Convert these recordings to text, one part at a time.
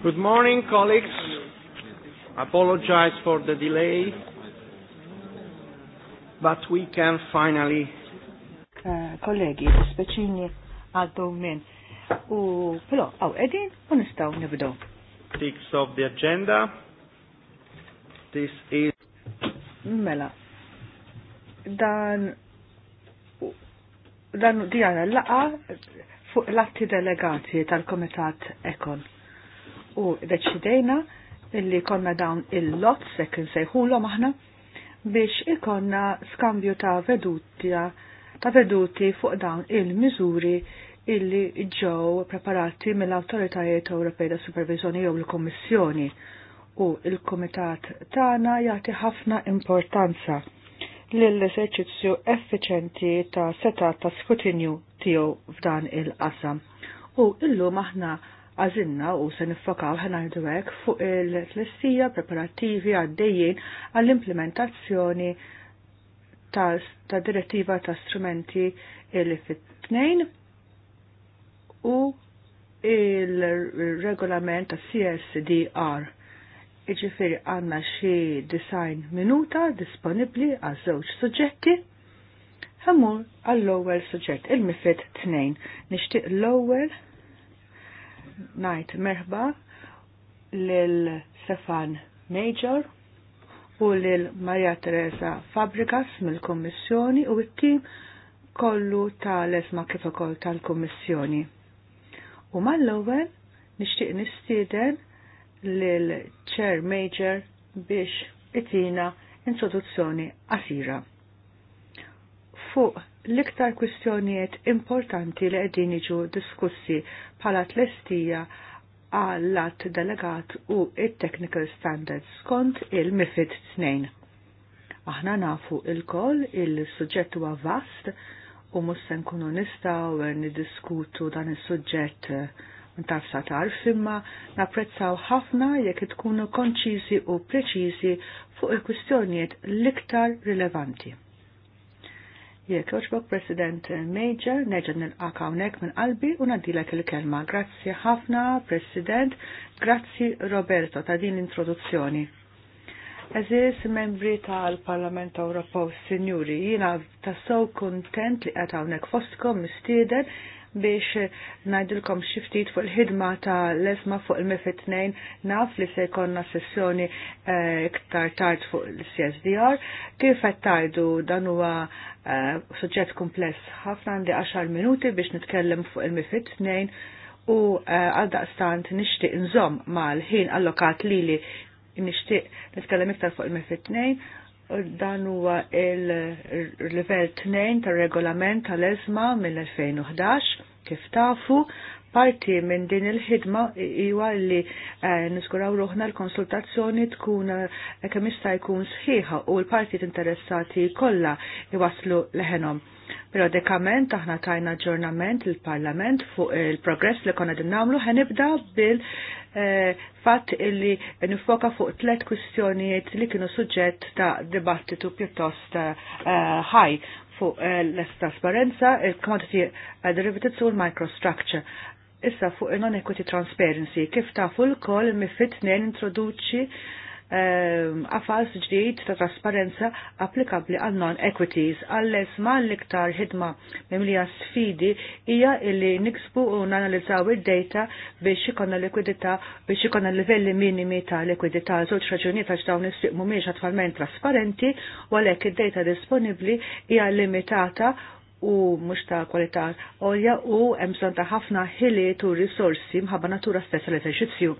Good morning, colleagues. Apologize for the delay, but we can finally. Eh, kollegi, speċini għaddu minn. U, pero, għaw, edin, unistaw nibdow. Six of the agenda. This is. Mela. Dan. Dan di għana laqa fuq l-atti delegati tal-Komitat Ekon u deċidejna illi konna dawn il-lot sekk nsejħulhom aħna biex ikonna skambju ta' vedutja ta' veduti fuq dawn il-miżuri illi ġew preparati mill-Awtoritajiet Ewropej ta' Supervizjoni jew l-Kummissjoni u il-Kumitat tagħna jagħti ħafna importanza lill-eżerċizzju effiċenti ta' seta' ta' skrutinju tiegħu f'dan il-qasam. U illum aħna għazinna u se niffakaw ħanajdu hekk fuq il-tlessija preparattivi għaddejjin għall-implementazzjoni ta' direttiva ta' strumenti il-fit-2 u il-regolament ta' CSDR. Iġifiri għanna xie design minuta disponibli għal żewġ suġġetti. hemmur għall lower suġġett il-mifid 2. Nixtieq l-ewwel najt merħba lil Stefan Major u lil Maria Teresa Fabrikas mill-Kommissjoni u it tim kollu tal-esma kif ukoll tal-Kommissjoni. U mal-ewwel nixtieq nistieden lil Chair Major biex itina introduzzjoni qasira. Fuq l-iktar kwistjonijiet importanti li qegħdin jiġu diskussi bħala tlestija għall-att delegat u il-technical standards skont il-MIFID 2. Aħna nafu il kol il-suġġett huwa vast u mhux se nkunu nistgħu niddiskutu dan is-suġġett ntaf sa tarf imma napprezzaw ħafna jekk tkunu konċiżi u preċiżi fuq il-kwistjonijiet l-iktar rilevanti. Jek, oċbok President Major, neġan nil akawnek unek minn qalbi u nadilek il-kelma. Grazzi ħafna, President, grazzi Roberto ta' din introduzzjoni. Aziz, membri tal-Parlament Ewropew, Sinjuri, jina so kontent li għatawnek unek fostkom mistieden biex najdilkom xiftit fuq il-ħidma ta' l-esma fuq il-mifit 2 naf li se jkonna sessjoni eh, iktar tard fuq il-CSDR. Kif qed tajdu dan huwa eh, suġġett kumpless ħafna għandi 10 minuti biex nitkellem fuq il-mifit 2 u eh, għaldaqstant nixtieq nżomm mal-ħin allokat lili nixtieq nitkellem iktar fuq il-mifit 2 dan huwa il-level 2 tar regolament tal-ezma mill-2011 kif tafu parti minn din il-ħidma iwa li eh, niskuraw ruħna l-konsultazzjoni tkun eh, kemm jista' jkun sħiħa u l-parti interessati kollha iwaslu leħenhom. Periodikament aħna tajna ġurnament il-Parlament fuq il-progress li konna din namlu ħanibda bil eh, fatt illi nifoka fuq tlet kwistjonijiet li kienu suġġett ta' dibattitu pjuttost eh, ħaj fuq eh, l-trasparenza, il-commodity derivatives u l-microstructure. Issa fuq il-non-equity transparency, kif fuq il kol mifit introduċi Ehm, għafas ġdid ta' trasparenza applikabli għal non-equities. Għalles ma l-iktar ħidma mimlija sfidi hija illi niksbu u nanalizzaw id-data biex l likwidità biex ikonna livelli minimi ta' likwidità żewġ raġunijiet għax dawn is-sieq mhumiex trasparenti u għalhekk id-data disponibbli hija limitata u mux ta' kwalità olja u emson ta' ħafna ħiliet u risorsi mħabba natura stessa l-eżerċizzju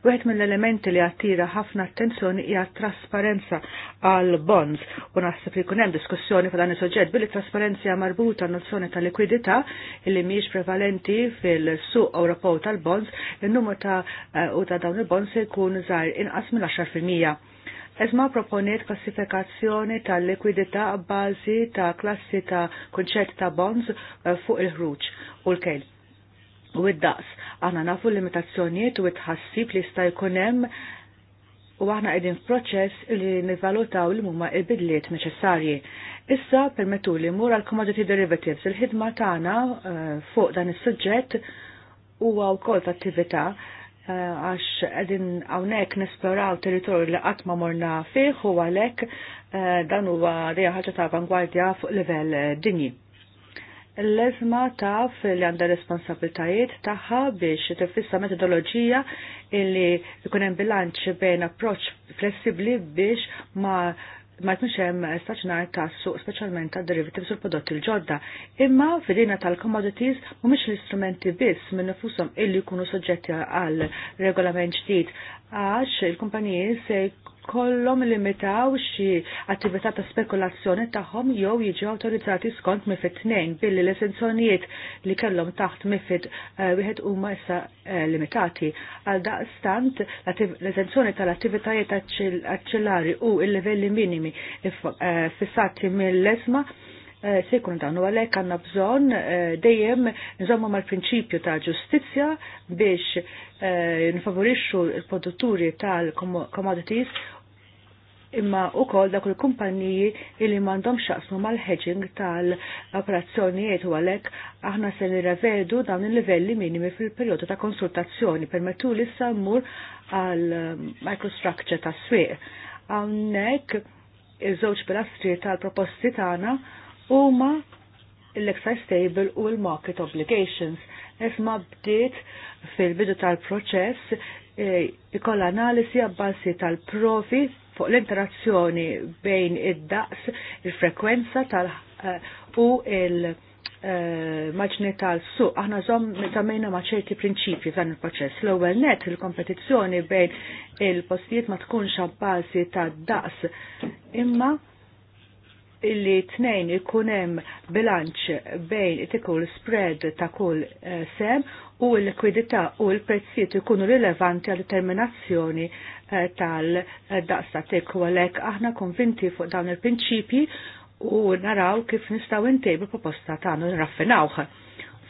Wieħed mill-elementi li attira ħafna attenzjoni hija trasparenza għal bonds u naħseb li kunem hemm diskussjoni fuq dan is-soġġett billi trasparenza marbuta nozzjoni ta' likwidità li mhijiex prevalenti fil-suq Ewropew tal-bonds, in-numru ta' eh, u ta' dawn il-bonds se jkun żgħar inqas mill-10 Ezma proponiet klassifikazzjoni tal-likwidità bazi ta' klassi ta' kunċett ta' bonds eh, fuq il-ħruġ u l-kejl u id-daqs. Aħna nafu l-limitazzjonijiet u tħassib ħassib li sta' jkunem u aħna qegħdin f'proċess li nivvalutaw li huma l-bidliet neċessarji. Issa permettu li mur għal commodity derivatives il-ħidma tagħna eh, fuq dan is-suġġett huwa wkoll attività eh, għax għedin għawnek nesploraw territorju li għatma morna fiħ u għalek eh, dan huwa dejja ħaġa ta' avangwardja fuq livell dinji l lezma taf li għanda responsabiltajiet taħħa biex tifissa metodologija illi jkun hemm bilanċ bejn approċ flessibli biex ma ma jkunx hemm staċnar ta' suq speċjalment ta' derivatives u prodotti l-ġodda. Imma fidina tal-commodities mhumiex l-istrumenti biss minn nifushom illi jkunu soġġetti għal regolament ġdid għax il-kumpaniji se kollom limitaw xi attività ta' spekulazzjoni tagħhom jew jiġu awtorizzati skont mifid tnejn billi l-esenzjonijiet li kellhom taħt mifid eh, wieħed huma issa eh, limitati. Għal daqstant l-esenzjoni tal-attivitajiet aċċellari u l-livelli minimi eh, fissati mill-lesma Eh, se jkun dan u għalhekk għandna bżonn eh, dejjem nżommu mal-prinċipju ta' ġustizzja biex eh, nfavorixxu l-produtturi tal-commodities imma u kol dak il-kumpaniji illi mandom xaqsmu mal-hedging tal-operazzjonijiet u għalek aħna se nirrevedu dawn il-livelli minimi fil-periodu ta' konsultazzjoni permettu li mmur għal microstructure ta' swieq. Hawnhekk iż-żewġ pilastri tal-proposti tagħna huma l-excise stable u l-market obligations. Esma bdiet fil-bidu tal-proċess e, ikoll analisi għabbasi tal-provi fuq l-interazzjoni bejn id-daqs, il-frekwenza tal- e, u il- e, maġni tal-suq, aħna zom tamejna ma' ċerti prinċipji dan il-proċess. L-ewwel net il-kompetizzjoni bejn il-postijiet ma tkunx għabbasi ta' daqs imma illi tnejn ikun hemm bilanċ bejn it-ikul spread ta' kull eh, sem u l-likwidità u l-prezzijiet ikunu rilevanti għal determinazzjoni eh, tal-daqs ta' tikku għalhekk aħna konvinti fuq dawn il-prinċipji u naraw kif nistgħu ntejbu proposta tagħna nraffinawh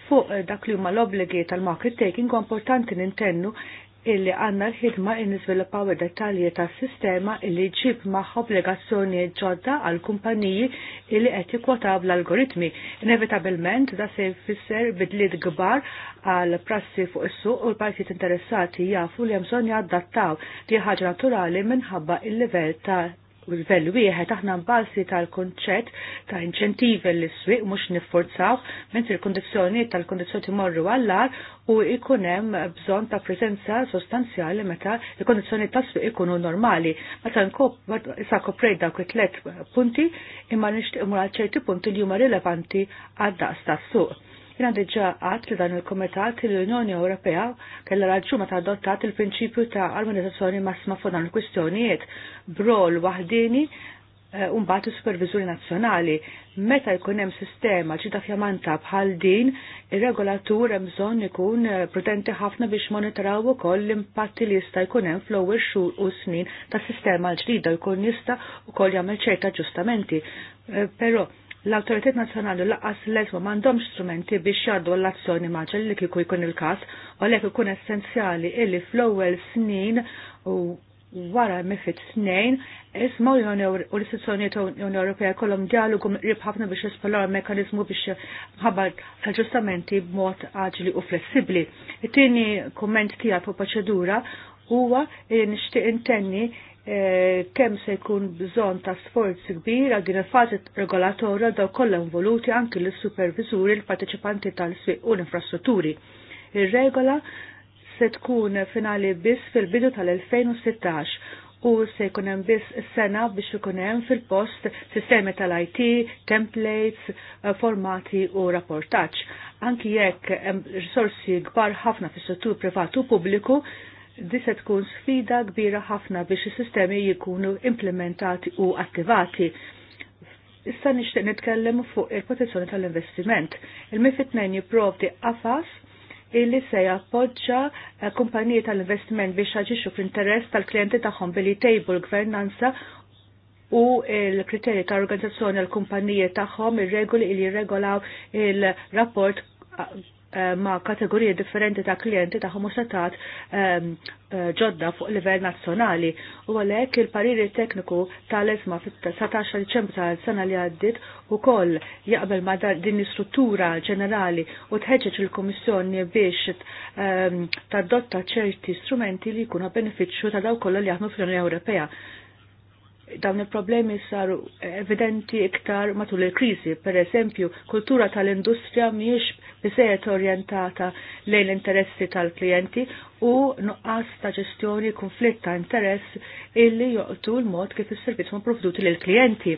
fuq eh, dak li huma l-obligi tal-market taking importanti nintennu illi għanna l-ħidma in id dettalji ta' sistema illi ġib maħħa obbligazzjoni ġodda għal kumpaniji illi qed jikkwotaw l-algoritmi. Inevitabilment da se jfisser bidliet kbar għal prassi fuq is-suq u l-partijiet interessati jafu li hemm bżonn jadattaw li ħaġa naturali minħabba il-livell ta' livell wieħed aħna mbasi tal-konċett ta' inċentivi l swieq mhux nifforzaw mentri l-kondizzjonijiet tal-kondizzjoni timorru għall-ar u ikun hemm bżonn ta' preżenza sostanzjali meta l-kondizzjoni ta' swieq ikunu normali. Meta issa koprej dawk it-tlet punti imma nixtieq għal ċerti punti li huma rilevanti għad-daqs tas-suq jina diġa għat li dan il-Komitat l-Unjoni Ewropea kella raġuma ta' adottat il-prinċipju ta' armonizzazzjoni massima fuq dan il-kwistjonijiet brol waħdini eh, Umbat il-Supervizuri Nazzjonali, meta jkun hemm sistema ġita fjamanta bħal din, ir-regolatur hemm bżonn ikun eh, prudenti ħafna biex monitoraw ukoll l-impatti li jista' jkun hemm fl-ewwel xhur u snin tas sistema l-ġdida jkun jista' ukoll jagħmel ċerta ġustamenti. Eh, però L-autoritet nazjonali laqqas l-ezma mandom strumenti biex jaddu l-azzjoni maġel li kiku jkun il-kas, u li ikun essenzjali illi fl-ewwel snin u wara mifid snin, isma u l-istituzzjoniet Unjoni Ewropea kollhom dialogu ribħafna biex jispallar mekanizmu biex ħabar aġġustamenti b'mod aġli u flessibbli. It-tieni kumment tiegħek fuq proċedura huwa li nixtieq intenni Eh, kemm se jkun bżonn ta' sforz kbir għal fazi regolatorja da' kollha involuti anki l supervizuri l-parteċipanti tal-swieq u l-infrastrutturi. Ir-regola se tkun finali biss fil-bidu tal-2016 u se jkun hemm biss sena biex ikun hemm fil-post sistemi tal-IT, templates, eh, formati u rapportaġġ. Anki jekk hemm risorsi kbar ħafna fis-settur privat u pubbliku, di se tkun sfida kbira ħafna biex is-sistemi jikunu implementati u attivati. Issa nixtieq nitkellem fuq il-protezzjoni tal-investiment. Il-MIFID 2 jipprovdi qafas illi se jappoġġa eh, kumpaniji tal-investiment biex jaġixxu f'interess tal-klijenti tagħhom billi tejbu l-gvernanza u l-kriterji ta' organizzazzjoni l-kumpaniji tagħhom ir-regoli li jirregolaw il-rapport Eh, ma' kategoriji differenti ta' klijenti ta' homosetat ehm, eh, ġodda fuq livell nazzjonali u għalhekk il-pariri tekniku tal-ezma fit 17 ċembru tal-sena li għaddit u koll jaqbel ma' din struttura ġenerali u tħeġġeġ il-Komissjoni biex ehm, tadotta ċerti strumenti li jkunu benefiċċju ta' daw kollha li jaħdmu fl-Unjoni Ewropea dawn il-problemi saru evidenti iktar matul il-krizi. Per eżempju, kultura tal-industrija miex li sejet orjentata lejn interessi tal-klijenti u nuqqas ta' ġestjoni konflitt ta' interess illi joqtu l-mod kif is-servizz ma' provduti lil klijenti.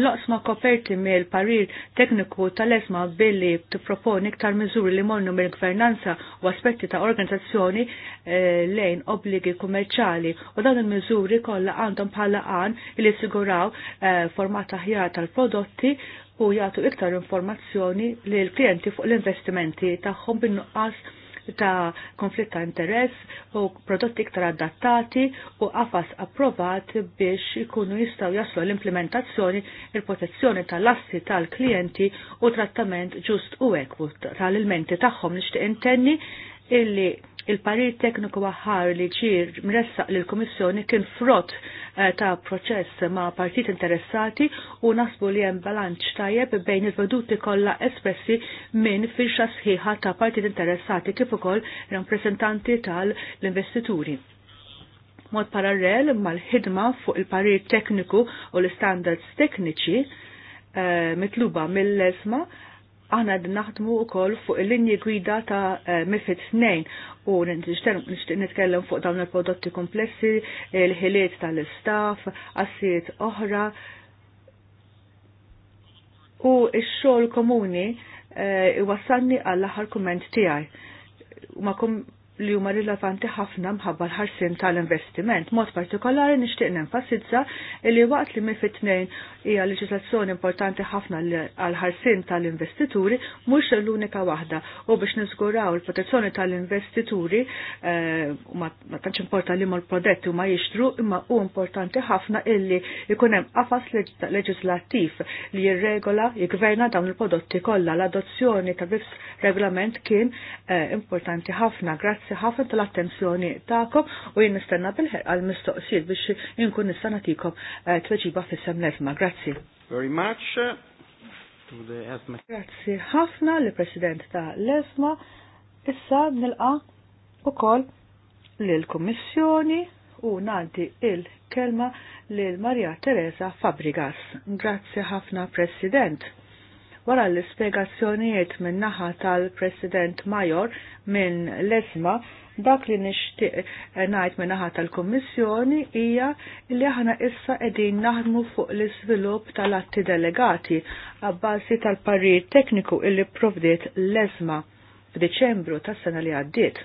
L-oqsma koperti mill parir tekniku tal-esma billi tipproponi iktar miżuri li mornu mill gvernanza u aspetti ta' organizzazzjoni eh, lejn obbligi kummerċali u dawn il-miżuri kollha għandhom bħala għan li siguraw eh, format aħjar tal-prodotti u jagħtu iktar informazzjoni l klijenti fuq l-investimenti tagħhom bin-nuqqas ta' konflitt ta' interess u prodotti iktar adattati u għafas approvat biex ikunu jistaw jaslu l-implementazzjoni il-protezzjoni tal-assi tal-klijenti u trattament ġust u ekwut tal-ilmenti tagħhom nixtieq intenni illi il-parir tekniku għahar li ġir mressaq l komissjoni kien frott eh, ta' proċess ma' partit interessati u nasbu li hemm balanċ tajjeb bejn il-veduti kollha espressi minn firxa sħiħa ta' partit interessati kif ukoll rappresentanti tal-investituri mod parallel mal-ħidma fuq il-parir tekniku u l-standards tekniċi eh, mitluba mill-lesma aħna naħdmu wkoll fuq il-linji gwida ta' eh, Mifid 2 u nixtieq nitkellem fuq dawn il-prodotti komplessi, il-ħiliet tal-istaff, assiet oħra u x-xogħol komuni eh, iwassalni għall-aħħar kumment tiegħi. Ma' li huma rilevanti ħafna mħabba l-ħarsin tal-investiment. Mod partikolari nixtieq nenfasizza li waqt li mifid tnejn hija leġislazzjoni importanti ħafna għal-ħarsin tal-investituri mhux l-unika waħda u biex niżguraw il-protezzjoni tal-investituri u eh, ma tantx importa li l prodetti u ma jixtru imma u importanti ħafna illi jkun hemm qafas leġislattiv li jirregola jigverna dawn il-prodotti kollha l-adozzjoni ta' bifs regolament kien eh, importanti ħafna grazzi Grazzi ħafna tal-attenzjoni tagħkom u jien nistenna bil-ħerqa l-mistoqsijiet biex inkun nista' nagħtikom eh, tweġiba fis-sem l Grazzi. Very much. Grazzi ħafna li President ta' l esma Issa nilqa ukoll lill-Kummissjoni u nagħti il-kelma lil marja Teresa Fabrigas. Grazzi ħafna President. Wara l-spiegazzjonijiet minn naħa tal-President Major minn l'ESMA dak li nixtieq eh, ngħid minn naħa tal-Kummissjoni hija li aħna issa qegħdin naħdmu fuq l-iżvilupp tal-atti delegati għabbażi tal-parir tekniku illi provdiet l-ESMA f'Diċembru tas-sena li għaddiet.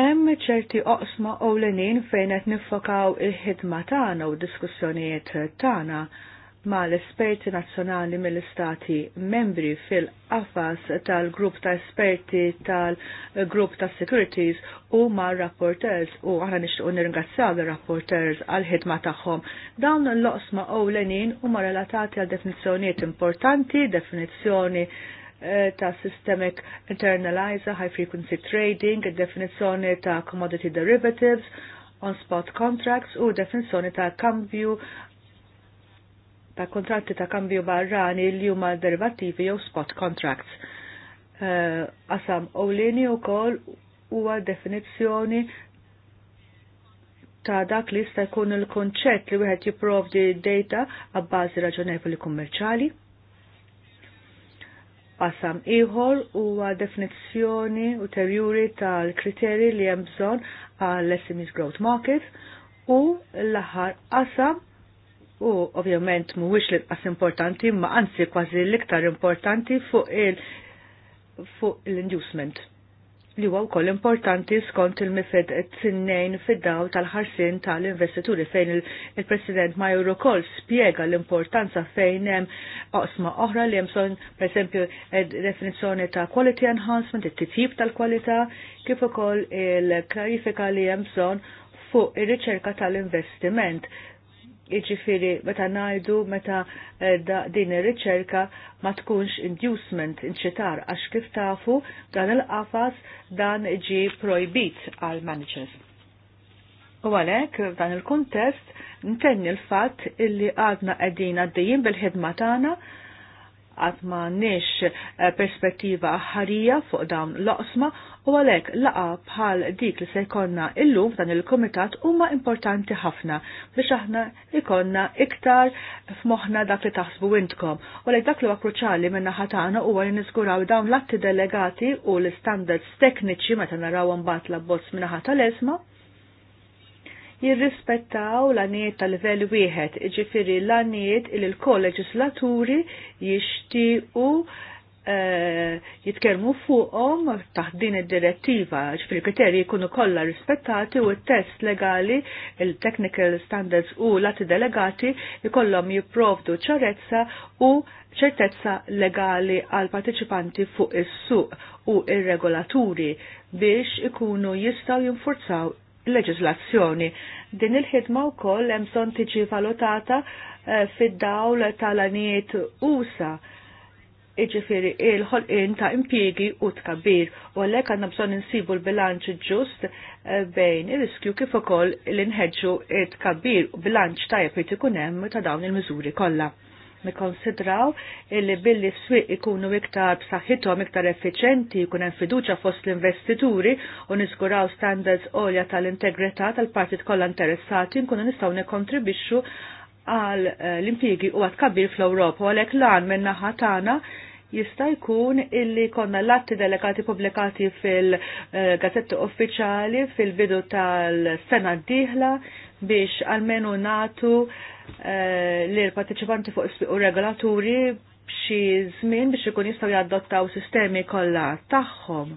Hemm ċerti oqsma ewlenin fejn qed niffokaw il-ħidma tagħna u diskussjonijiet tagħna ma l-esperti nazzjonali mill-istati membri fil-qafas tal-grupp ta' esperti tal-grupp ta' securities u ma' rapporters u għana nishtuq nirringazzaw l-rapporters għal-ħidma tagħhom. Dawn l-loqsma u l-enin u ma' relatati għal definizzjoniet importanti, definizzjoni eh, ta' systemic internalizer, high frequency trading, definizzjoni ta' commodity derivatives, on-spot contracts u definizjoni ta' cambio ta' kontratti ta' kambju barrani li huma derivativi jew spot contracts. Eh, qasam uh, ewlieni wkoll huwa definizzjoni ta' dak li jista' jkun il-konċett li wieħed jipprovdi data għabbażi raġonevoli kummerċali. Qasam ieħor huwa definizzjoni ulterjuri tal-kriterji li hemm bżonn għall SMEs Growth Market u l-aħħar qasam u ovvjament mhuwiex l-inqas importanti imma anzi kważi l-iktar importanti fuq il fuq l-inducement li huwa wkoll importanti skont il-mifed tinnejn fid-daw tal-ħarsin tal-investituri fejn il-President Majo ukoll spjega l-importanza fejn hemm oqsma oħra li hemm pereżempju definizzjoni ta' quality enhancement, it-titjib tal-kwalità, kif ukoll il-klarifika li hemm bżonn fuq ir-riċerka tal-investiment Iġifiri, meta najdu, meta eh, din ir-riċerka ma tkunx inducement inċitar, għax kif tafu dan il-qafas dan ġi projbit għal managers. U għalek, dan il-kontest, ntenni l-fat illi għadna għedin għaddejjin bil-ħidma tagħna għadma nix eh, perspettiva ħarija fuq dawn l-oqsma u għalhekk laqa bħal dik li se jkollna illum dan il-kumitat huma importanti ħafna biex aħna ikonna iktar f'moħħna dak li taħsbu intkom. U għalhekk dak li huwa kruċjali minn naħa tagħna huwa li niżguraw dawn l-atti delegati u l istandards tekniċi meta naraw mbagħad l-abbozz minn naħa tal-esma jirrispettaw l-għaniet tal-level wieħed, ġifiri l-għaniet il kolleġislaturi jishtiqu Eh, jitkermu fuqom taħt din id-direttiva, ċfri kriterji jkunu kollha rispettati u t-test legali, il-technical standards u lati delegati jkollhom jipprovdu ċarezza u ċertezza legali għal partiċipanti fuq is-suq u ir-regolaturi biex ikunu jistaw jinfurzaw leġislazzjoni. Din il-ħidma wkoll hemm bżonn tiġi valutata eh, fid-dawl tal-anijiet USA iġifiri il-ħolqin ta' impjiegi u tkabbir u għalhekk għandna bżonn insibu l-bilanċ ġust eh, bejn ir-riskju kif ukoll l-inħeġġu tkabbir u bilanċ tajjeb irid ikun hemm ta' dawn il-miżuri kollha. Nikkonsidraw li billi s-swieq ikunu iktar b'saħħithom iktar effiċenti jkun hemm fiduċja fost l-investituri u niżguraw standards għolja tal-integrità tal-partit kollha interessati nkunu nistgħu nikkontribixxu għal eh, l-impjegi u għat kabbir fl-Europa, għalek lan minna ħatana jista' jkun illi konna l-atti delegati pubblikati fil-gazzetti uffiċjali fil-bidu tal-sena d-dieħla biex għalmenu natu eh, li l-partiċipanti fuq u regolaturi b'xi żmien biex ikun jistgħu jaddottaw sistemi kollha tagħhom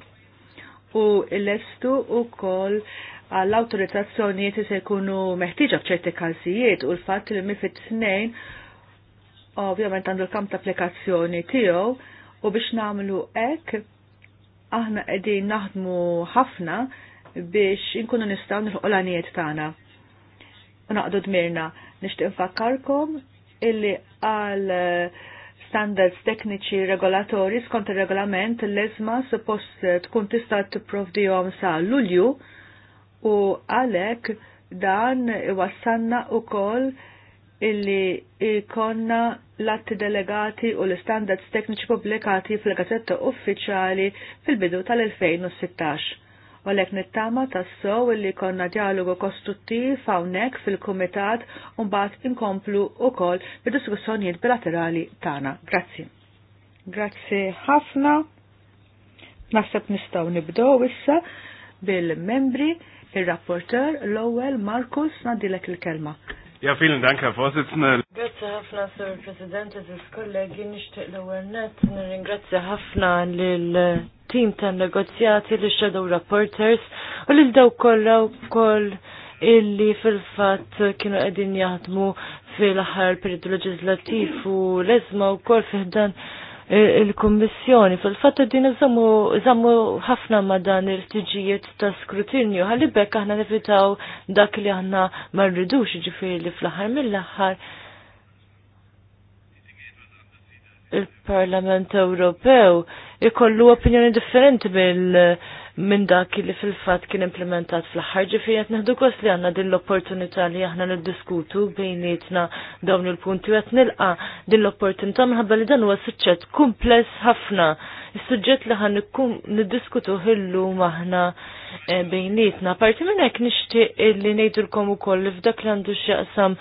u l-estu u koll għall-autorizzazzjonijiet se jkunu meħtieġa f'ċerti każijiet u l-fatt li mifit snejn ovvjament għandu l-kamp ta' applikazzjoni tiegħu u biex nagħmlu hekk aħna qegħdin naħdmu ħafna biex inkunu nistgħu nilħu l-għanijiet tagħna. Naqdu dmirna nixtieq infakkarkom illi għal eh, standards tekniċi regolatori skont ir regolament l-ezma suppost tkun tista' tipprovdihom sa' Lulju u għalek dan wassanna u kol illi ikonna l-atti delegati u l-standards tekniċi publikati fil-gazzetta uffiċjali fil-bidu tal-2016. U għalek nittama tassow illi konna dialogu kostruttiv fawnek fil-komitat un-bat inkomplu u kol bid-diskussjonijiet bilaterali tana. Grazzi. Grazzi ħafna. Nasab nistaw nibdow issa bil-membri il-rapporter l-ewwel Markus nadilek il-kelma. Ja, vielen Dank, Herr Vorsitzender. Grazie ħafna, Sir President, eżis kollegi, nishtiq l-ewwel net, nirringrazzja ħafna lil team tan negozjati li shadow reporters u l daw kollha wkoll illi fil-fatt kienu qegħdin jaħdmu fil-aħħar periodu leġislattiv u u koll fiħdan il-Kommissjoni. Fil-fatt din żammu ħafna ma dan il tiġijiet ta' skrutinju. ħalibek aħna nevitaw dak li aħna ma rridux jiġifieri li fl-aħħar mill-aħħar il-Parlament Ewropew ikollu opinjoni differenti mill- minn dak li fil-fat kien implementat fl-ħar ġifijat naħdu kost li għanna din l-opportunità li aħna niddiskutu bejnietna dawn il-punti u għet nilqa din l-opportunità minħabba li dan huwa suċċett kumpless ħafna Is-suġġett li ħan niddiskutu ħillu maħna eh, bejnietna. Parti minn hekk nixtieq li ngħidulkom ukoll li f'dak li għandu x'jaqsam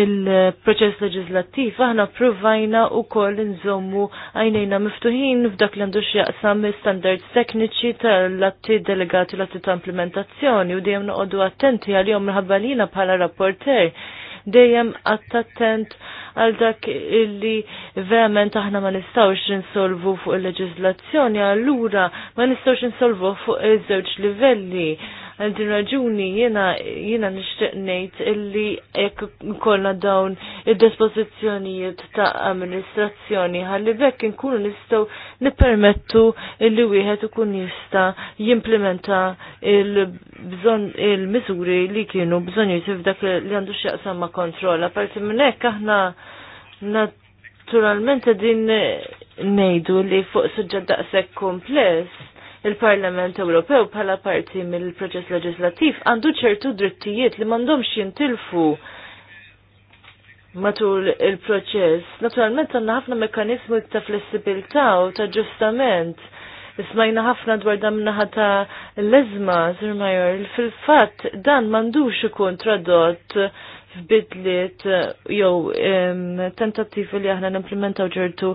il-proċess leġislattiv aħna provajna ukoll nżommu għajnejna miftuħin f'dak li għandu x'jaqsam standards tekniċi tal-atti delegati l-atti ta' implementazzjoni u dejjem noqogħdu attenti għalihom minħabba bħala rapporter dejjem attent għal dak illi verament aħna ma nistawx insolvu fuq il-leġizlazzjoni, allura ma nistawx insolvu fuq iż-żewġ livelli għal raġuni jiena jena nixtieq ngħid illi jekk kolla dawn id dispozizjonijiet ta' amministrazzjoni ħalli bekk inkunu nistgħu nippermettu illi wieħed ikun jista' jimplementa il-bżonn il mizuri li kienu bżonn jisif dak li għandu x'jaqsam ma' kontrolla. Aparti minn hekk aħna naturalment din ngħidu li fuq suġġett daqshekk kompless il-Parlament Ewropew bħala parti mill-proċess leġislattiv għandu ċertu drittijiet li m'għandhomx jintilfu matul il-proċess. Naturalment għandna ħafna mekanizmu ta' flessibilità u ta' ġustament. Ismajna ħafna dwar dan minnaħa ta' l-ezma, Sir Major, fil-fatt dan m'għandux ikun tradott bidliet eh, jew tentattivi li aħna nimplementaw ġertu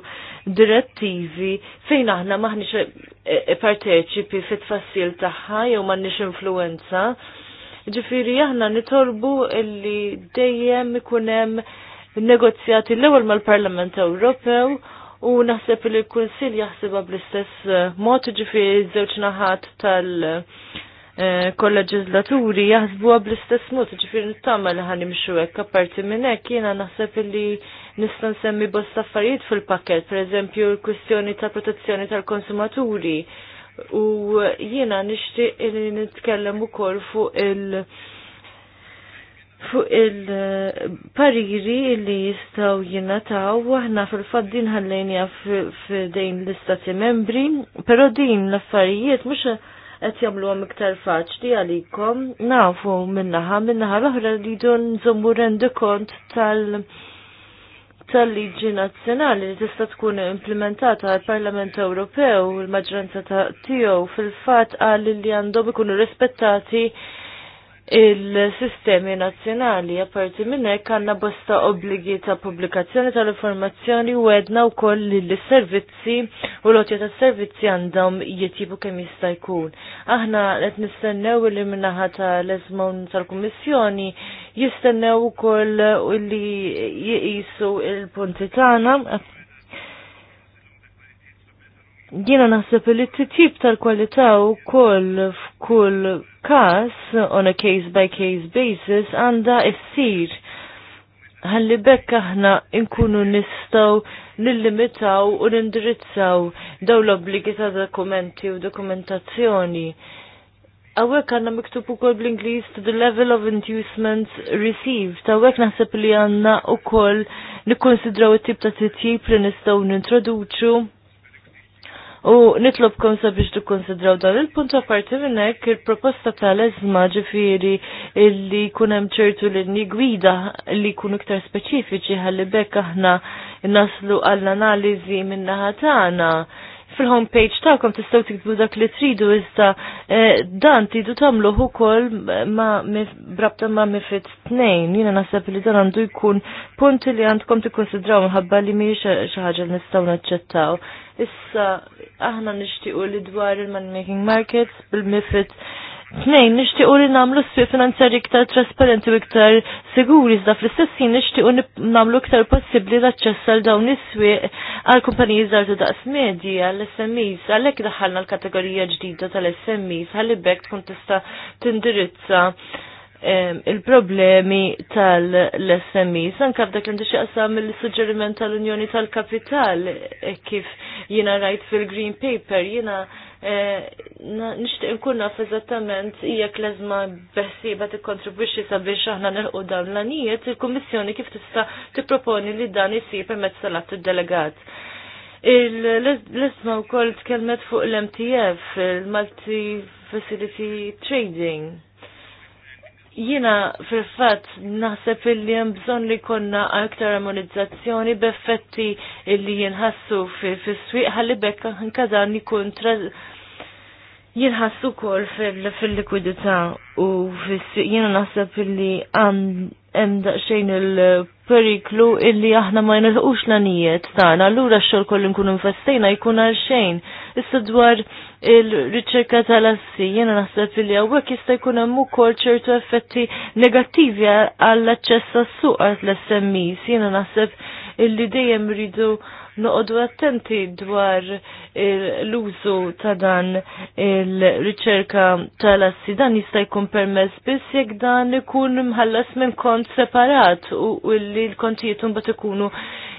direttivi fejn aħna maħniex eh, eh, parteċipi fit-tfassil tagħha jew m'għandniex influenza. Ġifieri aħna nitolbu illi dejjem ikun hemm negozjati l-ewwel mal-Parlament Ewropew u naħseb li l kunsill jaħseb bl-istess mod ġifieri żewġ naħat tal- Eh, kol-leġizlaturi jaħsbuha bl-istess mod, ġifieri nittama li ħan hekk apparti minn hekk jiena naħseb li nistan semmi bosta affarijiet fil paket pereżempju l kwestjoni ta' protezzjoni tal-konsumaturi. U jiena nixtieq li nitkellem ukoll fuq il- fuq il-pariri eh, li jistaw jinataw, għahna fil-fat din ħallejnija f'dejn l-istati membri, pero din l-affarijiet muxa qed jagħmluhom iktar faċli għalikom nafu minnaħa minnaħa l-oħra rridu nżommu rendu kont tal tal-liġi nazzjonali li tista' tkun implementata għal parlament Ewropew il maġranza tiegħu fil-fatt għal li għandhom ikunu rispettati il-sistemi nazzjonali. apparti minn hekk għandna bosta obbligi ta' pubblikazzjoni tal-informazzjoni u għedna wkoll koll l-servizzi u l-otja ta' servizzi għandhom jitjibu kemm jista' jkun. Aħna qed nistennew li minnaħa tal ezmon tal-Kummissjoni jistennew ukoll li jisu il-punti tagħna Jiena naħseb li t-tip tal-kwalità u koll f'kull kas on a case by case basis għanda issir. Ħalli bekk aħna nkunu nistaw nillimitaw u nindirizzaw daw l-obbligi ta' dokumenti u dokumentazzjoni. Għawek għanna miktubu kol bl-Inglis to the level of inducements received. Għawek naħseb li għanna u kol nikonsidraw it-tip ta' t-tip li nistaw nintroduċu U nitlobkom sabiex tikkonsidraw dan il-punt apparti minn hekk il-proposta tal ezma ġifieri li jkun hemm ċertu inni gwida li jkunu iktar speċifiċi ħalli bekk aħna naslu għall-analiżi min-naħa tagħna. Fil-home page tagħkom tistgħu tiktbu dak li tridu iżda eh, dan tidu tagħmluh ukoll ma brabta ma mifit tnejn. Jiena naħseb li dan għandu jkun punti li għandkom tikkonsidraw minħabba li mhijiex xi ħaġa li nistgħu naċċettaw. Issa aħna nixtiequ li dwar il making markets bil-mifid Tnejn, nixtiequ li nagħmlu s sui finanzjari iktar trasparenti u iktar siguri, iżda fl istessin nishtiqu nixtiequ nagħmlu iktar possibbli l-aċċess għal dawn is-swieq għal kumpaniji żgħar daqs medji għall SMEs, għalhekk daħħalna l-kategorija ġdida tal-SMEs, għal bekk tkun tista' tindirizza il-problemi tal-SMI. E. Sanka f'dak l-inti xaqsam il-suġġeriment tal-Unjoni tal-Kapital e kif jina rajt fil-Green Paper jina e, nishtiq nkun naf eżattament jekk leżma beħsieba tikkontribwixxi sabiex aħna nilqu dawn l-anijiet, il-Kummissjoni kif tista' tipproponi li dan isir permezz tal-att delegat L-isma u koll t-kelmet fuq l-MTF, il-Multi Facility Trading. Jina fil-fat naħseb illi hemm bżonn li konna aktar armonizzazzjoni b'effetti illi jinħassu fis-swieq ħalli bekk nkadan ikun jinħassu kol fil-likwidità u jina naħseb illi hemm daqsxejn il- periklu illi aħna ma nilħux l-anijiet tagħna, allura x-xogħol kollu nkunu infestejna jkun għal xejn. Issa dwar il-riċerka tal-assi, jena naħseb li għawek jista' jkun hemm ukoll ċertu effetti negattivi għall-aċċess għas-suq għal l-SMEs, jena naħseb illi dejjem rridu noqogħdu attenti dwar l-użu ta' dan il-riċerka tal-assi dan jista' jkun permess biss jekk dan ikun mħallas minn kont separat u li l-kontijiet mbagħad ikunu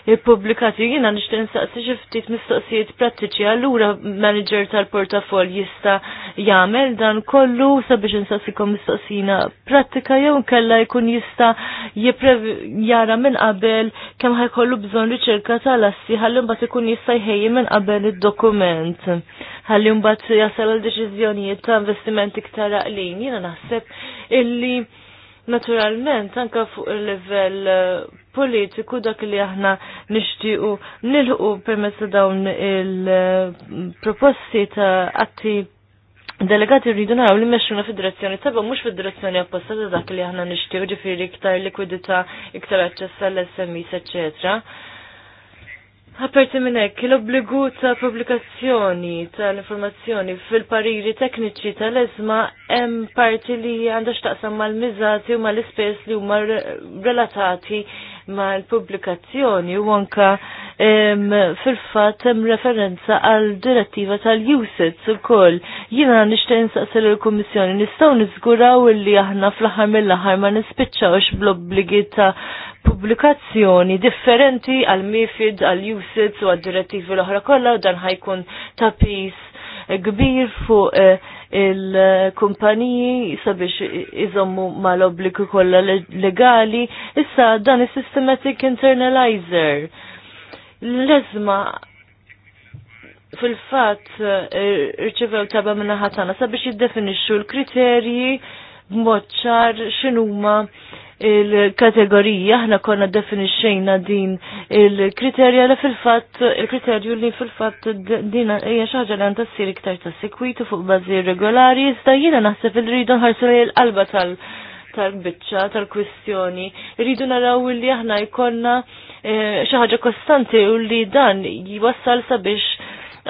ippubblikati. Jiena nixtieq nistaqsi xi ftit mistoqsijiet prattiċi allura manager tal-portafol jista' jagħmel dan kollu sabiex kom mistoqsina prattika jew nkella jkun jista' jara minn qabel kemm ħajkollu bżonn riċerka tal-assi ħalli mbagħad ikun jista' jħejji minn qabel id-dokument. Ħalli mbagħad jasal għal deċiżjonijiet ta' investimenti ktar għaqlin. Jiena naħseb illi naturalment anka fuq il-level eh, politiku dak li aħna nixtiequ nilħu permezz dawn il-proposti ta' atti Delegati rridu naraw li meċuna fid-direzzjoni taba mux fid-direzzjoni apposta dak li aħna nixtiequ ġifiri iktar likwidità, iktar aċċessa għall-SMIs, eccetera. Għaperti minnek, l-obbligu ta' pubblikazzjoni tal-informazzjoni fil-pariri tekniċi tal-ezma hemm parti li għandha x'taqsam mal mizzati u mal-ispess li huma relatati ma l-pubblikazzjoni u anka fil-fatt hemm referenza għal direttiva tal-usage ukoll. Jiena nixtieq insaqsel il-Kummissjoni nistgħu niżguraw illi aħna fl-aħħar mill-aħħar ma nispiċċawx bl-obbligi ta' pubblikazzjoni differenti għal mifid għal usage u għad direttivi l-oħra kollha u dan ħajkun ta' peace kbir fuq eh, il-kumpaniji sabiex iżommu mal obliku kollha legali, issa dan is-systematic internalizer. l fil-fat eh, irċivew taba minna ħatana sabiex jiddefinixxu l-kriterji b'mod ċar x'inhuma il-kategorija, aħna konna definixxejna din il-kriterja li fil-fatt, il-kriterju li fil-fatt din hija xi ħaġa li għandha ssir iktar ta' sikwitu fuq bażi regolari, iżda jiena naħseb il-ridu nħarsu l-qalba tal- tal-bicċa, tal-kwistjoni. Rridu naraw li aħna jkollna eh, xi ħaġa kostanti u li dan jwassal sabiex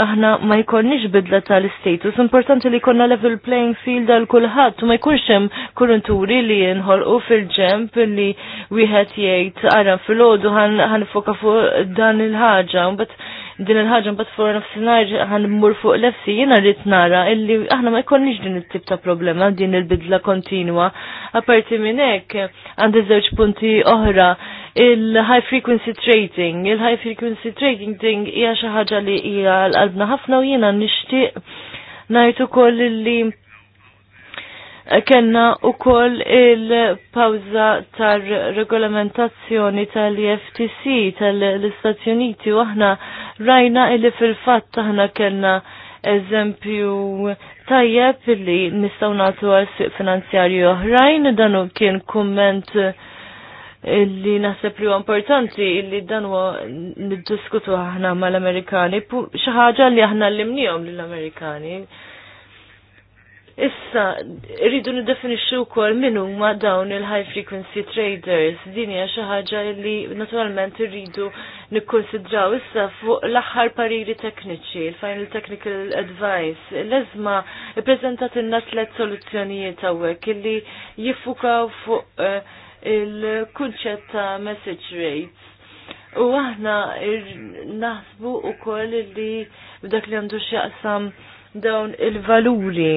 aħna ma jkollniex bidla tal-status. Importanti li konna level playing field għal kulħadd u ma jkunx hemm kurrenturi li jinħolqu fil-ġemp li wieħed jgħid ara fil ħan ħanfoka fuq dan il-ħaġa. Din il-ħaġa mbagħad fuq nofsinhar mmur fuq lefsi jiena rrid nara illi aħna ma jkollniex din it-tip ta' problema din il-bidla kontinwa. Aparti minn hekk għandi żewġ punti oħra il-high frequency trading. Il-high frequency trading ding hija xi ħaġa li hija l-qalbna ħafna u jiena nixtieq ngħid ukoll li kenna ukoll il-pawza tar-regolamentazzjoni tal-FTC tal-Istati Uniti u aħna rajna li fil-fatt aħna kellna eżempju tajjeb li nistgħu nagħtu għal finanzjarju oħrajn dan kien kumment uh, li naħseb li huwa importanti li dan huwa niddiskutu aħna mal-Amerikani xi ħaġa li aħna llimnihom lill-Amerikani. Issa, rridu niddefinixxu wkoll min huma dawn il-high frequency traders. Din hija xi ħaġa li naturalment irridu nikkonsidraw issa fuq l-aħħar pariri tekniċi, il-final technical advice. L-ezma ippreżentat inna tliet soluzzjonijiet hawnhekk illi jiffukaw fuq uh, il-kunċett ta' message rates. U aħna naħsbu u koll li b'dak li għandu xaqsam dawn il-valuri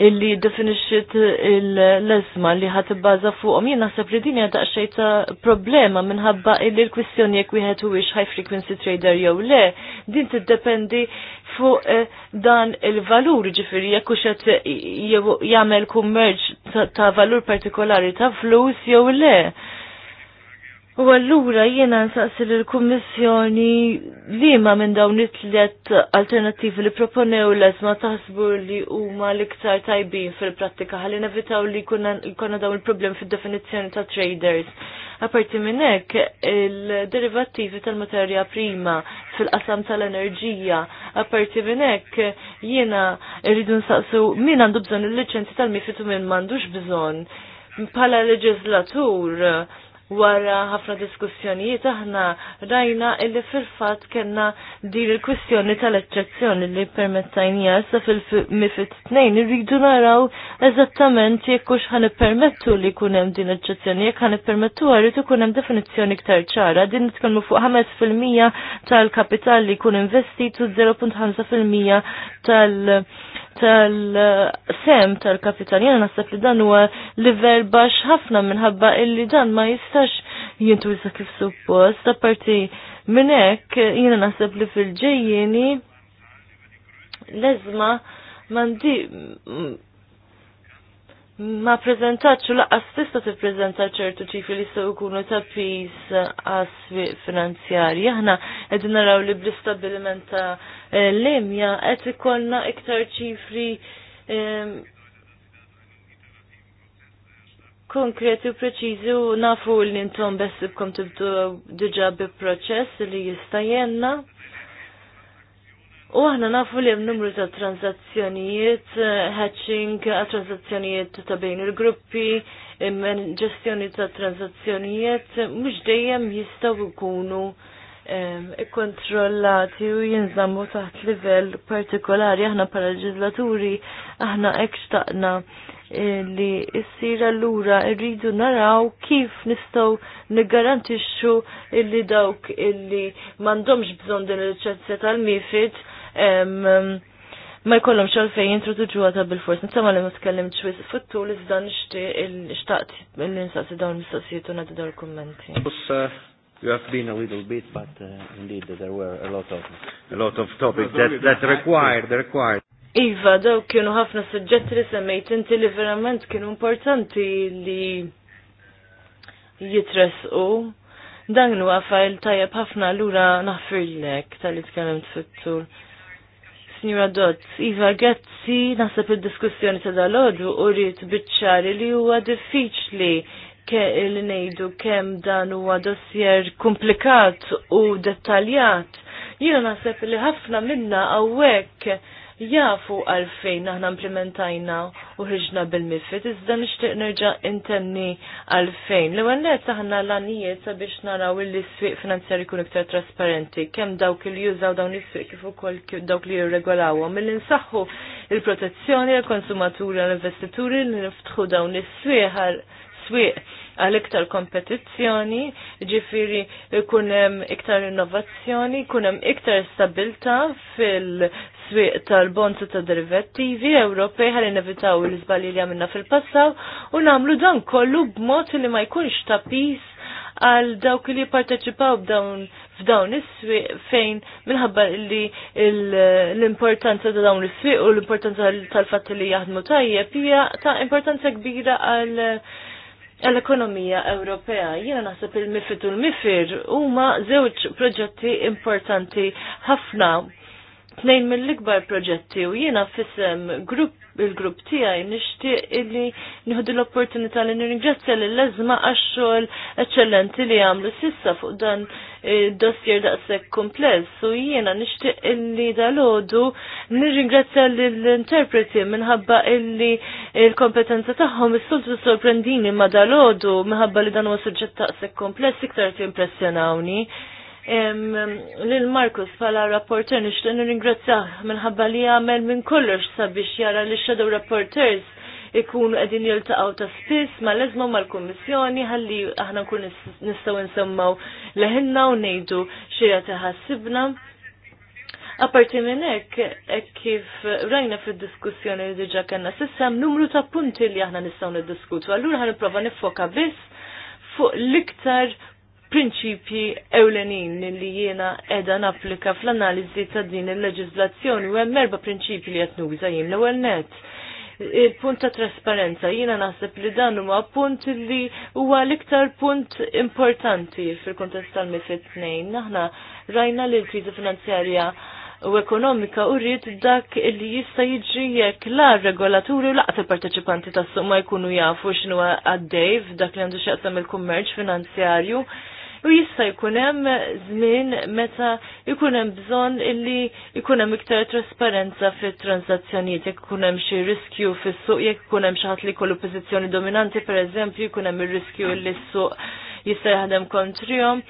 illi definixxiet l lesma li ħat ibbaża fuqhom. Jien naħseb li din hija xejta ta' problema minħabba illi l-kwistjoni jekk wieħed huwiex high frequency trader jew le, din tiddependi fuq eh, dan il-valur ġifiri jekk hux qed jagħmel kummerġ ta' valur partikolari ta' flus jew le. U allura jiena nsaqsi l-Kummissjoni li ma minn dawn it-tliet alternattivi li proponew l ma taħsbu li huma l-iktar tajbin fil-prattika ħalli nevitaw li kuna dawn il-problem fil-definizzjoni ta' traders. Aparti minn hekk il-derivattivi tal-materja prima fil-qasam tal-enerġija, aparti minn hekk jiena rridu nsaqsu min għandu bżonn il licenzi tal-mifitu minn m'għandux bżonn. Pala leġislatur, wara ħafna diskussjonijiet aħna rajna illi fil fat kena din il-kwistjoni tal-eċċezzjoni li permettajnija sa fil-mifit tnejn irridu naraw eżattament jekk hux ħan permettu li jkun hemm din eċċezzjoni jekk ħan permettu għarri tu hemm definizzjoni ktar ċara din nitkellmu fuq 5% tal-kapital li kun investitu 0.5% tal- tal-sem tal-kapital. Jena nasab li dan huwa livell baxx ħafna minħabba illi dan ma jistax jintwisa kif suppost. Apparti minn hekk jiena nasab li fil-ġejjieni leżma mandi ma prezentaċ u laqqas tista tippreżenta ċertu ċifri li sew ikunu ta' pis għas finanzjarji. Aħna qegħdin naraw li bl-istabbiliment ta' eh, limja qed ikollna iktar ċifri konkreti u preċiżi u nafu li intom bessibkom tibdu diġà bi proċess li jista' jenna. U aħna nafu li hemm numru ta' transazzjonijiet, eh, hatching, eh, transazzjonijiet ta' bejn il-gruppi, ġestjoni ta' transazzjonijiet, mhux dejjem jistgħu jkunu eh, kontrollati u jinżammu taħt livell partikolari aħna bħala leġislaturi aħna hekk xtaqna li issir allura rridu naraw kif nistgħu niggarantixxu illi dawk illi m'għandhomx bżonn din il-liċenzja tal-mifid ma jkollhom xogħol fejn jintroduġuha ta' bil-fors. Nittama li ma tkellimx wis futtu li f'dan xtaqt li nsaqsi dawn l-istoqsijiet u nagħti dawn kummenti. Uh, you have been a little bit, but uh, indeed there were a lot of a lot of topics that that required required. Iva, daw kienu ħafna suġġetti li semmejt inti li verament kienu importanti li jitresqu. Dan huwa fajl tajjeb ħafna lura naħfirlek tal-li tkellimt fit-tul. Signora Dodds, Iva, Gazzi, naħseb il-diskussjoni ta' dal-odru u rrit bitċari li huwa diffiċli ke li nejdu kem dan huwa dossier komplikat u dettaljat. Jiena naħseb li ħafna minna għawek jafu għalfejn aħna implementajna u ħriġna bil mifit iżda nixtieq nerġa' intenni għalfejn. L-ewwel aħna l-għanijiet sabiex naraw il-lisfiq swieq finanzjari jkun iktar trasparenti, kemm dawk li jużaw dawn is-swieq kif ukoll dawk li jirregolawhom. Milli nsaħħu il-protezzjoni għall-konsumaturi għall-investituri li niftħu dawn is għal swieq għal iktar kompetizzjoni, ġifiri kunem iktar innovazzjoni, kunem iktar stabilta fil swieq tal bonza ta' derivattivi Ewropej ħalli nevitaw l-iżbalji li għamilna fil-passaw u nagħmlu dan kollu b'mod li ma jkunx ta' pis għal dawk li parteċipaw b'dawn f'dawn is-swieq fejn minħabba li l-importanza ta' dawn is-swieq u l-importanza tal-fatt li jaħdmu tajjeb hija ta' importanza kbira għal l-ekonomija Ewropea. Jiena naħseb il-MIFID u l-MIFIR huma żewġ proġetti importanti ħafna tnejn mill-ikbar proġetti u jiena fissem grupp il-grupp tiegħi nixtieq illi nieħdu l-opportunità li nirringrazzja lil eżma għax-xogħol eċċellenti li għamlu sissa fuq dan dossier daqshekk kompless u jiena nixtieq illi dalodu nirringrazzja lill-interpreti minħabba illi il-kompetenza tagħhom is-soltu sorprendini ma dalodu minħabba li dan huwa suġġett daqshekk kompless iktar ti impressjonawni lil Markus pala rapporter nixtieq nirringrazzjah minħabba li jagħmel minn kollox sabiex jara li shadow rapporters ikunu qegħdin jiltaqgħu ta' spiss ma' ma' mal-kummissjoni ħalli aħna nkun nistgħu nsemmaw leħinna u ngħidu xi taħassibna. Aparti minn hekk kif rajna fid-diskussjoni li diġa' kellna s'issa numru ta' punti li aħna nistgħu niddiskutu. Allura ħanipprova nifoka biss fuq l-iktar prinċipji ewlenin li jiena edha napplika fl-analiżi ta' din il leġislazzjoni u hemm erba' prinċipji li qed nuża jien l-ewwel net. il-punt ta' trasparenza, jiena naħseb li dan huwa punt li huwa l-iktar punt importanti fil-kontest tal-mifid tnejn. Naħna rajna li l-kriżi finanzjarja u ekonomika u rrit dak li jista' jiġri jekk la regolaturi u laqta parteċipanti tas-suq ma jkunu jafu x'inhu għaddej f'dak li għandu xaqsam il-kummerċ finanzjarju u jista' jkun hemm żmien meta jkun hemm bżonn illi jkun hemm iktar trasparenza fit-transazzjonijiet jekk ikun hemm xi riskju fis-suq jekk ikun hemm xi ħadd li jkollu pożizzjoni dominanti pereżempju jkun hemm ir-riskju illi s-suq jista' jaħdem kontrihom.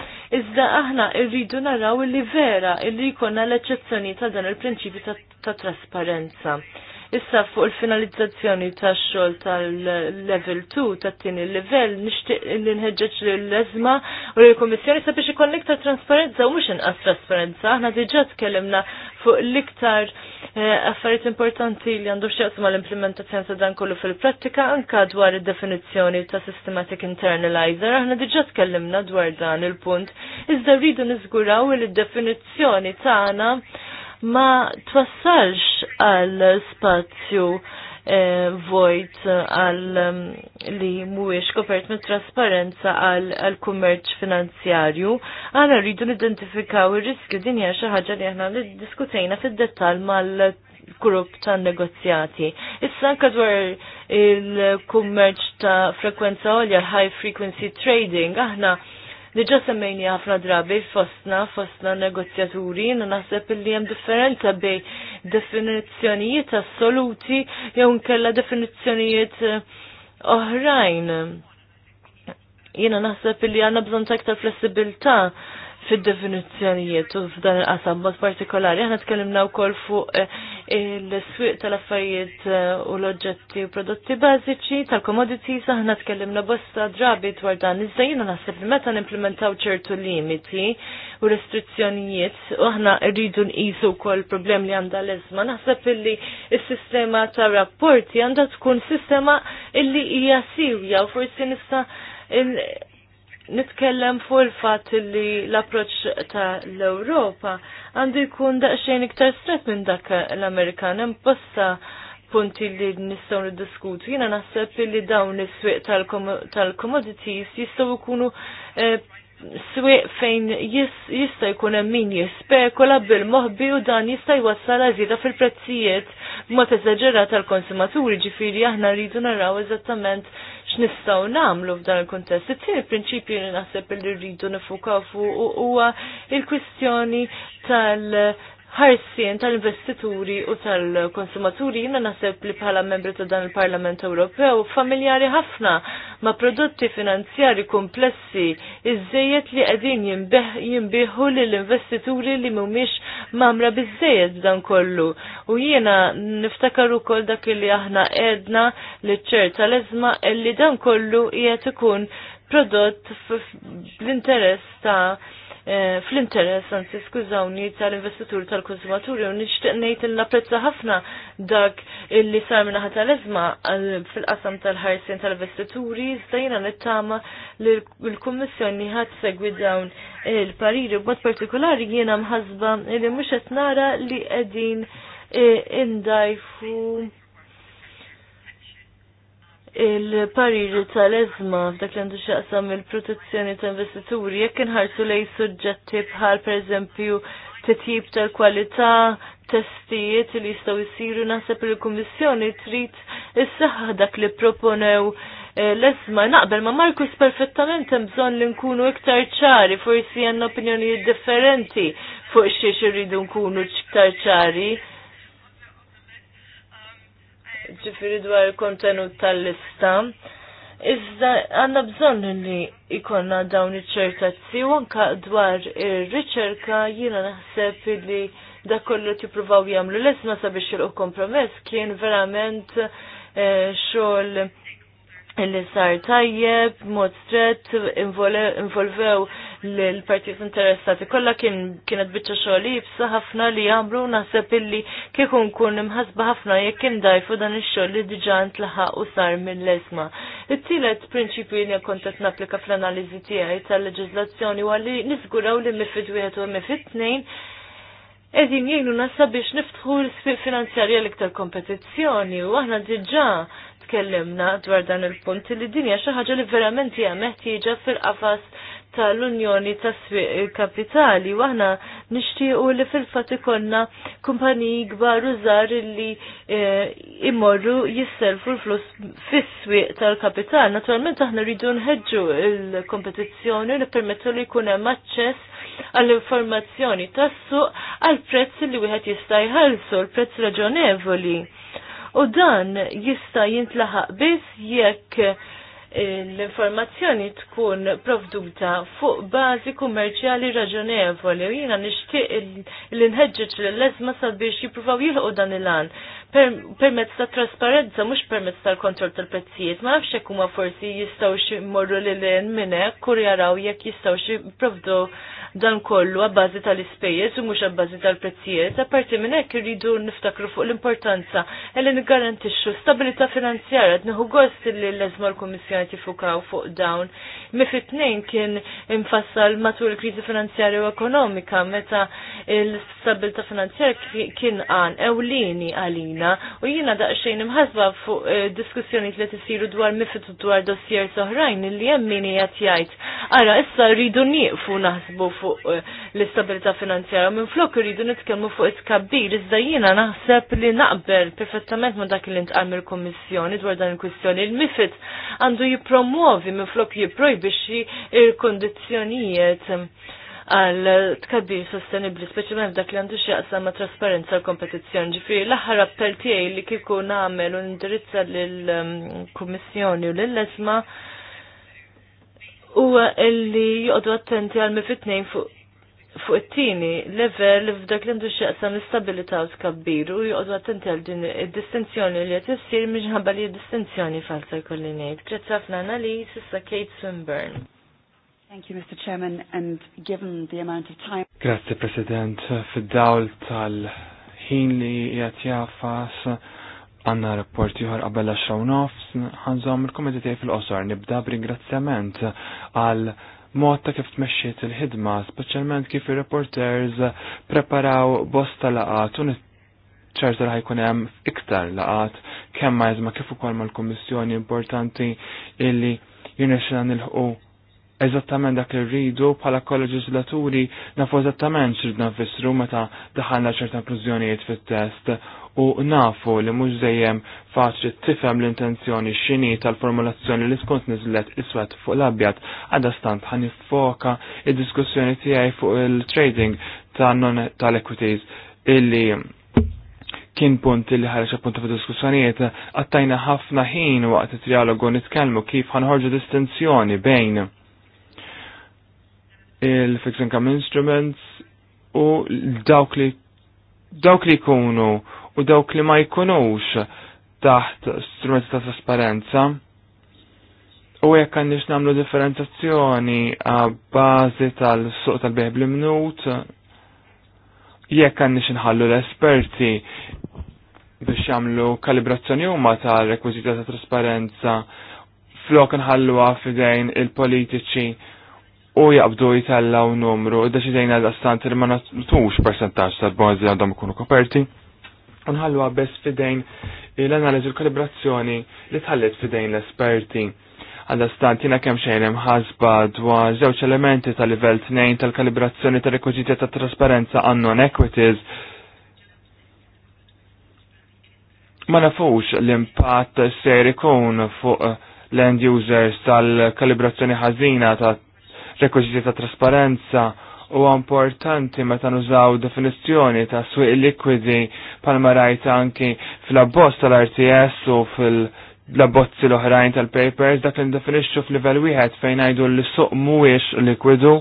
Iżda aħna rridu naraw illi vera illi jkollna l eċezzjoni ta' dan il-prinċipju ta' trasparenza. Issa fuq il-finalizzazzjoni tax xogħol tal-level 2 tat-tieni level nixtieq li nħeġġeġ lill u l-Kummissjoni sabiex ikon iktar trasparenza u mhux inqas trasparenza. Aħna diġà tkellimna fuq l-iktar eh, affarijiet importanti li għandu x'jaqsma l-implementazzjoni ta' dan kollu fil-prattika anka dwar id-definizzjoni ta' systematic internalizer. Aħna diġà tkellimna dwar dan il-punt. Iżda rridu nizguraw il d-definizzjoni tagħna ma twassalx għal spazju eh, vojt għal mm, li mhuwiex kopert mit trasparenza għal kummerċ finanzjarju. Għana rridu nidentifikaw ir-riskju din hija xi ħaġa li aħna diskutejna fid-dettall mal grupp ta' negozjati. Issa anka dwar il-kummerċ ta' frekwenza għolja, high frequency trading, aħna li semmejni ħafna drabi fostna, fostna negozjaturi, naħseb li hemm differenza bej definizzjonijiet assoluti jew nkella definizzjonijiet eh, oħrajn. Jiena naħseb li għandna bżonn ta' flessibilta' flessibilità fid-definizzjonijiet u f'dan il-qasam mod partikolari. Aħna tkellimna wkoll fuq eh, il-swieq tal-affarijiet eh, u l-oġġetti u prodotti bażiċi tal-commodities aħna tkellimna bosta drabi dwar dan. Iżda jiena naħseb li meta nimplementaw ċertu limiti u restrizzjonijiet u aħna rridu nqisu wkoll problem li għandha l-eżma. Naħseb illi s-sistema ta' rapporti għandha tkun sistema illi hija sirja u forsi nista' nitkellem fuq il-fatt li l-approċ ta' l-Ewropa għandu jkun daqsxejn iktar stret minn dak l-Amerikan hemm bosta punti li nistgħu niddiskutu. Jiena naħseb li dawn is-swieq tal-commodities jistgħu jkunu eh, swieq fejn jista' jkun hemm min jispekula bil-moħbi u dan jista' jwassal żieda fil-prezzijiet b'mod eżaġerat tal-konsumaturi ġifieri aħna rridu naraw eżattament x'nistgħu nagħmlu f'dan il-kuntest. it il prinċipju li naħseb li rridu nifukaw fuq huwa il-kwistjoni tal- ħarsien tal-investituri u tal-konsumaturi jina naħseb li bħala membri ta' dan il-Parlament Ewropew familjari ħafna ma' prodotti finanzjari komplessi iżżejjed li qegħdin jinbiħu lill investituri li mhumiex mamra biżejjed dan kollu. U jiena niftakar ukoll dak li aħna qedna li ċerta l eżma li dan kollu qiegħed ikun prodott l-interess ta' Eh, fl-interess, anzi skużawni, tal-investituri tal-konsumaturi u nixtieq ngħid il-napprezza ħafna dak illi sar minna ħata l-ezma eh, fil-qasam tal-ħarsien tal-investituri, stajna nittama l kommissjoni ħadd segwi dawn il-pariri, u b'mod partikolari jiena mħasba li mhux qed nara li qegħdin eh, indajfu il-pariri tal-ezma f'dak li għandu xaqsam il-protezzjoni ta' investituri jekk inħarsu lej suġġetti bħal per eżempju titjib tal-kwalità testijiet li jistgħu jsiru naħseb il-Kummissjoni trid is-saħħa dak li proponew eh, l ezma naqbel ma Markus perfettament hemm bżonn li nkunu iktar ċari, forsi għandna opinjonijiet differenti fuq xiex irridu nkunu iktar ċari ġifiri dwar kontenut tal-lista. Iżda għanna bżon li ikonna dawn iċ-ċertazzi u anka dwar ir-riċerka jiena naħseb li dak kollu tippruvaw jagħmlu l-isma sabiex jilqu kompromess kien verament eh, xogħol li sar tajjeb, mod stret involvew l-partijiet interessati kollha kien kienet biċċa xogħol jibsa ħafna li jagħmlu naħseb illi kieku nkun imħasba ħafna jekk indajfu dan ix-xogħol li diġà ntlaħaq u sar mill esma It-tielet prinċipju li kont qed napplika fl-analiżi tiegħi tal-leġiżlazzjoni huwa li niżguraw li mifid wieħed u mifid tnejn Edin jgħinu nasa biex niftħu l sfir finanzjarja l-iktar kompetizzjoni u aħna diġa tkellimna dwar dan il-punt li dinja xi ħaġa li verament hija meħtieġa fil-qafas tal-Unjoni ta' Swieq Kapitali waħna nixtiequ li fil-fatt ikonna kumpaniji kbar użar li e, imorru jisselfu l-flus fis-swieq tal-kapital. Naturalment aħna rridu nħeġġu l-kompetizzjoni li permettu li jkun hemm aċċess għall-informazzjoni tas-suq għal prezz li wieħed jista' jħallsu, l-prezz raġonevoli. U dan jista' jintlaħaq biss jekk l-informazzjoni tkun provduta fuq bażi kummerċjali raġonevoli u jiena nixtieq l-inħeġġeġ l-lezma sabiex jippruvaw jilħu dan il-an permezz ta' trasparenza, mhux permezz tal-kontroll tal-prezzijiet, ma nafx hekk huma forsi xie morru li l minn hekk kur jaraw jekk jistgħu xi provdu dan kollu għabbażi tal-ispejjeż u mhux għabbażi tal-prezzijiet, apparti minn hekk irridu niftakru fuq l-importanza li niggarantixxu stabilità finanzjarja dnieħu gost li l-eżma l-Kummissjoni tifukaw fuq dawn. it tnejn kien infassal matul il-kriżi finanzjarja u ekonomika meta l-stabilità finanzjarja kien għan ewlieni għalini jina u jiena daqsxejn imħasba fuq eh, diskussjoni li tisiru dwar u dwar dossier soħrajn li hemm min qed jgħid. Ara issa rridu nieqfu naħsbu fuq eh, l-istabilità finanzjara, minn flok rridu nitkellmu fuq it-kabbir iżda jiena naħseb li naqbel perfettament ma dak li ntqal mill-Kummissjoni dwar dan il-kwistjoni il mifet għandu jipromuovi minn flok jiprojbixxi il-kondizzjonijiet għal tkabbir sostenibli, speċjalment f'dak li għandu x'jaqsam ma' trasparenza u kompetizzjoni. Ġifieri l-aħħar appell tiegħi li kieku nagħmel u indirizza lill-Kummissjoni um, u lill-Esma huwa li joqgħdu attenti għal mifitnejn fuq fuq it-tieni level f'dak li għandu x'jaqsam l-istabilità u tkabbir u joqgħdu attenti għal din id-distinzjoni li qed issir minħabba li distinzjoni falsa jkolli ngħid. Grazzi ħafna Annalise, issa Kate Swinburne. Thank you, Mr. Chairman, and given the amount of time. Grazie, President. Fid-dawl tal-ħin li jgħat jaffas għanna rapport juħar qabel 10 għanżom il-komiteti fil-qosor nibda b'ringrazzjament għal mod ta' kif tmexxiet il-ħidma, speċjalment kif ir-reporters preparaw bosta laqat u ċerta li ħajkun hemm iktar laqat kemm ma jeżma kif ukoll mal-Kummissjoni importanti illi jirnexxina nilħu eżattament dak irridu, bħala kol-leġislaturi nafu eżattament xridna nfissru meta daħalna ċerta inklużjonijiet fit-test u nafu li mhux dejjem faċli tifhem l-intenzjoni x'inhi tal-formulazzjoni li tkun niżlet iswed fuq l-abjad għadha stant ħan nifoka id-diskussjoni tiegħi fuq il-trading tal-equities illi kien punt li ħareġ punt fid-diskussjonijiet għattajna ħafna ħin waqt it-trialogu nitkellmu kif ħanħorġu distinzjoni bejn il-fixed income instruments u dawk li dawk li jkunu u dawk li ma jkunux taħt strumenti ta' trasparenza. U jekk għandix namlu differenzazzjoni għabbażi tal-suq tal-beħ bl-imnut, jekk għandix nħallu l-esperti biex jagħmlu kalibrazzjoni huma tal-rekwiżita ta' trasparenza flok nħalluha fidejn il-politiċi u jaqbdu jitellaw numru, deċidejna l-astant li ma natux percentax tal-bonzi għandhom ikunu koperti. Unħallu għabess fidejn l-analizi l-kalibrazzjoni li tħallet fidejn l-esperti. Għal-astant jina kem xejn imħasba dwar żewġ elementi tal-livell 2 tal-kalibrazzjoni tal-rekwiziti ta' trasparenza għan non-equities. Ma nafux l-impatt ser ikun fuq l-end users tal-kalibrazzjoni ħażina ta' rekwiżiti ta' trasparenza u importanti meta nużaw definizzjoni ta' swieq likwidi palma rajt anki fil-abbozz tal-RTS u fil-abbozzi l-oħrajn tal-papers dak li ndefinixxu f'livell wieħed fejn ngħidu li suq mhuwiex likwidu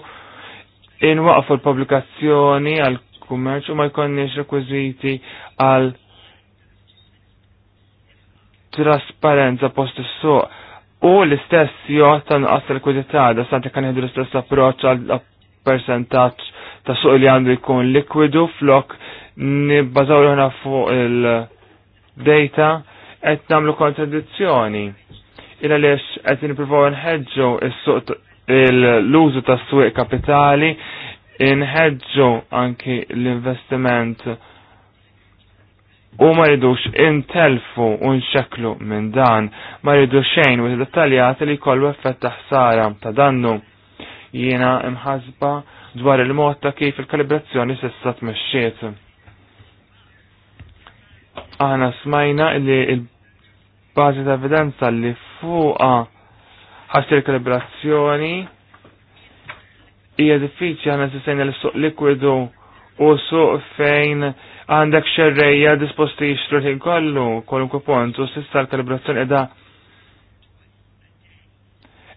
inwaqfu l-pubblikazzjoni għal kummerċ u ma jkollniex rekwiżiti għal trasparenza post is-suq U l-istess jgħot tanqas il-kwidità, da santa kan jgħidu l-istess approċ għal percentaċ ta' suq li għandu jkun likwidu flok nibbażaw l fuq il-data qed nagħmlu kontradizzjoni. Illa lex qed nippruvaw nħeġġu l-użu ta' suq kapitali, nħeġġu anki l-investiment u ma ridux intelfu u xeklu minn dan, ma rridu xejn u dettaljati li kollu effett ta' ħsara ta' dannu. Jiena imħasba dwar il-mod ta' kif il-kalibrazzjoni s'issa tmexxiet. Aħna smajna li il-bażi ta' evidenza li fuqa ħassir kalibrazzjoni hija diffiċli aħna sejna l-suq likwidu u suq fejn għandek xerreja disposti jixtru kollu, kollu, kupont, u sissa l-kalibrazzjoni edha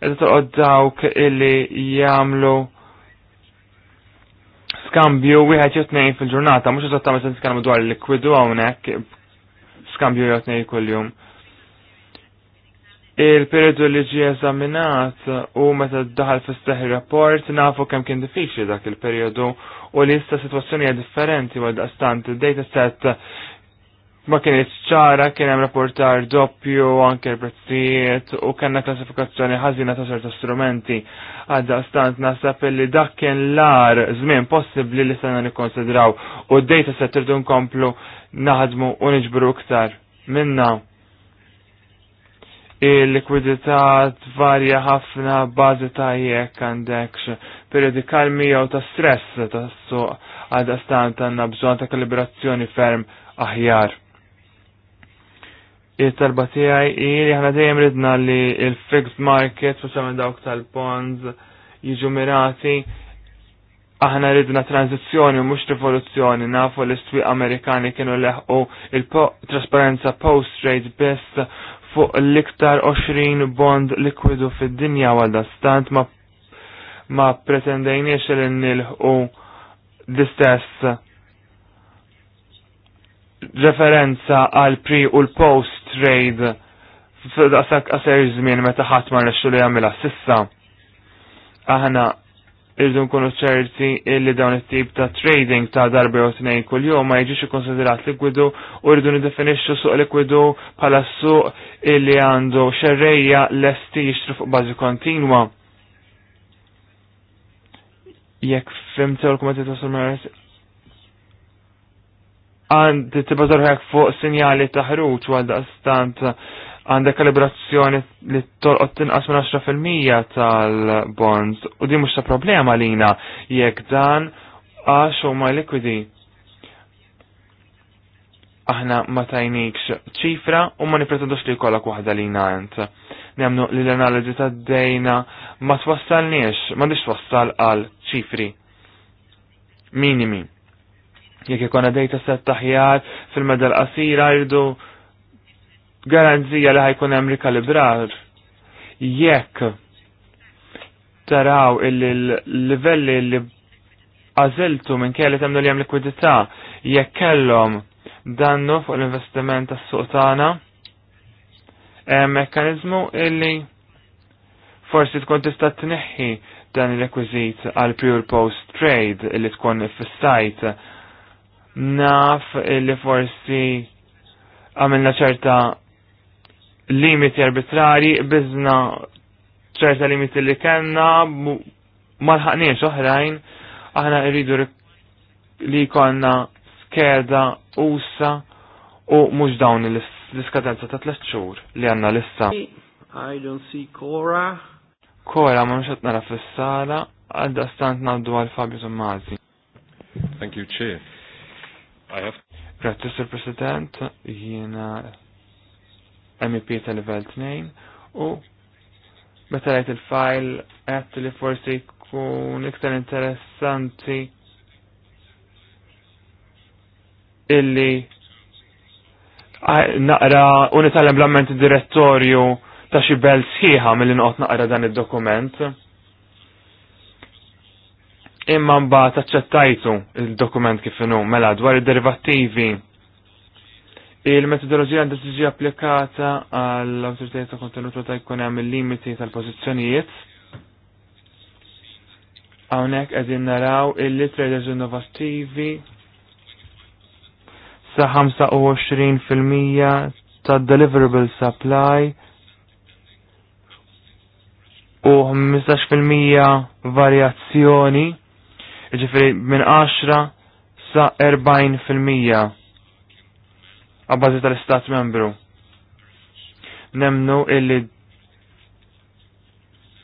edha toqgħod dawk illi jagħmlu skambju wieħed jew tnejn fil-ġurnata, mhux eżattament se nitkellmu dwar il-likwidu hawnhekk skambju jew tnejn kuljum. Il-periodu li ġie eżaminat u meta daħal fis-seħi rapport nafu kemm kien diffiċli dak il-periodu u li issa situazzjonija differenti għal daqstant il-data set ma kien ċara, kien hemm rapportar doppju, anke prezzijiet u kellna klassifikazzjoni ħażina ta' ċerta strumenti. Għal daqstant naħseb li dak kien l-ar żmien possibbli li sena nikkonsidraw u d-data set irdu nkomplu naħdmu u niġbru iktar minna il-likwidità tvarja ħafna bażi ta' jekk għandek periodi kalmi jew ta' stress ta' so għadha stan tanna bżon ta' kalibrazzjoni ferm aħjar. Il-talba tiegħi hi li aħna dejjem ridna li il-fixed market speċjalment dawk tal-bonds jiġu mirati aħna ridna tranzizzjoni u mhux rivoluzzjoni nafu l-istwiq Amerikani kienu leħqu il-trasparenza post-trade biss fuq l-iktar 20 bond likwidu fid-dinja għal stant ma' ma pretendejniex li nilħu l-istess referenza għal pre u l-post trade f'daqsak qaser żmien meta ħadd ma rexxu li jagħmilha sissa. Aħna irridu nkunu ċerti illi dawn it-tip ta' trading ta' darba u tnejn kuljum ma jiġix ikkonsiderat likwidu u rridu niddefinixxu suq likwidu bħala suq illi għandu xerrejja lesti jixtru fuq bażi kontinwa jekk fimtu l-Kumitat ta' Sulmaris għandi tibbażar hekk fuq sinjali ta' ħruġ għal stant għandek kalibrazzjoni li torqod tinqas minn 10% tal-bonds u di mhux ta' problema lina jekk dan għax huma likwidi aħna ma tajnikx ċifra u ma nipretendux li kollok waħda li nant. Nemnu li l-analizi ta' dejna ma twassalniex, ma nix twassal għal ċifri minimi. Jekk ikona dejta set taħjar fil-medal qasira jridu garanzija li ħajkun hemm rikalibrar. Jekk taraw il-livelli li għażiltu minn kelli temnu li hemm likwidità jekk kellhom dannu fuq l-investiment tas suq tagħna. Hemm mekkaniżmu illi forsi tkun tista' tneħħi dan il-rekwizit għal pure post trade li tkun fis-sajt naf illi forsi għamilna ċerta limiti arbitrari bizna ċerta limiti li kellna ma oħrajn aħna rridu li konna skeda usa u mhux dawn l-iskadenza ta' tliet xhur li għandna lissa. I don't see Cora. Kora ma mxat nara fis sala għadda stant naddu għal Fabio Tommasi. Thank you, Chair. I have... Grazie, Sir President, jiena MEP tal level 2 u meta għajt il file għet li forsi kun iktar interessanti illi naqra unitalem l emblament direttorju ta' xi sħiħa mill inqot naqra dan id-dokument. Imma mbagħad aċċettajtu il-dokument kif inhu mela dwar id-derivattivi Il-metodologija għandha tiġi applikata għall awtoritajiet ta' kontenut ta' jkun hemm il-limiti tal-pożizzjonijiet. Hawnhekk qegħdin naraw illi traders innovattivi sa 25% ta' deliverable supply u 15% varjazzjoni ġifiri minn 10 sa 40% għabbażi tal-istat membru. Nemnu illi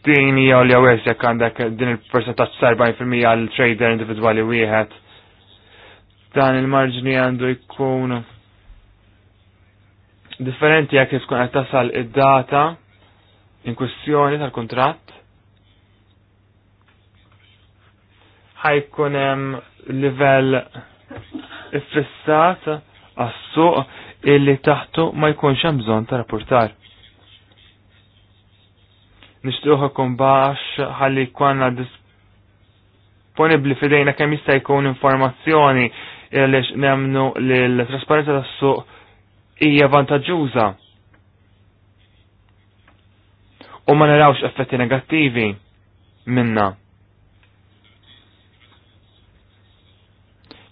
din hija u li għawes jekk għandek din il-persentaċ sa 40% għal trader individwali wieħed dan il-marġni għandu jkun differenti jekk tkun qed tasal id-data in kwestjoni tal-kuntratt. ħajkun hemm livell iffissat għas-suq illi taħtu ma jkunx hemm bżonn ta' rapportar nishtuħa kun bax ħalli kwanna disponibli fidejna kemm jista' jkun informazzjoni għaliex nemnu li l-trasparenza tas-suq hija vantaġġuża. U ma narawx effetti negattivi minna.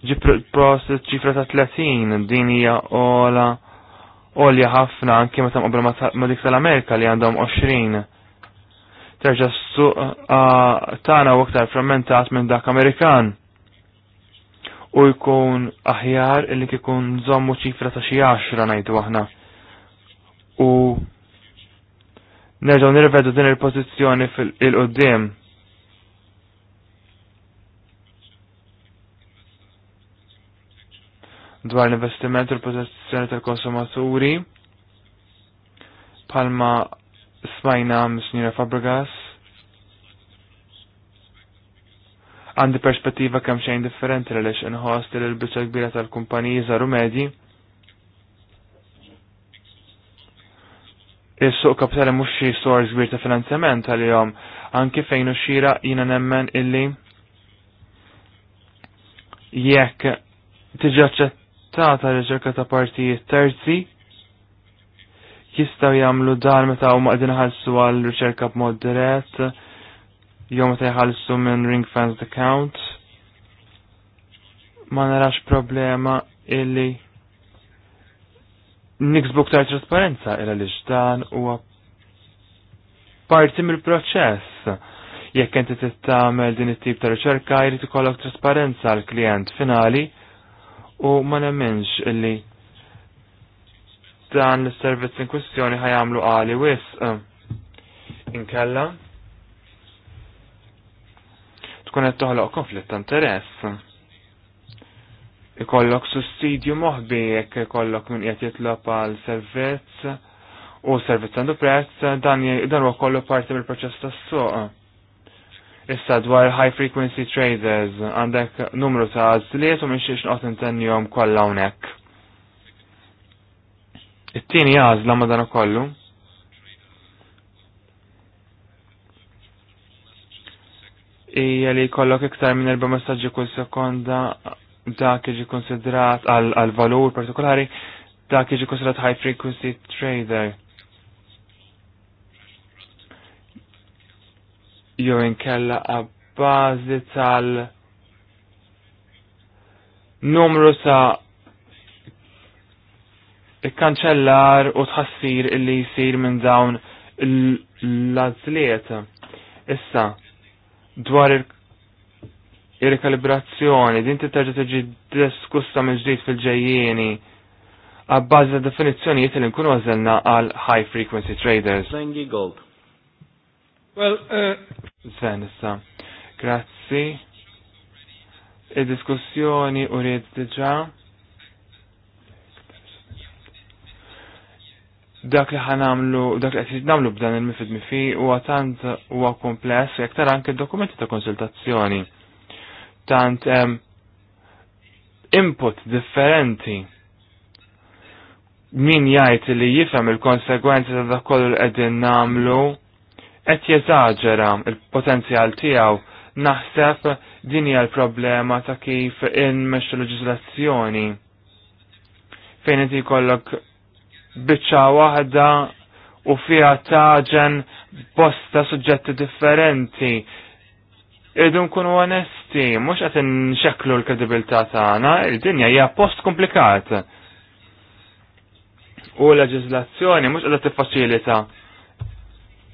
ġiproset ċifra ta' 30 din hija ola olja ħafna anke meta qabel ma' dik tal-Amerika li għandhom 20. Terġa' s-suq tagħna u aktar frammentat minn dak Amerikan u jkun aħjar illi kikun zommu ċifra ta' xi għaxra ngħidu aħna. U nerġgħu nirvedu din il-pożizzjoni fil-qudiem. dwar l-investiment u l-protezzjoni tal-konsumaturi palma smajna Msnira Fabregas għandi perspettiva kemm xejn differenti għaliex inħoss li l-biċċa kbira tal-kumpaniji żaru medji. Is-suq kapitali mhux xi sors kbir ta' finanzjament għalihom anke fejn xira jiena nemmen illi jekk tiġi aċċettata riċerka ta' partijiet terzi jistgħu jagħmlu dan meta huma qegħdin ħalsu għall riċerka b'mod dirett jom meta minn ring fenced account ma narax problema illi niksbu ktar trasparenza illa li dan huwa parti mill-proċess. Jekk inti tittamel din it-tip ta' riċerka jrid ikollok trasparenza l klient finali u ma nemminx illi dan l-servizz in kwestjoni ħajamlu għali wisq. Inkella? tkun qed toħloq konflitt ta' interess. Ikollok sussidju moħbi jekk ikollok min qed jitlob għal servizz u servizz għandu prezz dan dan huwa kollu parti mill-proċess tas-suq. Issa dwar high frequency traders għandek numru ta' għażliet u minn xiex noqgħod intennihom kollha hawnhekk. It-tieni għażla ma dan ukollu. kollu hija li jkollok iktar minn erba' messaġġi kull sekonda dak jiġi konsidrat għal valur partikolari dak jiġi konsidrat high frequency trader. Jew inkella għabbażi tal numru sa' ikkanċellar u tħassir illi jisir minn dawn l-azliet. Issa, dwar il-rekalibrazzjoni, din titerġa tiġi diskussa minn ġdid fil-ġejjieni għabbażi ta' definizzjonijiet li nkunu għażelna għal high frequency traders. Sven Gold. Well, Sven uh, issa. Grazzi. Id-diskussjoni u rrid diġa' dak li ħanamlu, dak li qed nagħmlu b'dan il-mifid mifi huwa tant huwa kompless jekk tara anke dokumenti ta' konsultazzjoni. Tant um, input differenti min jgħid li jifhem il-konsegwenzi ta' dak kollu li qegħdin nagħmlu qed jeżaġera il-potenzjal tiegħu naħseb din hija l-problema ta' kif inmexxu leġiżlazzjoni fejn inti jkollok biċċa waħda u fiha taġen bosta suġġetti differenti. Idun nkunu onesti, mhux qed nxeklu l kredibilta tagħna, id-dinja hija post komplikat. U l-leġiżlazzjoni mhux qiegħda tiffaċilita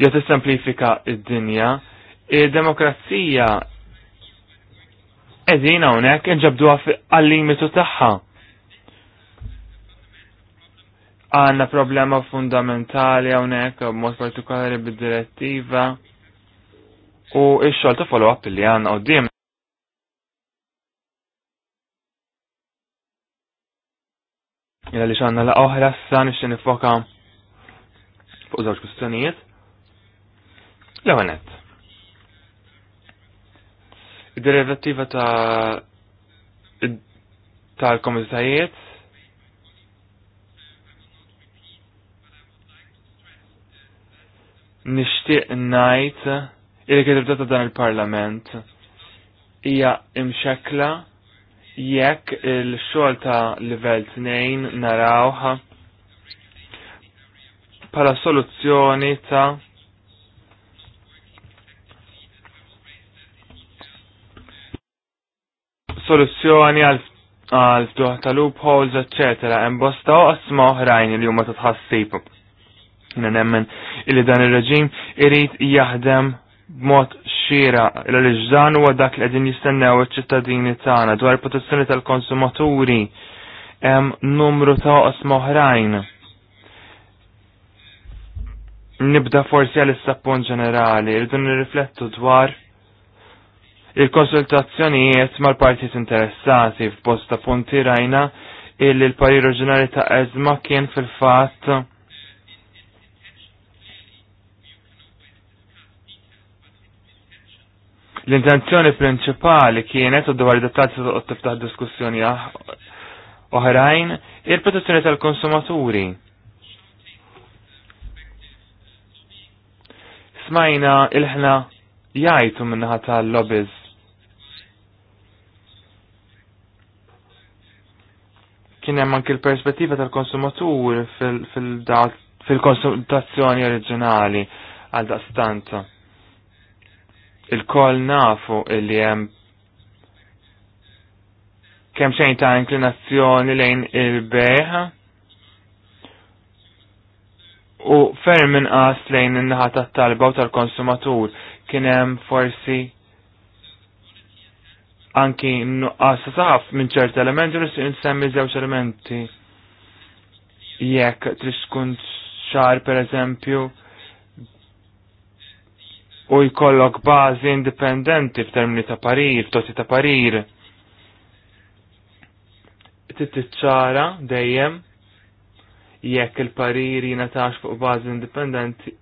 jew tissemplifika id-dinja. Id-demokrazija qegħdin hawnhekk inġabduha għal-limitu tagħha għanna problema fundamentali għonek mod partikolari bid-direttiva u iċxol ta' follow-up li u dim. Jena li xanna la' oħra s-san ixtin nifoka fuq żewġ kustanijiet. L-għanet. Id-direttiva ta' tal-komitajiet nixtieq ngħid il-kredibilità ta' dan il-Parlament hija imxekla jekk il-xogħol ta' livell tnejn narawħa bħala soluzzjoni ta' soluzzjoni għal għal tuħ tal loopholes, eccetera, imbosta u qasma oħrajn li huma ta' tħassib nemmen illi dan il-reġim irrit jaħdem b'mod xira l reġdan huwa dak li qegħdin jistennew iċ-ċittadini tagħna dwar protezzjoni tal-konsumaturi hemm numru ta' osmoħrajn. oħrajn. Nibda forsi għal is-sappun ġenerali, irridu nirriflettu dwar il-konsultazzjonijiet mal partijiet interessati f'bosta punti rajna illi l pariru ġenerali ta' eżma kien fil-fatt L-intenzjoni prinċipali kienet u dwar dettati u tiftaħ diskussjoni oħrajn il-protezzjoni tal-konsumaturi. Smajna il-ħna jajtu minnaħat tal-lobbies kien hemm anke l-perspettiva tal-konsumatur fil-konsultazzjoni oriġinali għal daqstant il-kol nafu illi hemm kemm xejn ta' inklinazzjoni lejn il beħa u ferm inqas lejn in-naħa tat-talba u tal-konsumatur kien hemm forsi anki nuqqas taf minn ċert elementi u nsemmi żewġ elementi jekk trid tkun ċar pereżempju u jkollok bażi indipendenti f'termini ta' parir, toti ta' parir. Tittiċċara dejjem jekk il-parir jingħatax fuq bażi indipendenti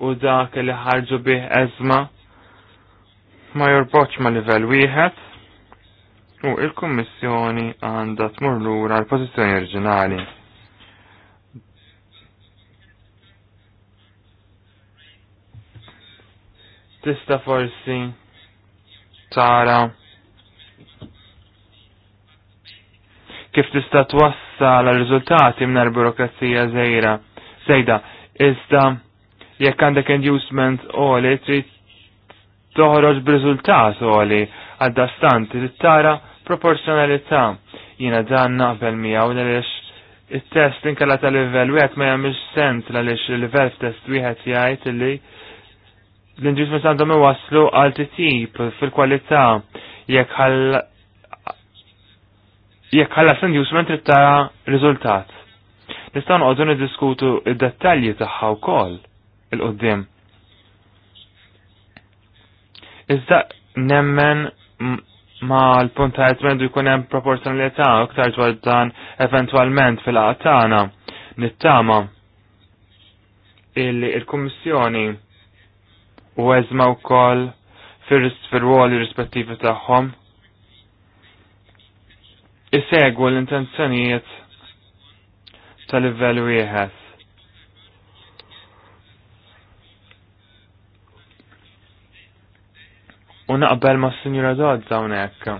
u dak li ħarġu bih eżma ma jorboċ ma livell wieħed u il-Kummissjoni għandha tmur lura l-pożizzjoni oriġinali. tista forsi tara kif tista twassal rizultati riżultati l burokrazija zejra. sejda iżda jekk għandek inducement li trid toħroġ b'riżultat li għaddastant trid tara proporzjonalità jiena dan naqbel miegħu għaliex it-test inkella ta' livell wieħed ma jagħmilx sens għaliex il-livell f'test wieħed jgħid li l-industrijas għandhom iwasslu għal titjib fil-kwalità jekk ħalla s-industriment trid tara riżultat. Nistgħu noqogħdu niddiskutu id-dettalji tagħha wkoll il-qudiem. Iżda nemmen ma l-punt ta' jkun hemm proporzjonalità aktar dwar dan eventwalment fil tagħna nittama il-Kummissjoni il kummissjoni u eżma u koll fil-ruoli rispettivi tagħhom. Isegwu l-intenzjonijiet tal livellu wieħed. U naqbel ma' Sinjura Dodd hawnhekk.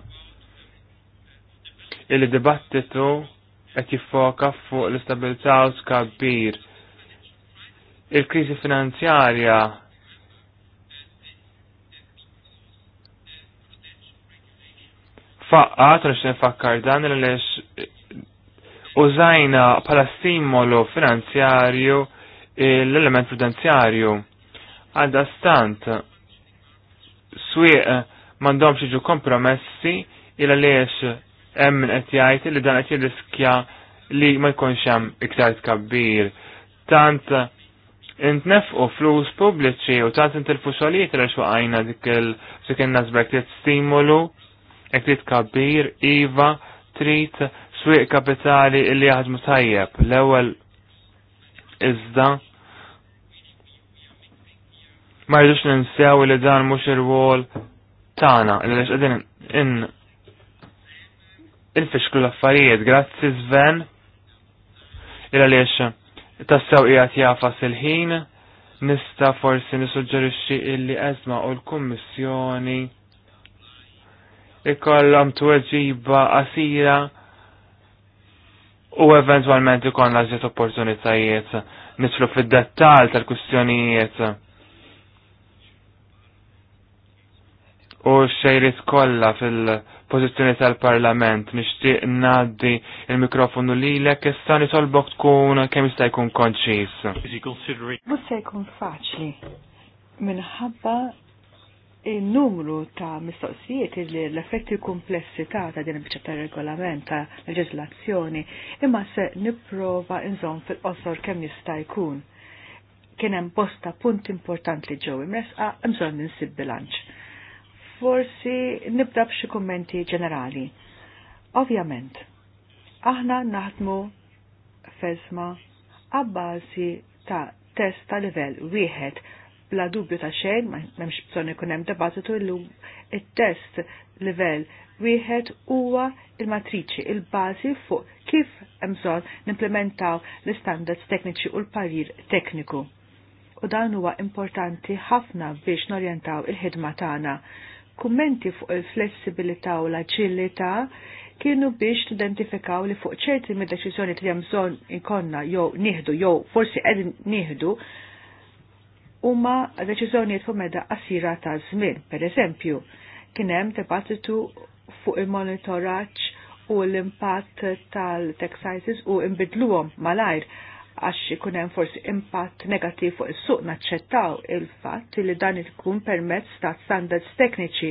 Il-dibattitu qed jiffoka fuq l-istabilità u tkabbir. Il-kriżi finanzjarja faqqat, u nifakkar dan għaliex użajna bħala stimolu finanzjarju l-element prudenzjarju. Għadda stant, swieq mandom xieġu kompromessi il għaliex hemm qed jgħid li dan qed jirriskja li ma jkunx hemm iktar tkabbir. Tant intnefqu flus pubbliċi u tant intilfu xogħlijiet għal waqajna dik il-sikin nasbek stimolu jekk kabir, kabbir iva trit, swieq kapitali li jaħdmu tajjeb. L-ewwel iżda ma rridux ninsew li dan mhux ir-wol tagħna illi lex qegħdin in infixklu l-affarijiet. Grazzi Sven il għaliex tassew ijat jafas il-ħin nista forsi nisuġġerixxi illi eżma u l-Kummissjoni ikollhom tweġiba qasira u eventwalment ikollna żiet opportunitajiet nitlu fid-dettall tal kustjonijiet U xejrit kollha fil-pożizzjoni tal-Parlament nixtieq ngħaddi il-mikrofonu lilek issa tolbok tkun kemm jista' jkun konċis. Mhux se jkun faċli minħabba il-numru ta' mistoqsijiet li l-effetti komplessità ta' din il ta' regolament ta' leġislazzjoni imma se niprofa inżom fil-qosor kemm jista' jkun. Kien hemm bosta punt importanti li ġew imresqa imżon ninsib bilanċ. Forsi nibda b'xi kummenti ġenerali. Ovvjament, aħna naħdmu fezma għabbażi ta' test ta' livell wieħed bla dubju ta' xejn, memx bżon ikun hemm debattitu illum it-test livell wieħed huwa il-matriċi, il-bażi fuq kif hemm bżonn nimplementaw l-istandards tekniċi u l-parir tekniku. U dan huwa importanti ħafna biex norjentaw il-ħidma tagħna. Kummenti fuq il-flessibilità u l-aġilità kienu biex identifikaw li fuq ċerti mid-deċiżjoni li hemm bżonn ikonna jew nieħdu jew forsi qegħdin nieħdu huma deċiżjonijiet fuq meda qasira ta' żmien. Pereżempju, kien hemm debattitu fuq il-monitoraġġ u l-impatt tal-taxises u imbidluhom malajr għax ikun hemm forsi impatt negattiv fuq is-suq naċċettaw il-fatt li dan ikun permezz ta' standards tekniċi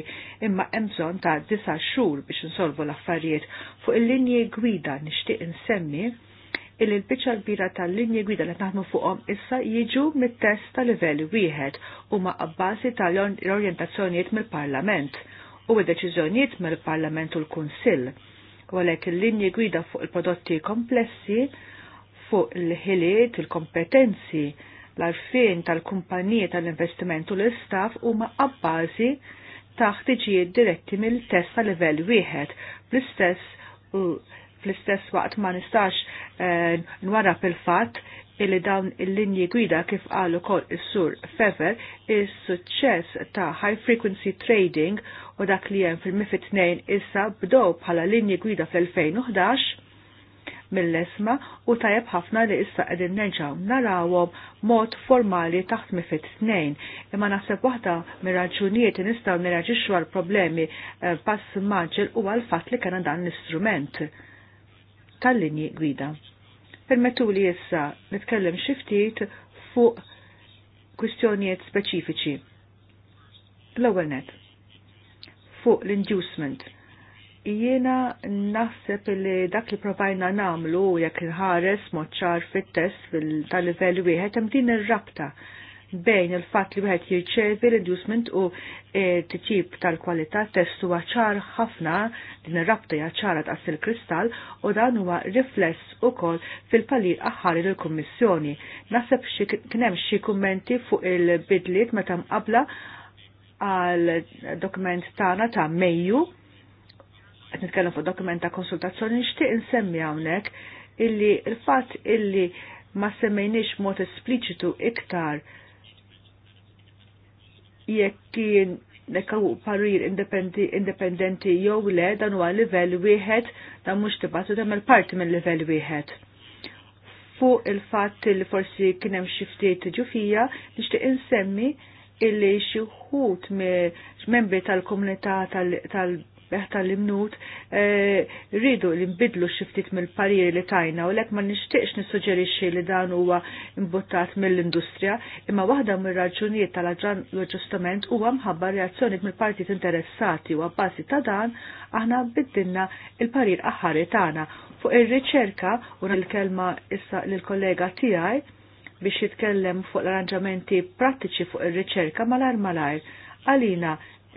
imma hemm bżonn ta' disa' xhur biex insolvu l-affarijiet fuq il-linji gwida nixtieq insemmi il l-biċċa kbira tal-linji gwida li naħdmu fuqhom issa jiġu mit-test ta' livell wieħed huma abbasi tal-orjentazzjonijiet mill-Parlament u d-deċiżjonijiet mill-Parlament u l-Kunsill. Għalek il-linji gwida fuq il-prodotti komplessi fuq il-ħiliet, il-kompetenzi, l-arfin tal-kumpaniji tal-investimentu l-istaff huma abbażi ta' ħtiġijiet diretti mill-test ta' livell wieħed bl-istess fl-istess waqt ma nistax eh, nwara pil-fat illi dawn il-linji gwida kif għallu kol is-sur Fever il suċċess ta' high frequency trading u dak li hemm fil-Mifid 2 issa bdow bħala linji gwida fl-2011 mill-esma u tajab ħafna li issa qegħdin neġaw narawhom mod formali taħt mifit 2 imma naħseb waħda mir-raġunijiet nirraġiċu għal problemi eh, pass maġġel u għal fatt li kena dan l-istrument tal-linji gwida. Permettu li jessa nitkellem xiftit fuq kwistjonijiet speċifiċi. L-ewwel net fuq l-inducement. Jiena naħseb li dak li provajna namlu jekk inħares moċċar fit-test tal-livell wieħed hemm din ir-rabta bejn il-fatt li wieħed jirċevi l-inducement u t-tip e, tal-kwalità testu ċar ħafna din ir-rabta hija ċara tqas il-kristall u dan huwa rifless ukoll fil-palir aħħari lill-Kummissjoni. Naħseb kien hemm xi kummenti fuq il-bidliet meta mqabla għal dokument tagħna ta' Mejju qed nitkellem fuq dokument ta' konsultazzjoni nixtieq insemmi hawnhekk illi il-fatt illi ma semmejniex mod espliċitu iktar jekk kien nekkaw parir indipendenti jew le dan huwa livell wieħed dan mhux u tagħmel parti minn livell wieħed. Fuq il-fatt li forsi kien hemm xi ftit ġufija nixtieq insemmi illi xi wħud membri tal-komunità -tal beħta l-imnut e, rridu li nbidlu xiftit mill parieri li tajna u lek ma nishtiqx nissuġerixi li dan huwa imbuttat mill-industrija imma waħda mir-raġunijiet tal-aġġan l-ġustament huwa mħabba reazzjoni mill-partit interessati u għabbasi ta' dan aħna biddinna il-parir aħħari tagħna fuq ir-riċerka u l-kelma issa lill-kollega tiegħi biex jitkellem fuq l-arranġamenti prattiċi fuq ir-riċerka malar malar. Għalina,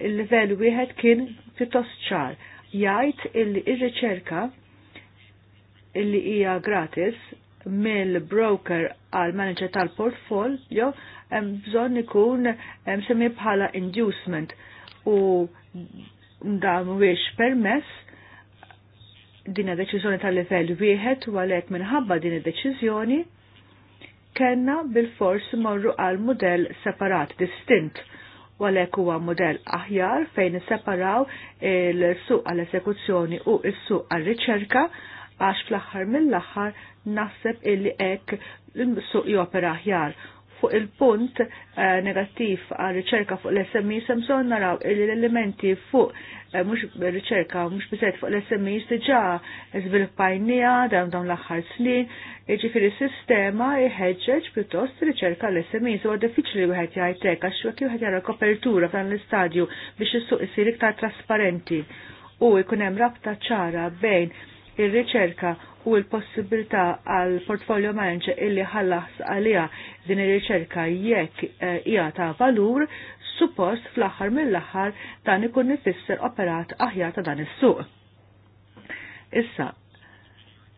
il-level wieħed kien pittost ċar jgħid illi ir-riċerka illi hija gratis mill-broker għal manager tal portfolio jo hemm bżonn ikun hemm semmi bħala inducement u dan mhuwiex permess din deċiżjoni tal-livell wieħed u għalhekk minħabba din id-deċiżjoni kellna bil-fors morru għal mudell separat distint għalek huwa model aħjar fejn separaw il-suq għall-esekuzzjoni u s-suq għall-riċerka għax fl-aħħar mill-aħħar naħseb illi hekk il-suq jopera aħjar Fuq il-punt eh, negattiv għal riċerka fuq l-SMI Samson naraw l-elementi fuq eh, mux riċerka mux bizet fuq l-SMI diġa zvilupajnija dawn dan l-axħar snin, ġifiri sistema jħedġeġ pjuttost riċerka l-SMI, so diffiċli wieħed jgħajtek għax jekk wieħed jara kopertura f'dan l-istadju biex is-suq isir iktar trasparenti u jkun hemm rabta ċara bejn ir-riċerka u l-possibilità għal portfolio manager illi ħallas għalija din ir-riċerka jekk eh, hija ta' valur, suppost fl-aħħar mill-aħħar dan ikun nifisser operat aħjar ta' dan is-suq. Issa,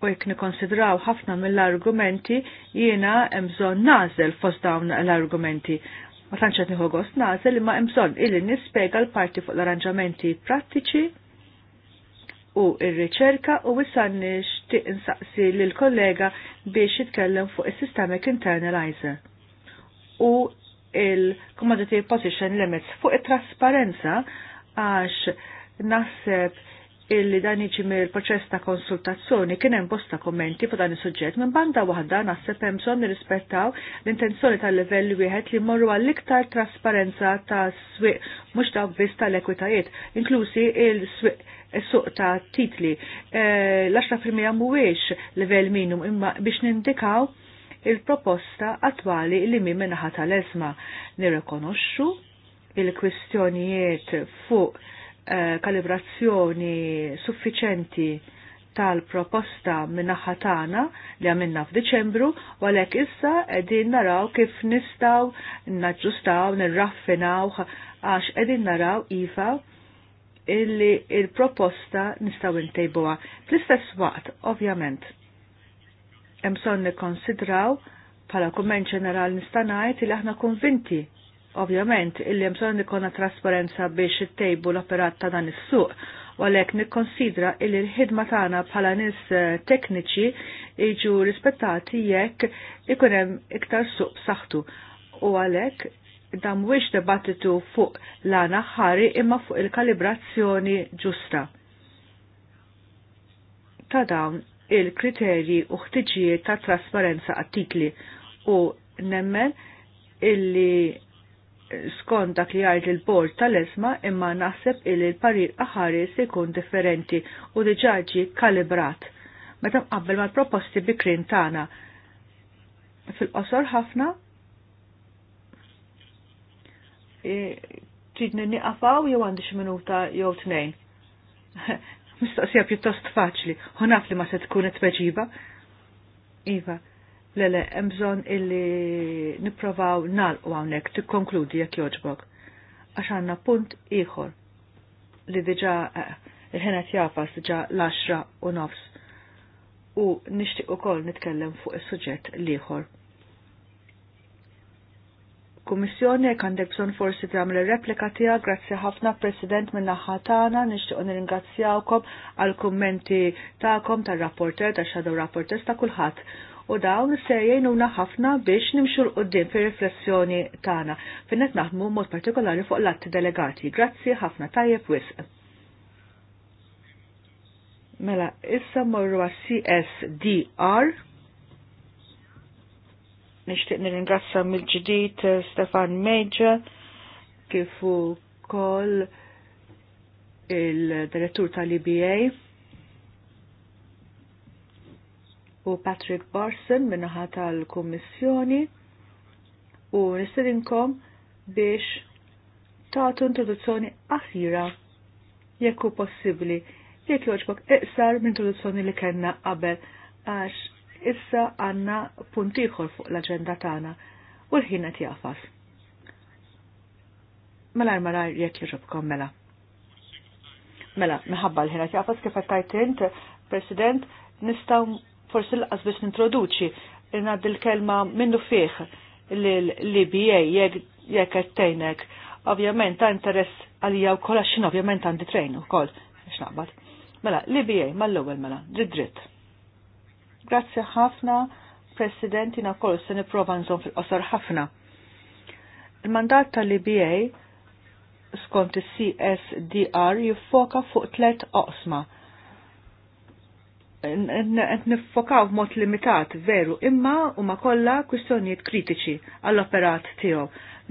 u jekk nikonsidraw ħafna mill-argumenti jiena hemm bżonn nażel fost dawn l-argumenti. Ma tantx qed nieħu gost nażel imma hemm bżonn illi nispjega l-parti fuq l-arranġamenti prattiċi u il riċerka u issa nixtieq insaqsi lil kollega biex jitkellem fuq is-systemic internalizer u il-commodity position limits fuq it-trasparenza għax naħseb illi dan jiġi mill-proċess ta' konsultazzjoni kien hemm bosta kommenti fuq dan is-suġġett minn banda waħda naħseb hemm bżonn nirrispettaw l-intenzjoni tal-livell wieħed li jmorru għall-iktar trasparenza ta' swieq mhux dawk biss tal-ekwitajiet, inklusi il swiq suq ta' titli. E, L-10% mhuwiex livell minimum imma biex nindikaw il-proposta attwali li mi minnaħa tal-ezma nirrekonoxxu il-kwistjonijiet fuq e, kalibrazzjoni suffiċenti tal-proposta minnaħa tagħna li għamilna f'Diċembru u għalhekk issa qegħdin naraw kif nistgħu naġġustaw, nirraffinaw għax qegħdin naraw iva illi il-proposta nistaw intejbuha. Fl-istess waqt, ovvjament, hemm bżonn nikkonsidraw bħala kumment ġeneral nista' ngħid li aħna konvinti Ovvjament, illi jemson nikonna trasparenza biex ittejbu tejbu l-operat ta' dan is-suq, u għalhekk nikkonsidra illi l-ħidma tagħna bħala nies eh, tekniċi jiġu rispettati jekk ikun hemm iktar suq b'saħħtu. U għalhekk dam wiex debattitu fuq l-għana ħari imma fuq il-kalibrazzjoni ġusta. Ta' dawn il-kriterji u ħtiġijiet ta' trasparenza artikli u nemmen illi skont dak li għajt il-bord tal-esma imma naħseb illi l-parir aħari se jkun differenti u diġaġi kalibrat. Meta qabbel mal-proposti bikrin tagħna fil-qosor ħafna tridni niqafaw jew għandi xi minuta jew tnejn. Mistoqsija pjuttost faċli, u naf li ma se tkun qed tweġiba. Iva, le hemm bżonn illi nipprovaw nagħlqu hawnhekk tikkonkludi jekk jogħġbok. Għax għandna punt ieħor li diġà eh, il-ħenet jafas diġa' l-10 u nofs. U nixtieq ukoll nitkellem fuq is-suġġett liħor kummissjoni għandek bżonn forsi tagħmel ir-replika tija, grazzi ħafna President minna naħa tagħna, nixtieq nirringrazzjawkom għall kummenti tagħkom tar-rapporter, tax-shadow rapporter ta' kulħadd u dawn se jgħinuna ħafna biex nimxu l-qoddim fi riflessjoni tana. finnet naħdmu mod partikolari fuq l-atti delegati. Grazzi ħafna tajjeb wisq. Mela, issa morru għas CSDR. Nishtiq nirringrazza mill-ġdid eh, Stefan Major kif ukoll il-direttur tal-IBA u Patrick Barson minnaħa tal-Kummissjoni u nistedinkom biex tagħtu introduzzjoni aħjira jekk hu possibbli jekk joġbok iqsar minn introduzzjoni li kellna qabel għax issa għanna puntiħor fuq l-agenda tagħna u l-ħin qed jafas. Mela mela jekk jiġobkom mela. Mela, minħabba l-ħin qed jafas kif qed tajt int, President, nistgħu forsi l biex nintroduċi ngħaddi l-kelma minnu fih l-LBA jekk qed tgħinek. Ovvjament ta' interess għalija wkoll għax ovvjament għandi trejn ukoll biex naqbad. Mela, l-IBA mal-ewwel mela, dritt dritt. Grazzi ħafna, Presidenti, na kol se niprofa nżom fil-qosor ħafna. Il-mandat tal-IBA skont csdr jiffoka fuq tlet oqsma. u mod limitat, veru, imma huma kollha kwistjonijiet kritiċi għall-operat tiegħu.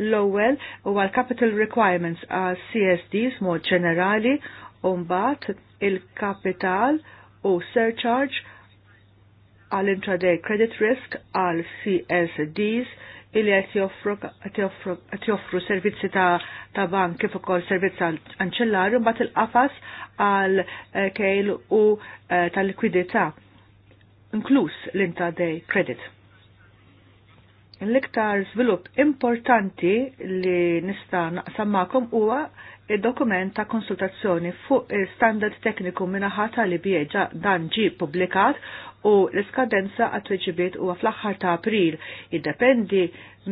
L-ewwel huwa capital requirements għal CSDs mod ġenerali u mbagħad il-kapital u surcharge għal intraday credit risk għal CSDs illi għet joffru servizzi ta', ta bank kif ukoll servizz anċellarju mbagħad il-qafas għal eh, kejl u eh, tal-likwidità inkluż l-intraday credit. L-iktar żvilupp importanti li nista' naqsam magħkom huwa il-dokument ta' konsultazzjoni fuq standard tekniku ħata li bieġa dan ġi publikat u l-iskadenza għat tweġibiet huwa fl-aħħar ta' April. Jiddependi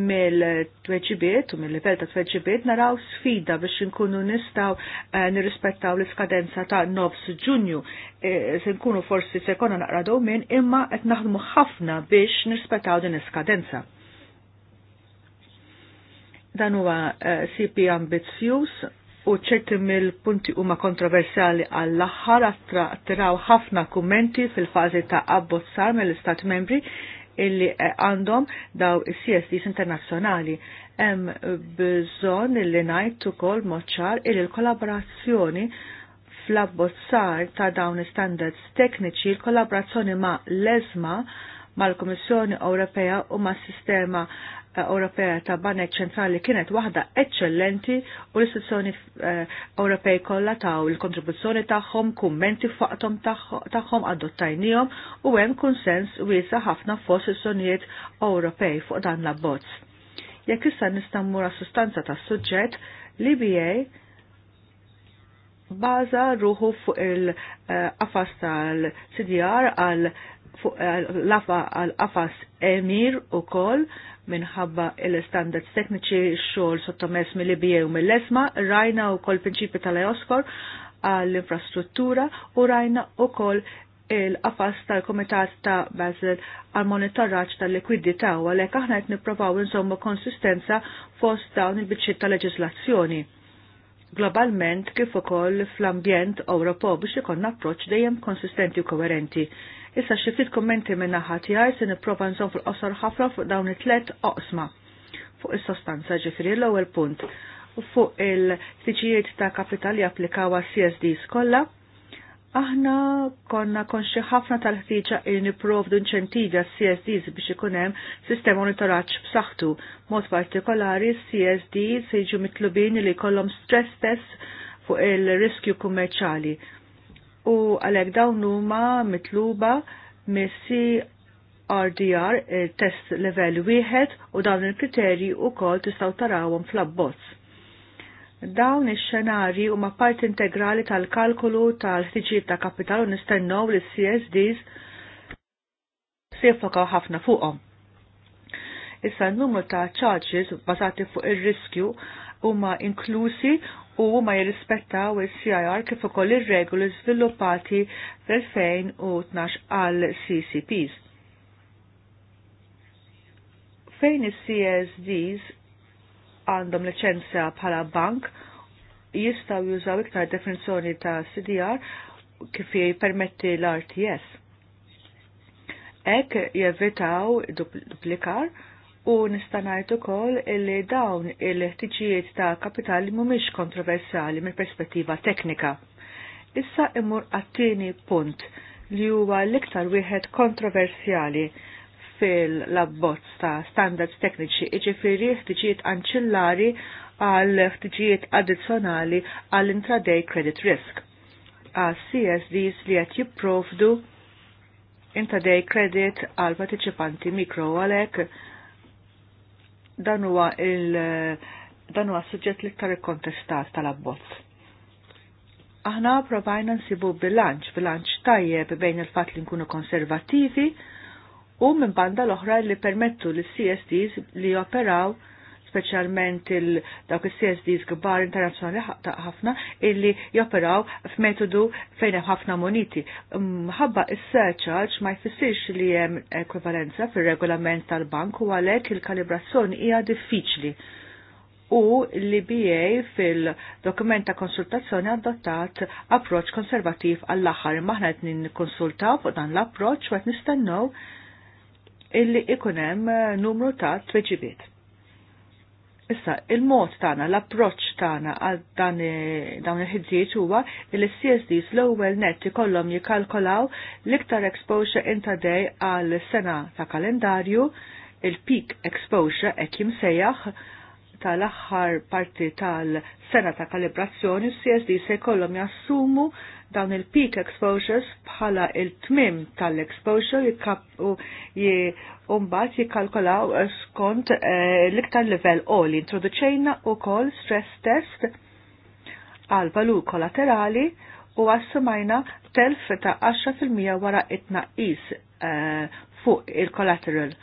mill-tweġibiet u mill-livell ta' tweġibiet naraw sfida biex nkunu nistaw eh, nirrispettaw l-iskadenza ta' 9 Ġunju. Eh, se nkunu forsi se konna naqra minn imma qed naħdmu ħafna biex nirrispettaw din l-iskadenza. Dan huwa eh, CP ambizzjuż u ċerti mill-punti huma kontroversjali għall-aħħar attiraw ħafna kummenti fil-fażi ta' abbozzar mill-Istat membri illi għandhom daw is-CSDs internazzjonali. Hemm bżonn illi ngħid ukoll moċċar illi l-kollaborazzjoni fl-abbozzar ta' dawn standards tekniċi l-kollaborazzjoni ma' l-ESMA mal-Komissjoni Ewropea u ma' sistema Ewropea ta' Banek Ċentrali kienet waħda eċċellenti u l-istituzzjoni eh, Ewropej kollha taw il-kontribuzzjoni tagħhom, kummenti faqthom tagħhom adottajnihom u hemm kunsens wiesa ħafna fost istituzzjonijiet Ewropej fuq dan l-abbozz. Jekk issa nista' sustanza tas-suġġett, l-IBA baza ruħu fuq il-qafas eh, tal-CDR għal Eh, l-afa għal-afas emir u kol minħabba il-standards tekniċi xol sottomess mill-IBA u mill-ESMA, rajna u kol prinċipi tal-Eoskor għall-infrastruttura u rajna u kol il-qafas tal-Komitat ta' Basel għal monitorraċ tal-likwidità u għalhekk aħna qed nipprovaw insomma konsistenza fost dawn il-biċċiet tal leġislazzjoni. Globalment kif ukoll fl-ambjent Ewropew biex ikollna approċċ dejjem konsistenti u koerenti. Issa xi ftit kummenti minn naħa tiegħi se nipprova nżomm fil-qosor ħafna fuq dawn it-tlet oqsma fuq is-sostanza ġifieri l-ewwel punt U fuq il tiġijiet ta' kapital li applikawa CSDs kollha. Aħna konna konxi ħafna tal-ħtiġa li nipprovdu inċentivi għas CSDs biex ikun hemm sistema monitoraġġ b'saħħtu. Mod partikolari CSDs se jiġu mitlubin li jkollhom stress test fuq il-riskju kummerċali u għalhekk dawn huma mitluba missi RDR eh, test level wieħed u dawn il-kriterji wkoll tistgħu tarawhom fl-abbozz. Dawn ix-xenarji huma parti integrali tal-kalkolu tal-ħtiġijiet ta' kapital u nistennew li CSDs seffokaw ħafna fuqhom. Issa n-numru ta' charges bazati fuq ir-riskju huma inklusi u ma jirrispettaw il-CIR kif ukoll ir-regoli żviluppati fil 2012 għal CCPs. Fejn is-CSDs għandhom liċenzja bħala bank jistaw jużaw iktar definizzjoni ta' CDR kif jipermetti l-RTS. Ek jevitaw duplikar dupl u nistanajt ukoll li dawn il-ħtiġijiet ta' kapitali mhumiex kontroversali mill-perspettiva teknika. Issa imur għattini punt li huwa l-iktar wieħed kontroversjali fil-labbozz ta' standards tekniċi iġifiri ħtiġijiet anċillari għal ħtiġijiet addizzjonali għal intraday credit risk. Għal CSDs li qed jipprovdu intraday credit għal partiċipanti mikro għalhekk dan huwa il dan huwa suġġett l-iktar ikkontestat tal-abbozz. Aħna provajna nsibu bilanċ, bilanċ tajjeb bejn il-fatt li nkunu konservativi u minn banda l-oħra li permettu l CSDs li operaw speċjalment il-dawk il-CSDs gbar internazzjonali ħafna illi joperaw f'metodu fejn hemm ħafna moniti. Mħabba is-surcharge ma jfissirx li hemm ekwivalenza fir-regolament tal-bank u għalhekk il-kalibrazzjoni hija diffiċli u l-BA fil-dokument ta' konsultazzjoni adottat approċ konservativ għall-aħħar. Maħna qed nikkonsultaw fuq dan l-approċ u qed nistennew illi ikunem numru ta' tweġibiet. Issa, il-mod tagħna, l-approċċ tagħna għal dan dawn il-ħidżiet huwa li CSDs l-ewwel net ikollhom jikkalkolaw l-iktar exposure intraday għal sena ta' kalendarju, il-peak exposure qed jimsejjaħ tal-aħħar parti tal-sena ta' kalibrazzjoni CSD se jkollhom jassumu dawn il-peak exposures bħala il-tmim tal-exposure jikkapu jumbat jikalkolaw eh, skont eh, l-iktar level o li introduċejna u kol stress test għal valu kolaterali u għassumajna telf ta' 10% wara it-naqis eh, fuq il-collateral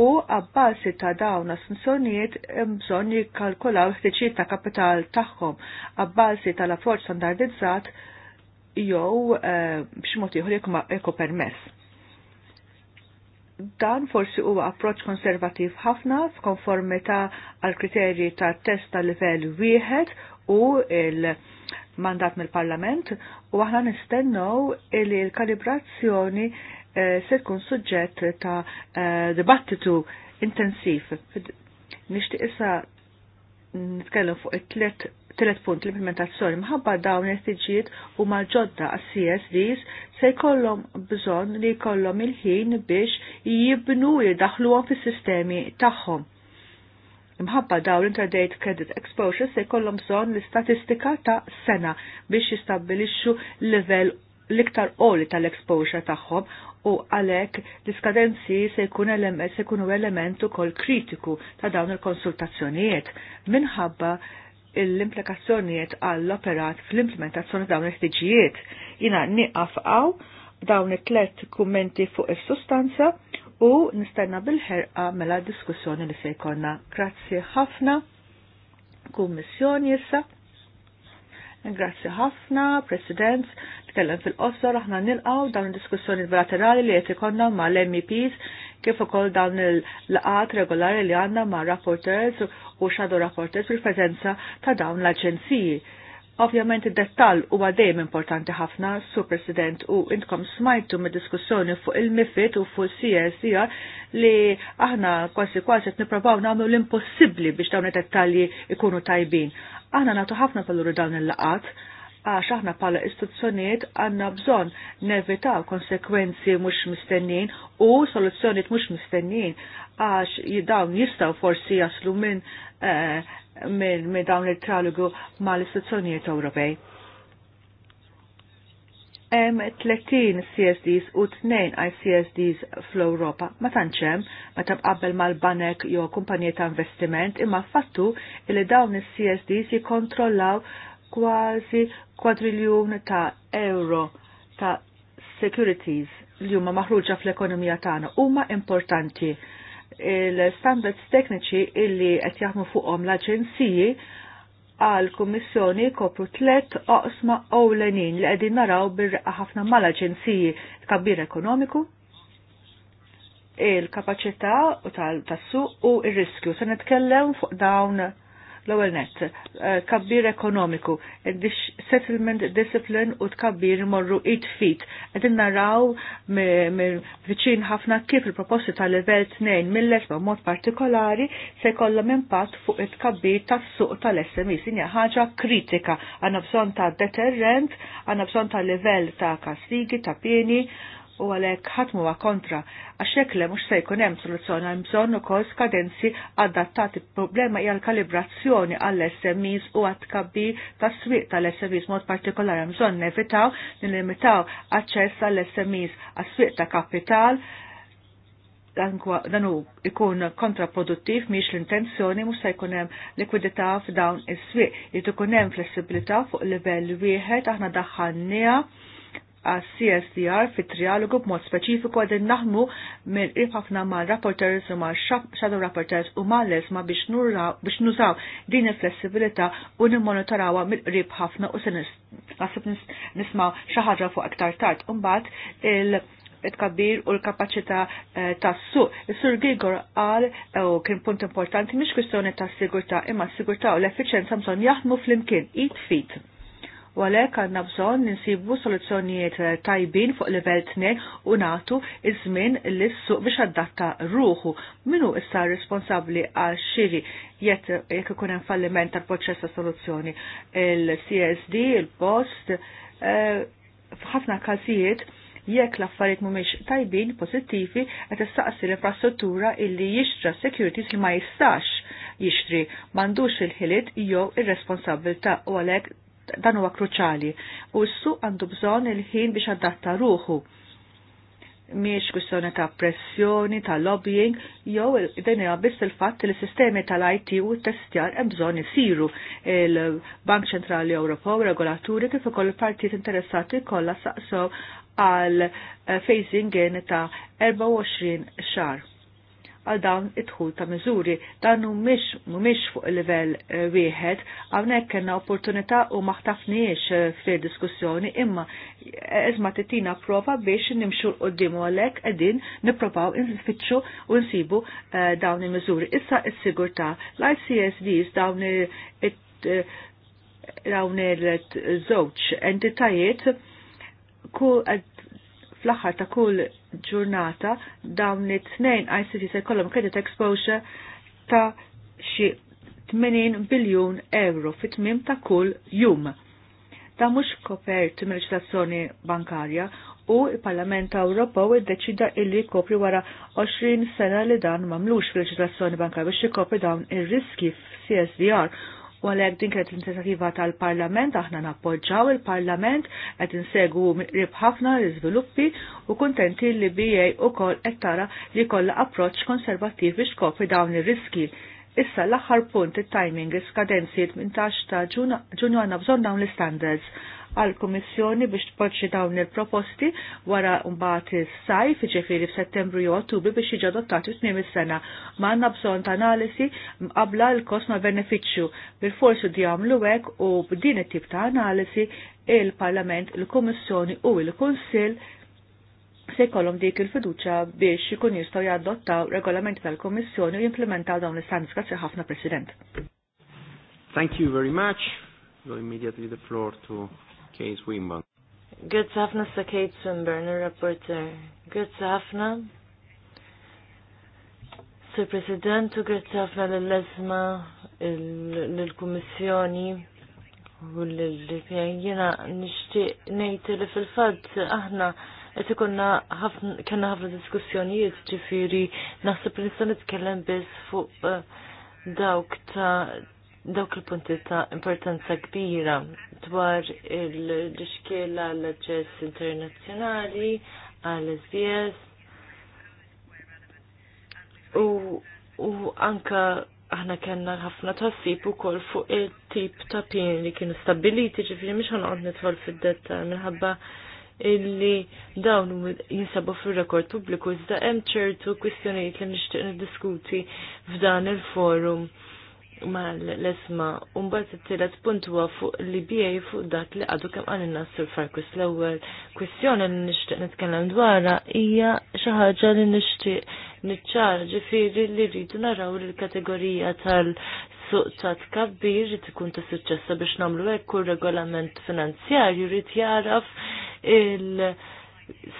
u għabbasi ta' dawn assunzjonijiet bżonn jikkalkulaw ħtiġijiet ta' kapital tagħhom għabbasi tal forz standardizzat jew eh, b'ximot ieħor jekk permess. Dan forsi huwa approċ konservativ ħafna f'konformità għal kriterji ta' test ta' livell wieħed u il- mandat mill-Parlament u aħna nistennew li l-kalibrazzjoni Eh, se tkun suġġett ta' eh, dibattitu intensiv. Nixtieq issa nitkellem fuq it-tlet tlet punt l-implementazzjoni mħabba dawn l-estiġiet u maġodda ġodda għas-CSDs se jkollhom bżonn li jkollhom il-ħin biex jibnu jidaħluhom fis-sistemi tagħhom. Imħabba dawn l-intradate credit exposure se jkollhom bżonn l-istatistika ta' sena biex jistabbilixxu level l-iktar qoli tal-exposure tagħhom u għalek l-iskadenzi se jkun element, se jkunu element ukoll kritiku ta' dawn il-konsultazzjonijiet minħabba l-implikazzjonijiet għall-operat fl-implementazzjoni dawn il-ħtiġijiet. Jina niqaf għaw dawn it-tlet kummenti fuq is-sustanza u nistenna bil-ħerqa mela diskussjoni li se jkollna. Grazzi ħafna, kummissjoni issa. Grazzi ħafna, President, tkellem fil-qosor, aħna nilqaw dawn il-diskussjoni bilaterali li qed ma mal meps kif ukoll dawn il-laqat regolari li għandna ma' rapporters u shadow rapporters fil-preżenza ta' dawn l-aġenziji. Ovvjament id-dettall huwa dejjem importanti ħafna, Sur President, u intkom smajtu mid diskussjoni fuq il-MIFID u fuq CSDR e li aħna kwasi kwasi qed nipprovaw nagħmlu l-impossibbli biex dawn id-dettalji ikunu tajbin. Aħna nagħtu ħafna valuri dawn il-laqat għax aħna pala istituzzjoniet għanna bżon nevitaw konsekwenzi mux mistennin u soluzzjoniet mux mistennin għax dawn jistaw forsi jaslu minn eh, min, min dawn il-tralogu ma l-istituzzjoniet Ewropej hemm 30 CSDs u 2 ICSDs fl-Ewropa. Ma tantx hemm meta mqabbel mal-banek jew kumpaniji ta' investiment imma fattu li dawn is-CSDs jikkontrollaw kważi kwadriljun ta' euro ta' securities li huma maħruġa fl-ekonomija tagħna huma importanti il-standards tekniċi illi qed jaħdmu fuqhom l-aġenziji għal kummissjoni kopru tlet oqsma ewlenin li qegħdin naraw bir-raqqa ħafna mal-aġenziji kabir ekonomiku, il-kapaċità tas-suq u r-riskju. Se nitkellem fuq dawn L-ewwel nett, eh, kabbir ekonomiku, eh, settlement discipline u tkabbir morru it fit. Qegħdin naraw viċin ħafna kif il-proposti tal level 2 mill-esma mod partikolari se jkollhom impatt fuq it-tkabbir tas-suq tal-SMI. Sinja e. ħaġa kritika, għandna bżonn ta' deterrent, għandna bżonn ta' livell ta' kastigi, ta' pieni, u għalhekk ħadd għa kontra għax hekk le mhux se jkun hemm soluzzjoni hemm bżonn ukoll skadenzi adattati. Problema hija l-kalibrazzjoni għall-SMEs u għat tkabbi tas-swieq tal-SMEs mod partikolari hemm bżonn nevitaw nilimitaw aċċess għall-SMEs għas-swieq ta' kapital dan hu ikun kontraproduttiv miex l-intenzjoni mhux se jkun hemm likwidità f'dawn is-swieq. Jrid ikun hemm flessibilità fuq livell wieħed aħna daħħalniha għas CSDR fit trialogu b'mod speċifiku għadin naħmu mill ħafna ma' rapporters u ma' shadow rapporters u ma' lesma biex nużaw din il-flessibilita u nimmonitorawa mill-qrib ħafna u se nasib nismaw xaħġa fuq aktar tard. Umbat il- it-kabbir u l-kapacita eh, tas-su. Sur Gigor għal eh, u kien punt importanti mhix kwistjoni tas-sigurtà imma s sigurta u l-effiċenza bżonn jaħdmu flimkien eat feet u għalek għanna bżon ninsibu soluzzjonijiet tajbin fuq level 2 u natu iż-żmien l-suq biex adatta ruħu. Minu issa responsabli għal xiri jekk jek ikun hemm falliment tal-proċess ta' soluzzjoni. Il-CSD, il-post, eh, f'ħafna każijiet jekk l-affarijiet mhumiex tajbin, pozittivi qed issaqsi l-infrastruttura illi jixtra securities li ma jistax jixtri, m'għandux il-ħiliet jew ir-responsabilità u għalhekk dan huwa kruċali u s-suq għandu bżonn il-ħin biex adatta ruħu miex kwistjoni ta' pressjoni, ta' lobbying, jew id-dini biss il-fatt li sistemi tal-IT u t-testjar hemm bżonn isiru il-Bank Ċentrali Ewropew regolaturi kif ukoll partijiet interessati kollha saqsu għal eh, phasing in ta' 24 xar għal dawn id-dħul ta' miżuri. Dan mhumiex mhumiex fuq il-livell eh, wieħed, hawnhekk kellna opportunità u ma ħtafniex eh, fil-diskussjoni imma eh, eżma titina prova biex nimxu l-qoddim u għalhekk qegħdin nipprovaw infittxu u nsibu dawn il-miżuri. Issa s-sigurtà l-ICSDs dawn dawn il-żewġ entitajiet ku fl-aħħar ta' kull ġurnata dawn li tnejn ICT se jkollhom credit exposure ta' xi 80 biljun euro fit-tmim ta' kull jum. Ta' mhux kopert mill leġislazzjoni bankarja u il-Parlament Ewropew iddeċida illi jkopri wara 20 sena li dan mamlux fil-leġislazzjoni bankarja biex ikopri dawn ir-riski f'CSDR U għalek din kienet l tal-Parlament, aħna nappoġġaw il-Parlament qed insegu rib ħafna l-iżviluppi u kuntenti li BA ukoll qed tara li kollha approċċ konservattiv biex tkopri dawn ir-riski. Issa l-aħħar punt it-timing iskadenzi 18 ta' ġunju għandna bżonn dawn l-standards għal-Komissjoni biex tpoġġi dawn il-proposti wara mbagħad is-sajf, ġifieri f'Settembru jew Ottubru biex jiġu adottati tmiem is-sena. Ma għandna bżonn ta' analisi qabla l-kost ma' benefiċċju. Bil-forsi di l hekk u b'din it-tip ta' analisi il-Parlament, il-Komissjoni u il-Kunsill se jkollhom dik il-fiduċa biex ikun jistgħu jadottaw regolamenti tal komissjoni u jimplementaw dawn l-istandards. Grazzi ħafna President. Thank you very much. Go immediately the floor to Kate Swinburne. Grazzi ħafna sa Kate Swinburne, il-rapporter. Grazzi ħafna. Sir President, u grazzi ħafna l-lezma, l-Kummissjoni, u l-Lipjan. Jena nishtiq nejt li fil-fat aħna qed ikunna kellna ħafna diskussjonijiet ġifiri naħseb li nista' nitkellem biss fuq eh, dawk ta' dawk il-punti ta' importanza kbira dwar il-riskela l-aċċess internazzjonali għal sbs u, u anka aħna kellna ħafna tassib ukoll fuq il-tip ta' pin li kienu stabiliti ġifri mhux ħanqod tħol fid-dettall minħabba illi dawn jinsabu fil-rekord pubbliku iżda hemm ċertu kwistjonijiet li nixtieq niddiskuti f'dan il-forum mal esma un it-tielet punt huwa fuq li bieħi fuq dak li għadu kemm għal innas il-farkus l-ewwel kwistjoni li nixtieq nitkellem dwarha hija xi ħaġa li nixtieq nitċarġi ġifieri li rridu naraw li l-kategorija tal-suq ta' tkabbir rid ikun ta' suċċessa biex nagħmlu hekk kull regolament finanzjarju rrit jaraf il-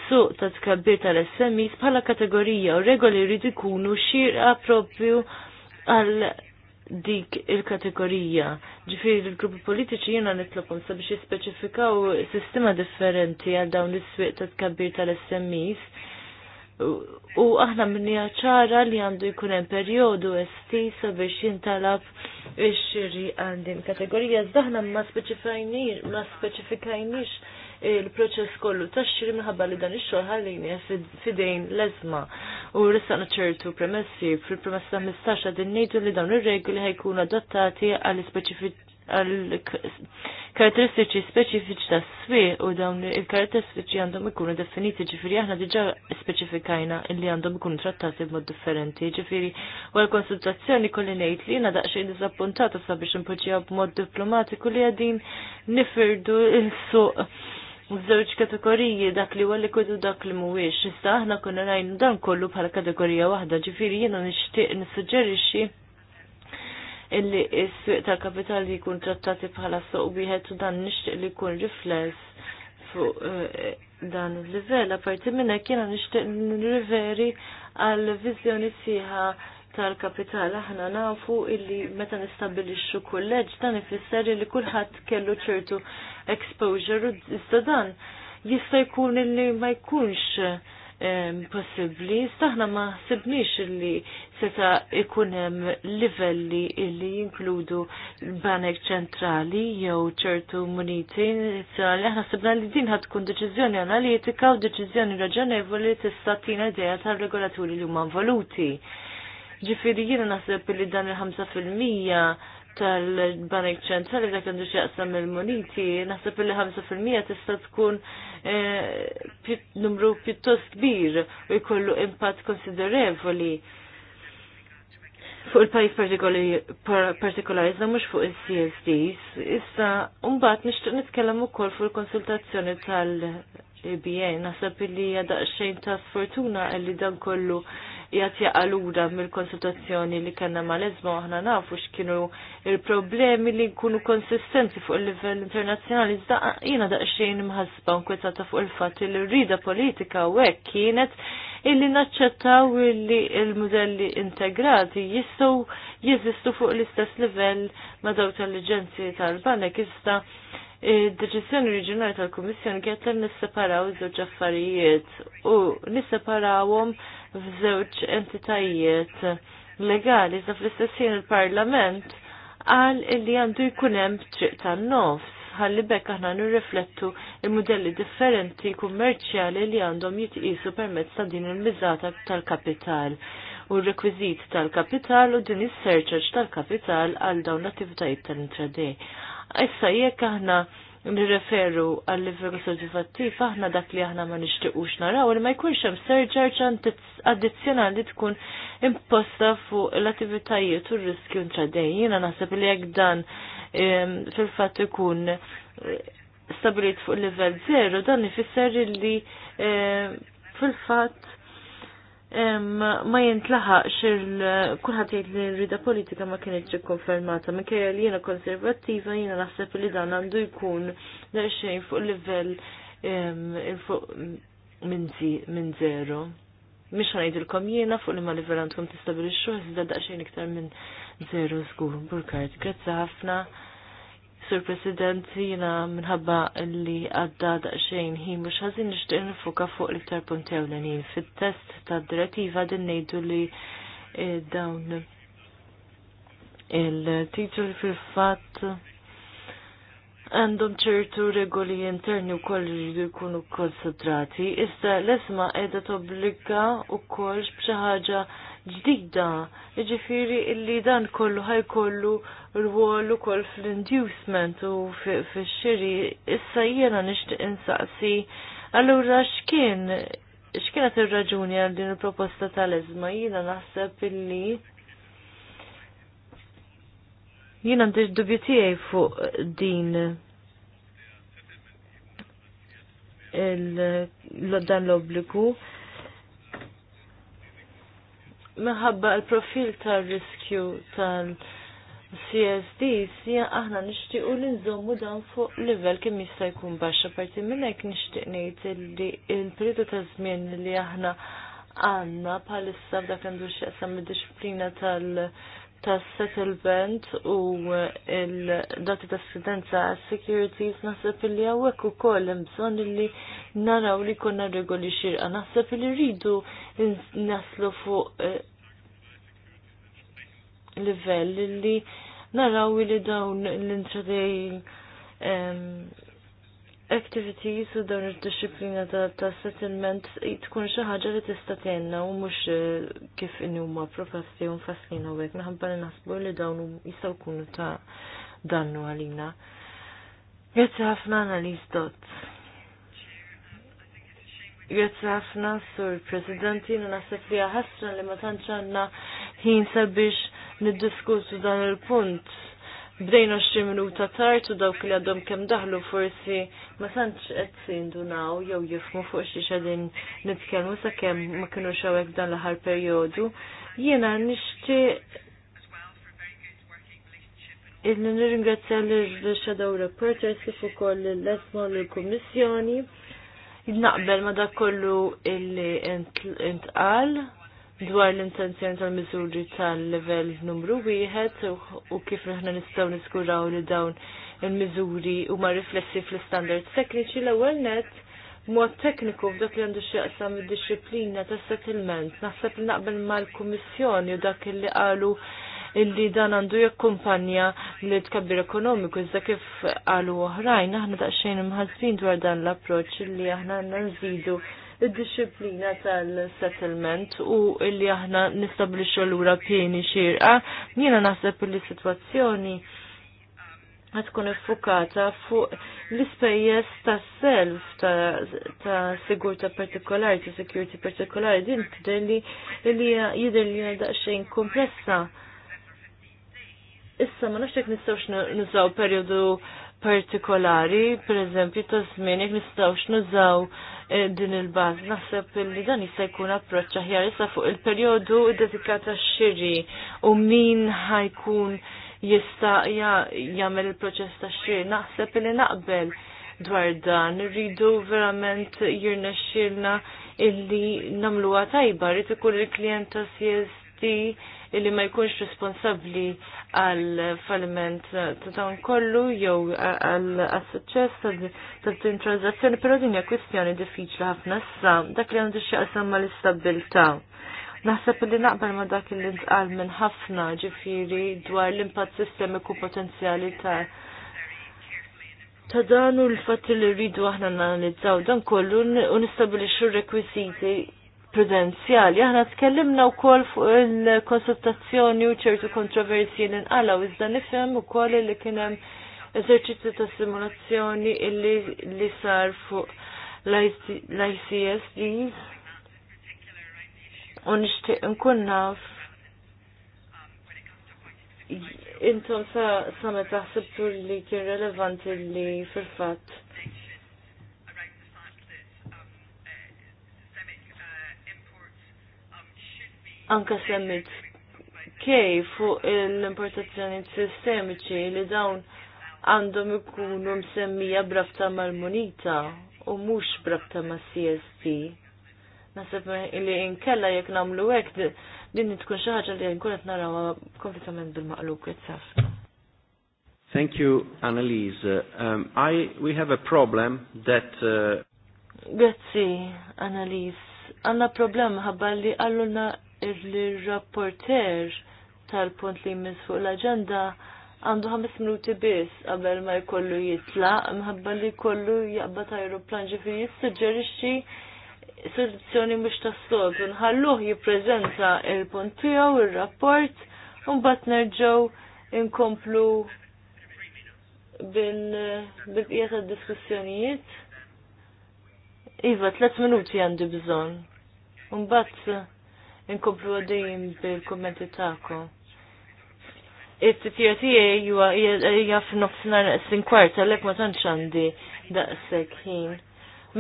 suq ta' tkabbir tal-SMEs bħala kategorija u regoli rridu jkunu xirqa propju għal dik il-kategorija. Ġifiri l-gruppi politiċi jena nitlobhom sabiex jispeċifikaw sistema differenti għal dawn l-iswieq ta' tkabbir tal smis U aħna minnija ċara li għandu jkun hemm perjodu estis sabiex jintalab ix-xiri għandin kategorija. Zdaħna ma speċifikajniex ma speċifikajniex il-proċess kollu taċċiri minħabba li dan ix-xogħol ħallini fidejn leżma. U rissaqna ċertu premessi fil-premessi ta' 15 għadin ngħidu li dawn ir-regoli ħajkunu adattati għall karatteristiċi speċifiċi ta' swi u dawn il-karatteristiċi għandhom ikunu definiti ġifiri aħna diġa speċifikajna illi għandhom ikunu trattati b'mod differenti ġifiri u għal-konsultazzjoni kolli nejt li jina daqxej disappuntata sabiex impoġija b'mod diplomatiku li għadin nifirdu il-suq M'żewġ kategoriji dak li huwa kudu dak li mhuwiex. Issa aħna konna rajnu dan kollu bħala kategorija waħda, ġifieri jiena nixtieq nissuġġerixxi illi s-suq tal-kapitali jkun trattati bħala suq wieħed u dan nixtieq li jkun rifless fuq eh, dan il-livell. Aparti minn hekk jiena nixtieq riveri għal viżjoni sieħa tal-kapital aħna nafu illi meta nistabilixxu kulleġġ dan ifisser li kulħadd kellu ċertu exposure u iżda dan jista' jkun illi ma jkunx possibbli, staħna ma ħsibniex illi seta ikun hemm livelli illi jinkludu banek ċentrali jew ċertu muniti nazzjonali aħna sibna li din ħad tkun deċiżjoni analitika u deċiżjoni raġonevoli tista' tina idea tal-regolaturi li huma involuti. Ġifiri jiena naħseb li dan il-5% tal-Banek ċentrali dak għandu xieqsam il-moniti, naħseb li 5% tista' tkun eh, numru pjuttost kbir u jkollu impatt konsiderevoli fuq il-pajis partikolari, iżda mhux fuq il-CSDs. Issa, mbagħad nixtieq nitkellem ukoll fuq il-konsultazzjoni tal-EBA, naħseb li xejn ta' sfortuna għalli dan kollu jgħat jaqalura mill-konsultazzjoni li kanna ma l-ezma aħna nafu x'kienu il-problemi li nkunu konsistenti fuq il-livell internazzjonali. Iżda jiena daqsxejn imħasba nkwetata fuq il-fatt li rrida politika u hekk kienet illi naċċettaw illi il-modelli integrati jistgħu jeżistu fuq l-istess livell ma daw tal liġenzji tal-banek issa id-deċizjoni oriġinali tal-Kummissjoni kienet li nisseparaw iż-żewġ affarijiet u nisseparawhom f'żewġ entitajiet legali, za fl-istessin il-parlament għal illi għandu jkunem triq tan-nofs ħalli bekk aħna nirriflettu il-modelli differenti kummerċjali li għandhom jitqisu permezz ta' din il-miżata tal-kapital u r rekwiżit tal-kapital u din is-serċerġ tal-kapital għal dawn l-attivitajiet tal-intraday. Issa jekk aħna nirreferu għal livell soddisfattiv aħna dak li aħna ma nixtiequx naraw li ma jkunx hemm surcharge addizzjonali tkun imposta fuq l-attivitajiet u r-riskju intraday. Jiena naħseb li jekk dan fil-fatt ikun eh, stabilit fuq livell zero dan ifisser li fil-fatt ma jintlaħa il-kulħat jgħid li rrida politika ma kienet konfermata. Minkejja li jiena konservattiva jiena naħseb li dan għandu jkun xejn fuq livell fuq minn zero. Mish jidilkom jiena fuq li ma livell għandkom tistabilixxu da daqsxejn iktar minn zero żgur. Burkard, grazzi ħafna. Sur President, jina minħabba li għadda daqxejn hi mux għazin nishtiq nifuka fuq l-iktar punti ewlenin. Fit-test ta' direttiva din nejdu li eh, dawn il-titoli fil-fat għandhom ċertu regoli interni u koll jridu jkunu konsidrati. Issa l-esma edha tobbliga u koll bċaħġa ħaġa ġdida, ġifiri illi dan kollu ħajkollu rwol ukoll fl-inducement u fil-xiri. Issa jiena nixtieq insaqsi, allura x'kien x'kienet ir-raġuni għal din il-proposta tal-eżma jiena naħseb illi jiena għandi dubju tiegħi fuq din dan l-obbligu minħabba l-profil tal-riskju tal csd sija aħna nixtiequ li nżommu dan fuq livell kemm jista' jkun baxxa parti minn hekk nixtieq ngħid li l-periodu ta' żmien li aħna għandna bħalissa b'dak għandu x'jaqsam id-disciplina tal- ta' settlement u il-dati ta' skadenza securities naħseb li għawek u koll imżon li naraw li konna regoli xirqa naħseb li rridu naslu fuq eh, livell li naraw li dawn l-intraday activities u dawn il disciplina ta' settlement tkun xi ħaġa li tista' tenna u mhux eh, kif inni huma proposti u mfasslin hekk naħabba li naħsbu li dawn jistgħu jkunu ta' dannu għalina. Grazzi ħafna Annalise Dot. Grazzi ħafna Sur President, jiena naħseb li ħasra li ma tantx għandna ħin sabiex niddiskutu dan il-punt bdejna 20 minuta tard u dawk li għadhom kemm daħlu forsi ma sanċ qed sindunaw jew jifmu fuq xi xedin nitkellmu sakemm ma kienu hawnhekk dan l-aħħar perjodu. Jiena nixtieq illi nirringrazzja l-Shadow Reporters kif ukoll l-Esma l-Kummissjoni. Naqbel ma dak kollu illi intqal dwar l-intenzjoni tal-miżuri tal-level numru wieħed u kif aħna nistgħu niskuraw li dawn il-miżuri huma riflessi fl-standard tekniċi l-ewwel net mod tekniku f'dak li għandu x'jaqsam id-disciplina ta' settlement. Naħseb li naqbel mal-Kummissjoni u dak li qalu illi dan għandu jakkumpanja li tkabbir ekonomiku iżda kif qalu oħrajn aħna daqsxejn imħazbin dwar dan l-approċċ li aħna nżidu id-disciplina tal-settlement u illi aħna nistabliċu l-ura pieni xirqa, jiena naħseb li situazzjoni tkun effukata fuq l-ispejjeż tas self ta', ta sigurta partikolari, ta' security partikolari, din tidher li jidher li daqsxejn komplessa. Issa ma nafx nistgħux nużaw perjodu partikolari, per eżempju, ta' żmien jekk nistgħux nużaw eh, din il-baż. Naħseb li dan jista' jkun approċċ aħjar issa fuq il-perjodu dedikata x-xiri u min ħajkun jista' jagħmel il-proċess ta' xiri. Naħseb li naqbel dwar dan, rridu verament jirna xirna illi namluwa tajba, rrid ikun il klienta ta' CST illi ma jkunx responsabbli għal falliment ta' dawn kollu jew għal suċċess ta' din transazzjoni, però din hija kwistjoni diffiċli ħafna issa dak li għandu qasam mal-istabilità. Naħseb li naqbel ma dak li ntqal minn ħafna ġifieri dwar l-impatt sistemiku potenzjali ta' ta' dan u l-fatt li rridu aħna nanalizzaw dan kollu u nistabilixxu r-rekwiżiti prudenzjali. Aħna tkellimna wkoll fuq il-konsultazzjoni u ċertu kontroversji li nqalaw iżda nifhem ukoll li kien hemm eżerċizzju ta' simulazzjoni illi li sar fuq l-ICSD u nixtieq nkun naf intom sa, meta ħsibtu li kien relevanti li fil-fatt anka semmit kej fuq l-importazzjoni sistemiċi li dawn għandhom ikunu msemmija brafta mal-munita u mhux brafta ma' CST. Nasib li inkella jek nagħmlu hekk din nitkun xi ħaġa li nkun qed narawha kompletament bil maqluk qed Thank you, Annalise. Um, I, we have a problem that... Uh... Grazie, Annalise. Għanna problem għabba li għalluna il-rapporter tal-punt li jmiss fuq l-agenda għandu ħames minuti biss qabel ma jkollu jitla mħabba li kollu jaqbad aeroplan ġifieri jissuġġerixxi soluzzjoni mhux tas-sob nħalluh jippreżenta il-punt tiegħu ir-rapport u mbagħad nerġgħu inkomplu bil-bqija tad-diskussjonijiet. Iva, 3 minuti għandi bżonn. Mbagħad inkomplu għaddejjin bil-kommenti tagħkom. It-tifjer tiegħi huwa hija f'nofsinhar sinkwart għalhekk ma tantx għandi daqshekk ħin.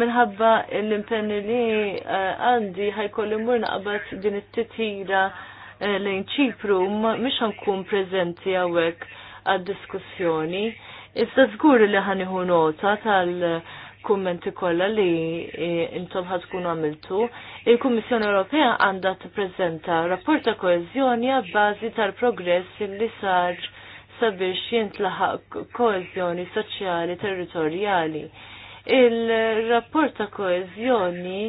Minħabba l-impenni li eh, għandi ħajkolli murna għabat din it-titira eh, lejn ċipru mhux ħankun preżenti għawek għad-diskussjoni. Issa zgur li ħaniħu nota tal- kummenti kollha li eh, intom ħad għamiltu. Il-Kummissjoni Ewropea għandha tippreżenta rapport ta' Koezjoni għabbażi tal-progress li sar sabiex jintlaħaq koezjoni soċjali territorjali. Il-rapport ta' koeżjoni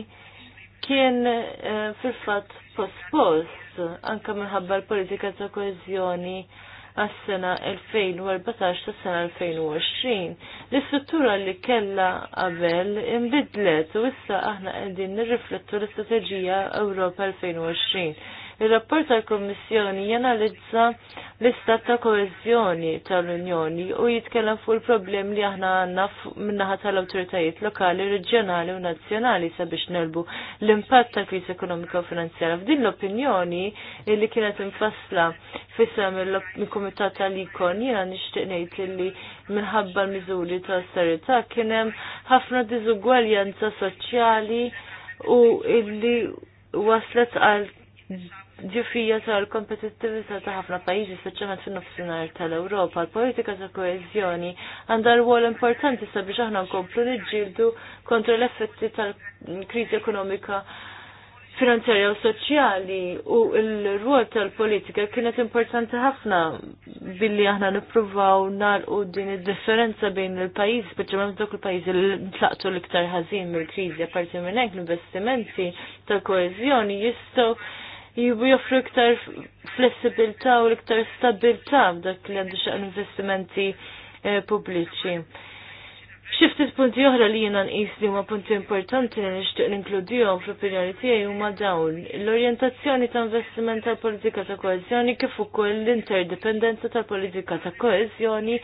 kien eh, fil-fatt pospost anka minħabba l-politika ta' koezjoni għas-sena 2014 sa' sena 2020. L-istruttura li kella qabel imbidlet u issa aħna qegħdin nirriflettu l-Istrateġija Ewropa 2020. Il-rapport tal-Kommissjoni janalizza l-istat ta' koezjoni tal-Unjoni u jitkellem fuq il-problem li aħna għandna minnaħa tal-awtoritajiet lokali, reġjonali u nazzjonali sabiex nelbu l-impatt ta' kriżi ekonomika u finanzjara. F'din l-opinjoni li kienet infassla fissem il-Kumitat tal-Ikon jiena nixtieq ngħid li minħabba l-miżuri ta' austerità kien hemm ħafna diżugwaljanza soċjali u illi waslet għal ġifija sar l-kompetittività ta' ħafna pajjiżi speċjalment fin-nofsinhar tal-Ewropa. L-politika ta' koeżjoni għandha rwol importanti sabiex aħna nkomplu niġġieldu kontra l-effetti tal-kriżi ekonomika finanzjarja u soċjali u l-rwol tal-politika kienet importanti ħafna billi aħna nippruvaw nalqu din id-differenza bejn il-pajjiż, speċjalment dawk il-pajjiżi li ntlaqtu l-iktar ħażin mill-kriżi, apparti minn hekk l-investimenti tal-koeżjoni jistgħu Jibu joffru iktar flessibilità u iktar stabilità dak li għandu xaq investimenti eh, pubbliċi. Xiftit punti oħra li jena nqis li huma punti importanti li nixtieq ninkludihom fl-opinjoni tiegħi huma dawn l-orjentazzjoni ta' investiment tal-politika ta' koeżjoni kif ukoll l-interdipendenza tal-politika ta' koeżjoni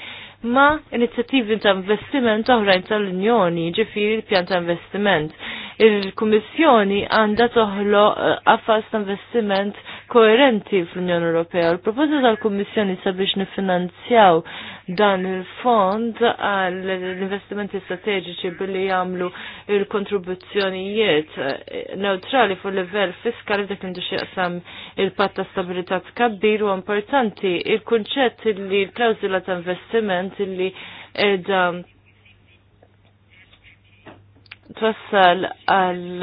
ma' inizjattivi ta' investiment oħrajn tal-Unjoni, ġifieri l-pjan ta' investiment. Il-Kummissjoni għandha toħloq qafas eh, ta' investiment koerenti fl-Unjoni Ewropea. Il-proposta tal-Kummissjoni sabiex nifinanzjaw dan il-fond għall-investimenti strateġiċi billi jagħmlu il-kontribuzzjonijiet neutrali fuq livell fiskali dak li jaqsam il-patta stabilità tkabbir u importanti il-kunċett li l-klawzula ta' investiment li edha twassal għal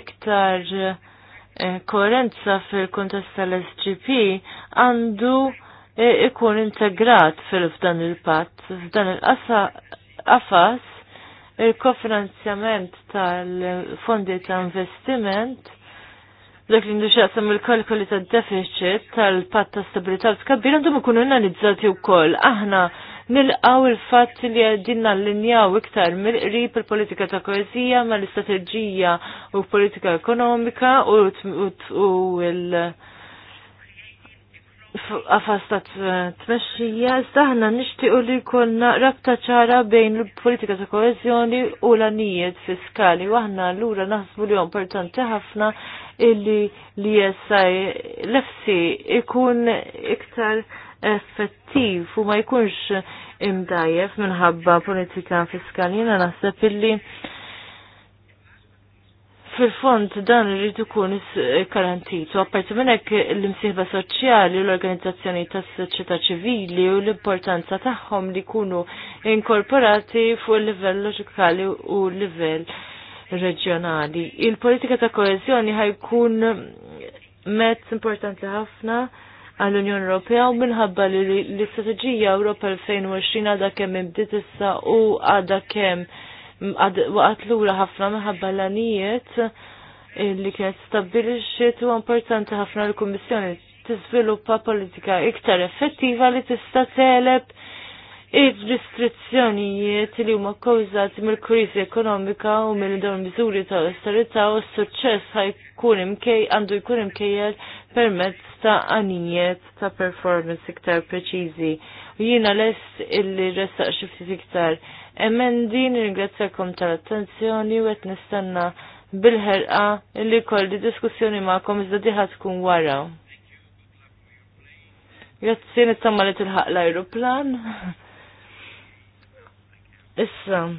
iktar Eh, koerenza fil-kontest tal-SGP għandu eh, ikun integrat fil-fdan il-pat, f'dan il-qafas il-kofinanzjament tal-fondi ta' investiment dak li nduxaqsam il-kalkoli ta' deficit tal-pat ta' stabilità u għandu għandhom nanizzati analizzati wkoll. Aħna nilqaw il-fatt li l linjaw iktar mill-qrib il-politika ta' koezija ma' l-istrateġija u politika ekonomika u il- għafas ta' t-mexxija, nishti u li konna rabta ċara bejn il-politika ta' koezjoni u l-anijiet fiskali. Waħna l-ura naħsbu li importanti ħafna illi li jessaj l-efsi ikun iktar effettiv u ma jkunx imdajjef minħabba politika fiskali. Jena naħseb illi fil-fond dan irrid ikun garantitu. Apparti minn hekk l-imsieħba soċjali u l-organizzazzjoni tas-soċjetà ċivili u l-importanza tagħhom li jkunu inkorporati fuq il-livell loġikali u l-livell reġjonali. Il-politika ta' koeżjoni ħajkun mezz importanti ħafna għall-Unjoni Ewropea u minħabba li l-Istrateġija Ewropa 2020 għadha kemm imbdiet issa u għadha kemm waqgħet lura ħafna minħabba l-għanijiet eh, li kienet stabbilixxiet u importanti ħafna l-Kummissjoni tiżviluppa politika iktar effettiva li tista' teleb il-restrizzjonijiet li huma kkawżati mill-kriżi ekonomika u mill dawn miżuri tal-austerità u s-suċċess ħajkun imkej għandu jkun imkejjel permezz ta' għanijiet ta' performance iktar preċiżi. U jiena lest illi restaq xi ftit iktar. Emendi nirringrazzjakom tal-attenzjoni u għet nistenna bil-ħerqa illi di diskussjoni ma'kom iżda diħa tkun wara. Grazzi nittama li tilħaq l-ajruplan. Issa,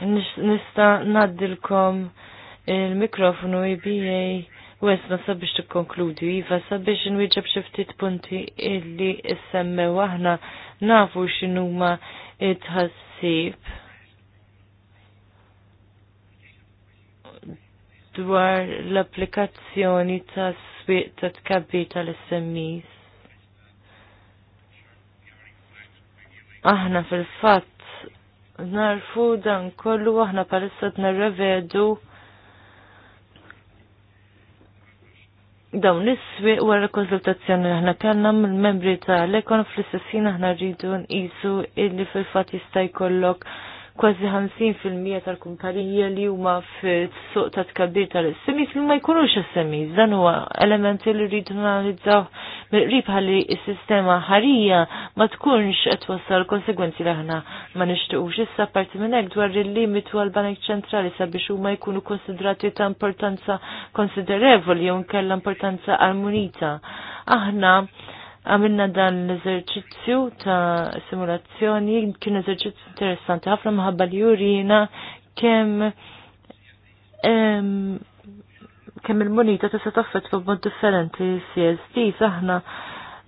nista naddilkom il-mikrofonu IBA u esma sabiex tikkonkludi, Iva sabiex nwieġab xiftit punti illi issemme waħna nafu x'inhuma it-ħassib. dwar l-applikazzjoni ta' swieq ta' tkabbi tal-SMEs. Aħna fil-fatt narfu dan kollu aħna palissa narrevedu dawn niswi wara u għal-konsultazzjoni aħna kanna mill-membri tal-ekon fl-istessin aħna rridu nqisu illi fil-fatt jista' jkollok kważi 50% tal-kumpanija li huma fit suq ta' tkabbir tal semis li ma jkunux is-semis. Dan huwa elementi li rridu analizzaw mill-qrib ħalli s-sistema ħarija ma tkunx qed wassal konsegwenzi li aħna ma nixtiequx. Issa parti minn hekk dwar il-limitu għall-Bank Ċentrali sabiex huma jkunu konsidrati ta' importanza konsiderevoli jew nkella importanza armonita. Aħna għamilna dan l-eżerċizzju ta' simulazzjoni, kien eżerċizzju interessanti ħafna mħabba li jurina kemm kemm il-monita tista' taffet fuq mod differenti CSD saħna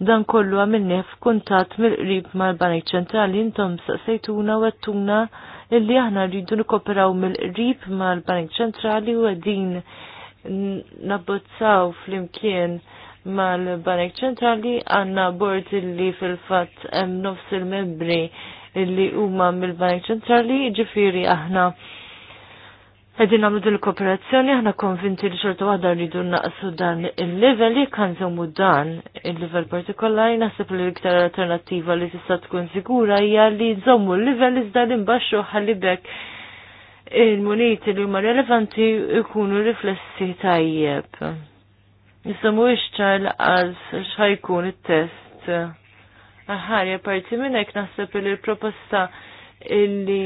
dan kollu għamilni f'kuntat mill-qrib mal-Banik Ċentrali intom saqsejtuna u għattuna illi aħna rridu nikoperaw mill-qrib mal-Banik Ċentrali u għedin nabbozzaw fl-imkien mal-Banek ċentrali għanna bord li fil-fat hemm nofs il-membri li huma mill-Banek ċentrali, ġifiri aħna Għedin għamlu dil-kooperazzjoni, għana konvinti li xorta għadha rridu naqsu dan il-level li kan zomu dan il-level partikolari, naħseb li l-iktar alternativa li tista' tkun sigura hija li zomu l-level iżda li mbaxxu ħalli bekk il-muniti li huma relevanti ikunu riflessi tajjeb. Issa mhuwiex ċar laqas x'ħajkun it-test. Aħħarja parti minn hekk naħseb li l-proposta illi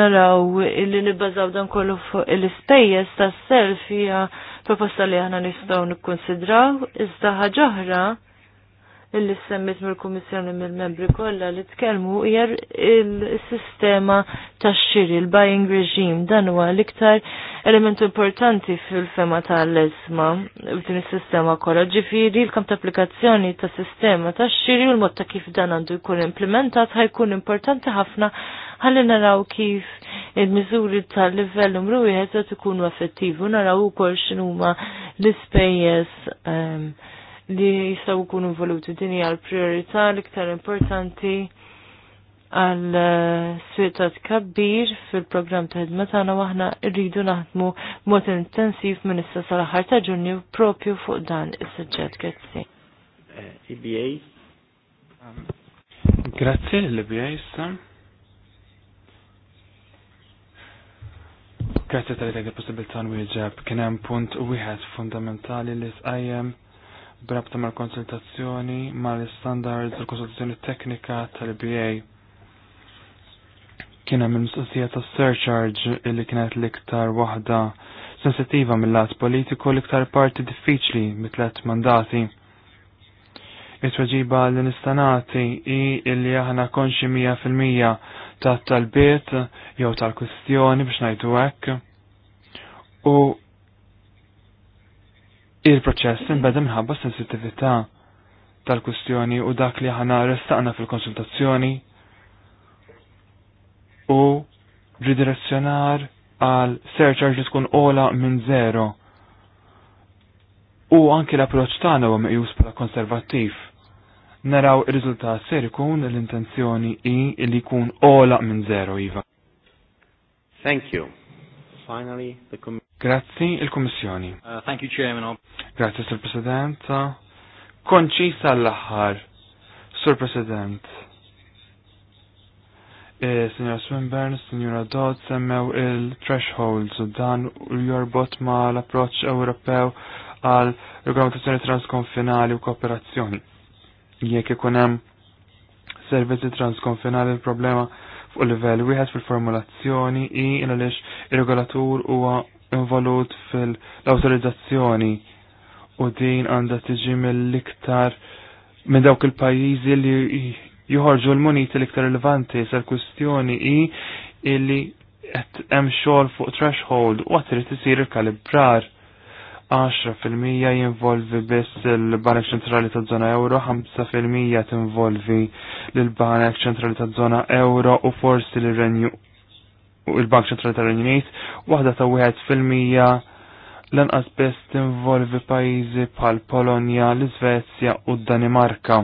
naraw illi nibbażaw dan kollu fuq il-ispejjeż tas-self hija proposta li aħna nistgħu nikkonsidraw iżda ħaġa oħra illi semmit mill-Kummissjoni mill-membri kollha li tkellmu hija il-sistema tax-xiri, il-buying regime, dan huwa l-iktar element importanti fil-fema tal-esma f'din is-sistema kollha. Ġifieri l-kamp ta' applikazzjoni ta' sistema tax-xiri u l-mod ta' kif dan għandu jkun implementat ħajkun importanti ħafna ħalli naraw kif il-miżuri tal-livell numru wieħed qed ikunu effettivi u naraw ukoll x'inhuma l-ispejjeż ehm, li jistaw kun involuti dini għal priorità l-iktar importanti għal eh, sfida kabbir fil-programm ta' ħidma tagħna waħna rridu naħdmu mod intensiv minn issa sal-aħħar ta' Ġunju propju fuq dan is-suġġett grazzi. EBA. Eh, e um, grazzi l-EBA issa. Grazzi tal-idea possibilità nwieġeb kien hemm punt wieħed fundamentali li sqajjem brabta mal-konsultazzjoni mal standard u konsultazzjoni teknika tal-BA. Kien hemm il-mistoqsija tas surcharge illi kienet l-iktar waħda sensittiva mill-lat politiku l-iktar parti diffiċli mitlet mandati. It-tweġiba li nistanati i illi aħna konxi 100% ta' tal-biet jew tal-kwistjoni biex ngħidu hekk u Il-proċess imbeda minħabba sensittività tal-kustjoni u dak li ħana restaqna fil-konsultazzjoni u ridirezzjonar għal surcharge li tkun ola minn zero. U anki l-approċ tagħna huwa meqjus bħala konservattiv. Naraw ir-riżultat ser ikun l-intenzjoni i li jkun ola minn zero iva. Thank you finally, the Grazzi il-Kommissjoni. Uh, thank you, Chairman. Grazzi, Sir President. Konċisa l-aħħar, Sir President. Eh, Signora Swinburne, Signora Dodd semmew il-thresholds dan u jorbot ma l-approċ Ewropew għal regolamentazzjoni transkonfinali u kooperazzjoni. Jekk ikun hemm transkonfinali l-problema fuq livell wieħed fil-formulazzjoni i għaliex ir-regolatur huwa involut fil-awtorizzazzjoni u din għandha tiġi mill-iktar minn dawk il-pajjiżi li joħorġu l-muniti l-iktar rilevanti sal-kwistjoni i illi qed hemm xogħol fuq threshold u għatri isir il-kalibrar 10% jinvolvi biss il-Banek ċentrali ta' zona euro, 5% tinvolvi l-Banek ċentrali ta' zona euro u forsi l-Renju u l bank ċentrali ta' Renju Unit, waħda ta' 1% lanqas biss tinvolvi pajjiżi bħal Polonja, l-Iżvezja u d-Danimarka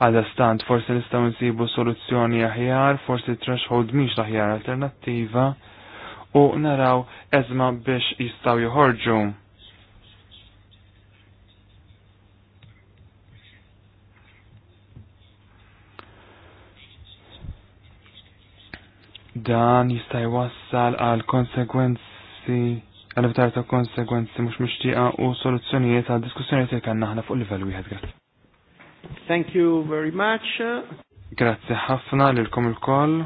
għada stant, forsi nistaw nsibu soluzzjoni aħjar, forsi forse threshold miex l-aħjar alternativa u naraw ezma biex jistaw joħorġu. Dan jista' jwassal għal konsegwenzi għal ftar ta' konsegwenzi mhux mixtieqa u soluzzjonijiet għal diskussjonijiet li kellna aħna fuq livell wieħed grazzi. Thank you very much. Grazzi ħafna lilkom il-koll.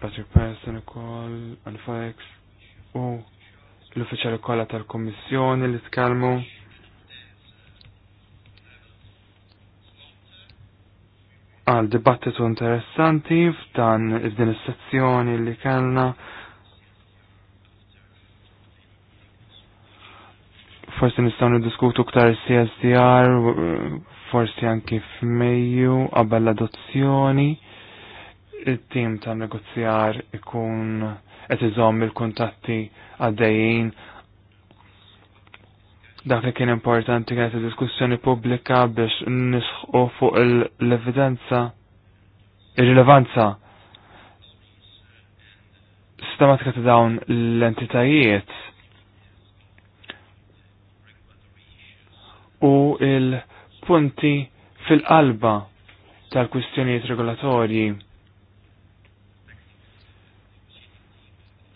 Patrick Person ukoll, Anfax u l-uffiċjali kollha tal-Kummissjoni li tkellmu. Għal dibattitu interessanti f'dan id-din is-sezzjoni li kellna forsi nistgħu niddiskutu ktar CSDR, forsi anki f'Mejju qabel l-adozzjoni il-tim ta' negozjar ikun qed iżomm il-kuntatti għaddejjin. Dak li kien importanti kienet id-diskussjoni pubblika biex nisħu fuq l-evidenza ir-rilevanza sistematika ta' dawn l-entitajiet u il-punti fil-qalba tal-kwistjonijiet regolatorji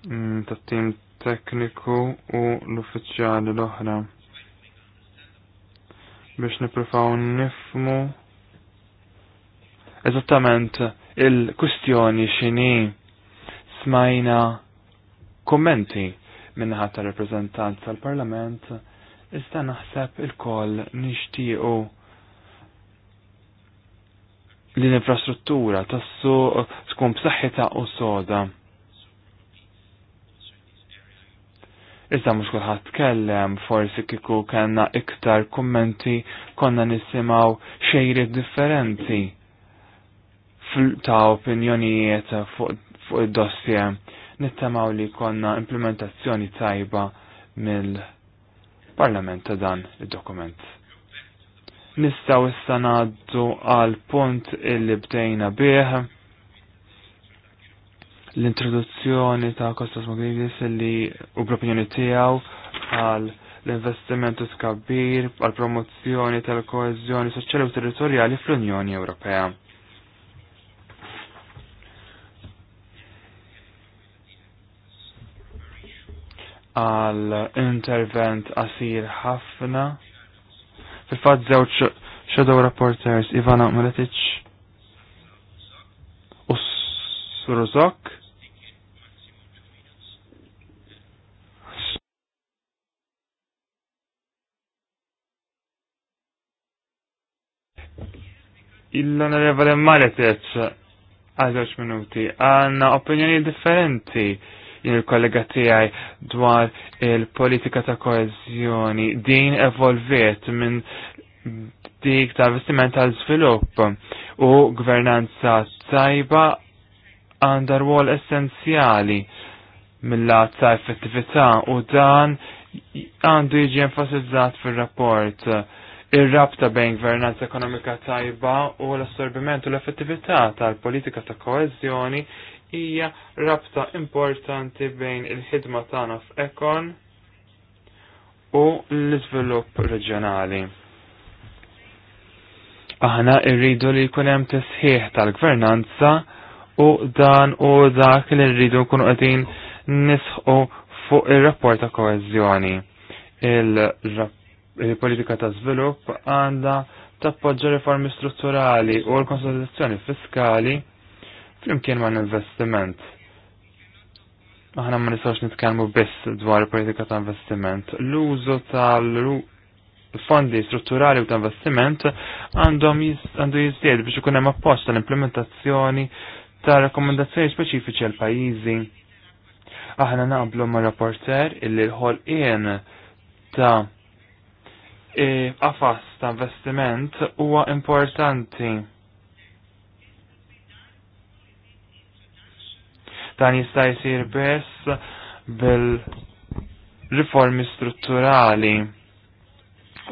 Mm, tat-tim tekniku u l-uffiċjali l-oħra biex nipprofaw nifmu eżattament il-kustjoni xini smajna kommenti minnaħat ta' reprezentant tal-parlament iżda naħseb il-koll nixtiequ l-infrastruttura tas-suq tkun b'saħħitha u soda. Iżda mhux kulħadd kellem, forsi kieku kellna iktar kummenti konna nisimgħu xejri differenti ta' opinjonijiet fuq id-dossier. Nittamaw li konna implementazzjoni tajba mill-Parlament ta' dan id-dokument. Nistaw issa ngħaddu għal punt illi bdejna bih l-introduzzjoni ta' Kostas Maglidis li u bl-opinjoni tiegħu għal l-investimentu skabbir, għal promozzjoni tal-koezjoni soċjali u territorjali fl-Unjoni Ewropea. għal intervent qasir ħafna. Fil-fatt żewġ shadow reporters Ivana Meletic u Suruzok Il-Onorevole għal żewġ minuti għanna opinjoni differenti il-kollega tiegħi dwar il-politika ta' koezjoni din evolviet minn dik ta' vestiment tal svilupp u gvernanza tajba għandar rwol essenzjali mill-lat ta' effettività u dan għandu jiġi enfasizzat fil-rapport ir-rabta bejn gvernanza ekonomika tajba u l-assorbiment u l-effettività tal-politika ta' koezjoni hija rabta importanti bejn il-ħidma tagħna f'ekon u l-iżvilupp reġjonali. Aħna rridu li jkun hemm tisħiħ tal-gvernanza u dan u dak li rridu nkunu qegħdin nisħu fuq ir-rapport ta' koeżjoni. Il-rapport il-politika ta' svilupp għandha tappoġġa riformi strutturali u l-konsolidazzjoni fiskali flimkien ma' investiment. Aħna ma nistgħux nitkellmu biss dwar politika ta' investiment. L-użu tal-fondi strutturali u ta' investiment għandhom għandu jizdied biex ikun hemm appoġġ tal-implementazzjoni ta' rakkomandazzjoni speċifiċi għal pajjiżi. Aħna naqblu mal rapporter illi l-ħolqien ta' qafas ta' investiment huwa importanti. Dan jista' jsir biss bil-riformi strutturali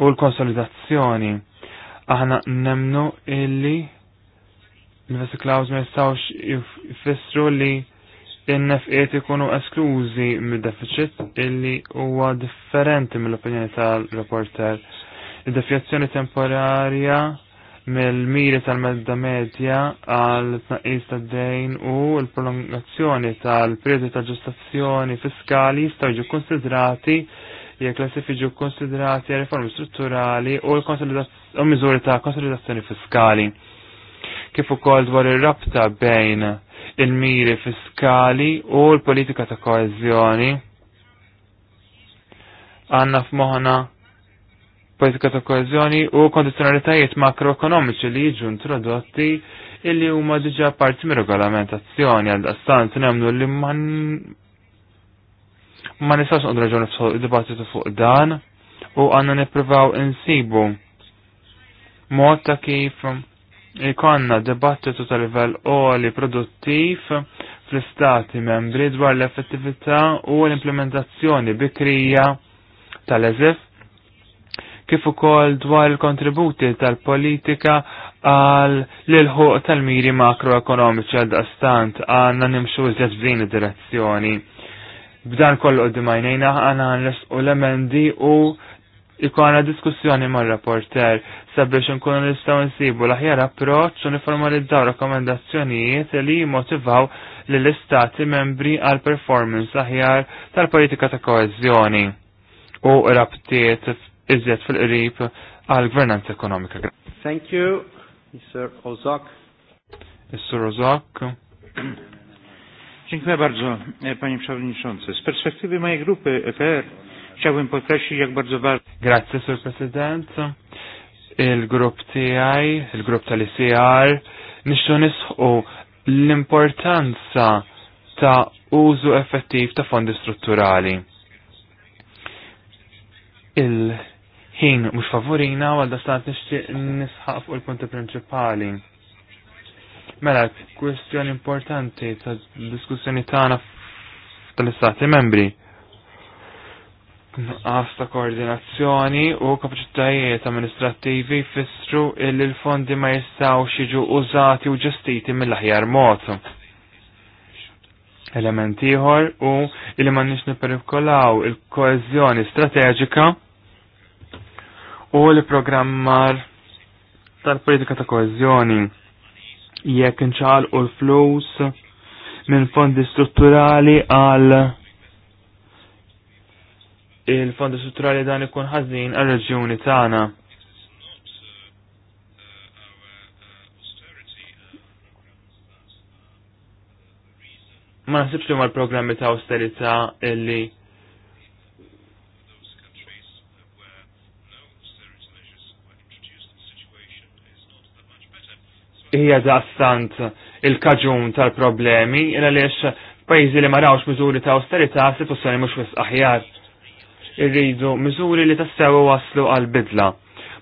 u l-konsolidazzjoni. Aħna nemnu illi l-vesiklaws ma jistawx jfissru li in-nefqiet ikunu esklużi mid-deficit illi huwa differenti mill-opinjoni tal-reporter. Id-defjazzjoni temporarja mill-miri tal-medda medja għal tnaqqis tad-dejn u l-prolongazzjoni tal-periodi ta' ġustazzjoni fiskali jistgħu ġu konsidrati jekk klassifiġu konsidrati reformi strutturali u l-konsolidazzjoni miżuri ta' konsolidazzjoni fiskali kif ukoll dwar ir-rabta bejn il-miri fiskali u l-politika ta' koezjoni. Għanna f'moħna politika ta' koezjoni u kondizjonalitajiet makroekonomiċi li jiġu introdotti illi huma diġa parti mir regolamentazzjoni għal dastant nemmnu li man ma nistax għandu raġuni dibattitu fuq dan u għanna nippruvaw insibu mod ta' kif ikonna dibattitu tal livell oli produttiv fl-istati membri dwar l-effettività u l-implementazzjoni bikrija tal-eżif kif ukoll dwar il-kontributi tal-politika għal l-ħuq tal-miri makroekonomiċi għal stant għanna nimxu iżjed f'din id-direzzjoni. B'dan kollu għoddimajnejna għana għanles u l-emendi u ikona diskussjoni ma' rapporter sabiex nkunu nistgħu nsibu l-aħjar approċċ u niformalizzaw rakkomandazzjonijiet li jimmotivaw lill istati membri għal performance aħjar tal-politika ta' koeżjoni u rabtiet iżjed fil-qrib għal gvernanza ekonomika. Thank you, Mr. Ozak. Mr. Ozak. Dziękuję bardzo, panie przewodniczący. Z perspektywy mojej grupy EPR Chciałbym podkreślić, jak bardzo ważne. Grazie, Sur President. Il-grupp TI, il-grupp tal-ICR, nixtu nisħu l-importanza ta' użu effettiv ta' fondi strutturali. Il-ħin mux favorina għal dastant nixtieq nisħaq fuq il-punti prinċipali. Mela, kwestjoni importanti ta' diskussjoni tagħna tal-istati membri Nuqqas ta' koordinazzjoni u kapaċitajiet amministrattivi jfissru illi l-fondi ma jistgħux jiġu użati u ġestiti mill-aħjar mod. Element ieħor u illi m'għandniex nipperikolaw il koezjoni strateġika u l-programmar tal-politika ta' koezjoni jekk inċal u l-flus minn fondi strutturali għal il-fondi strutturali dan ikun ħażin għal-reġjuni tagħna. Ma nasibx li mal-programmi ta' austerità illi hija daqstant il-kaġun tal-problemi, il għaliex pajizi li ma rawx miżuri ta' austerità situazzjoni mhux aħjar irridu miżuri li tassew waslu għal bidla.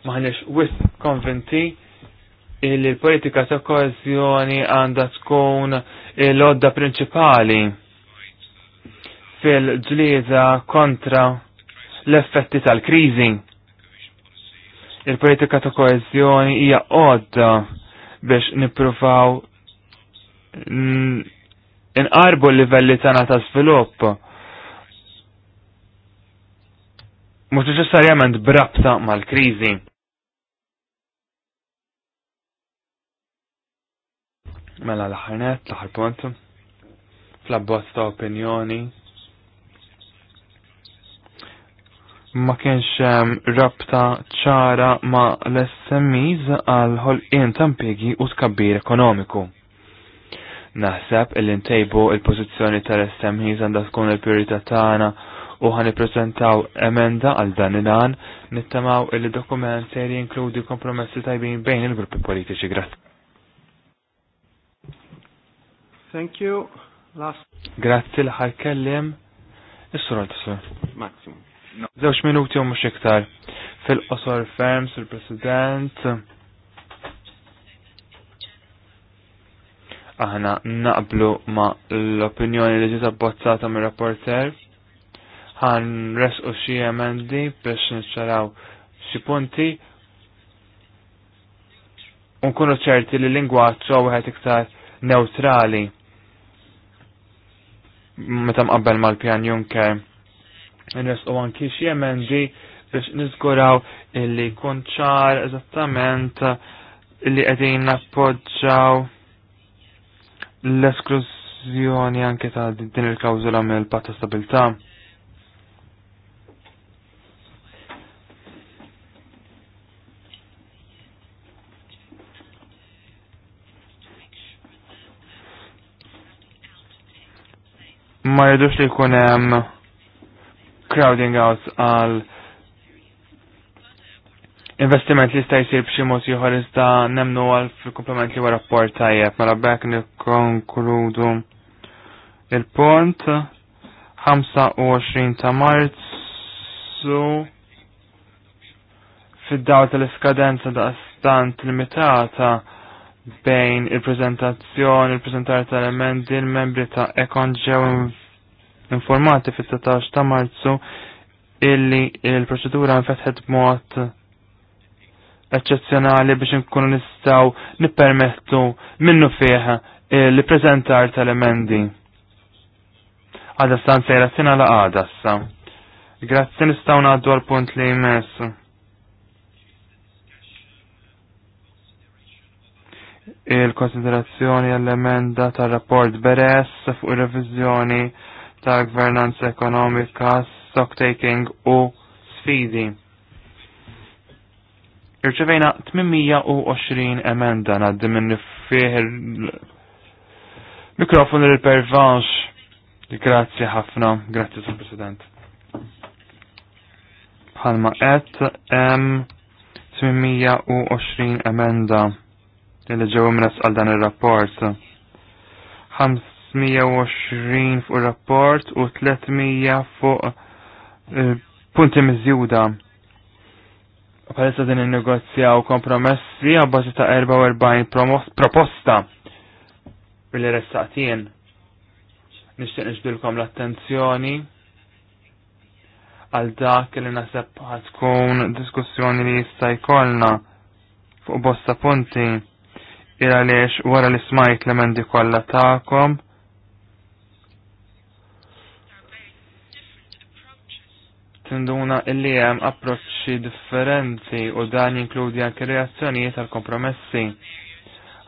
Maħniex wis konventi li l-politika ta' koezjoni għandha tkun l-odda prinċipali fil-ġlieda kontra l-effetti tal-kriżi. Il-politika ta' koezjoni hija għodda biex nippruvaw inqarbu l-livelli tagħna ta' svilupp mhux neċessarjament brabta mal-kriżi. Mela l-aħħar net, l-aħħar punt, fl-abbozz ta' opinjoni ma kienx ehm, rabta ċara ma l-SMEs għal ħolqien tampigi u tkabbir ekonomiku. Naħseb il-intejbu il-pozizjoni tal-SMEs għandha tkun il-priorità tagħna u i-prezentaw emenda għal dan il-għan nittamaw il-dokument li jinkludi kompromessi tajbin bejn il-gruppi politiċi. Grazie. Thank you. Last. Grazie l ħal kellim. Is-sur Maximum. Zewx minuti u mux iktar. Fil-qosor ferm, sul-president. Aħna naqblu ma l-opinjoni li ġiet abbozzata mir rapporter ħan res u xie emendi biex nċaraw xi punti unkunu ċerti li lingwaċċ u għed iktar neutrali meta mqabbel mal-pjan Juncker. Nres u anki xie emendi biex nizguraw illi kunċar ċar eżattament illi qegħdin nappoġġaw l-esklużjoni anke ta' din il-kawżola mill-patta stabilta' ma jridux li jkun hemm crowding out għal investiment li sta jisir b'xi mod ieħor iżda nemnu għal fil-komplement li wara rapport tajjeb. Mela b'hekk nikkonkludu il-punt 25 ta' Marzu fid-daw tal-iskadenza da' stant limitata bejn il-prezentazzjoni, il-prezentar tal-emendi, il-membri ta' ekon ġew informati fit-16 ta' Marzu illi il-proċedura nfetħet b'mod eccezzjonali biex nkunu nistgħu nippermettu minnu fih li prezentar tal-emendi. Għada stan sejra sena la għadassa. Grazzi nistaw naddu għal-punt li jmess. Il-konsiderazzjoni għall-emenda tal-rapport Beres fuq ir-revizjoni ta' gvernanza ekonomika, stocktaking u sfidi. Irċevejna 820 emenda naddi minn fieħ il-mikrofon il-pervanx. Grazzi ħafna, grazie Sur President. Bħalma qed M. 820 emenda li ġew imres għal dan ir-rapport. 520 fuq rapport u 300 fuq eh, punti mizjuda. Palissa din il u kompromessi għabbaġi ta' 44 proposta billi restaqtien. Nishtiq nġbilkom l-attenzjoni għal dak li nasab ħatkun diskussjoni li jista' jkollna fuq bosta punti Ira għaliex wara li smajt l-emendi kollha tagħkom tinduna illi hemm approċċi differenti u dan jinkludi anke reazzjonijiet għal kompromessi.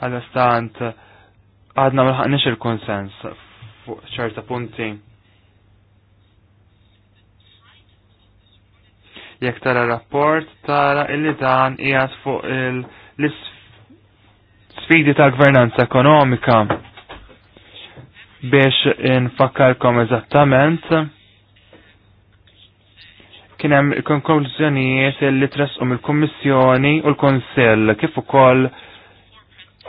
Għal-istant għadna mlħaqniex il-konsens fuq ċerta punti. Jekk tara rapport tara illi dan qiegħed fuq il-sfidi ta' gvernanza ekonomika biex infakkarkom eżattament kien hemm konklużjonijiet li tresqu il kummissjoni u l-Kunsill kif ukoll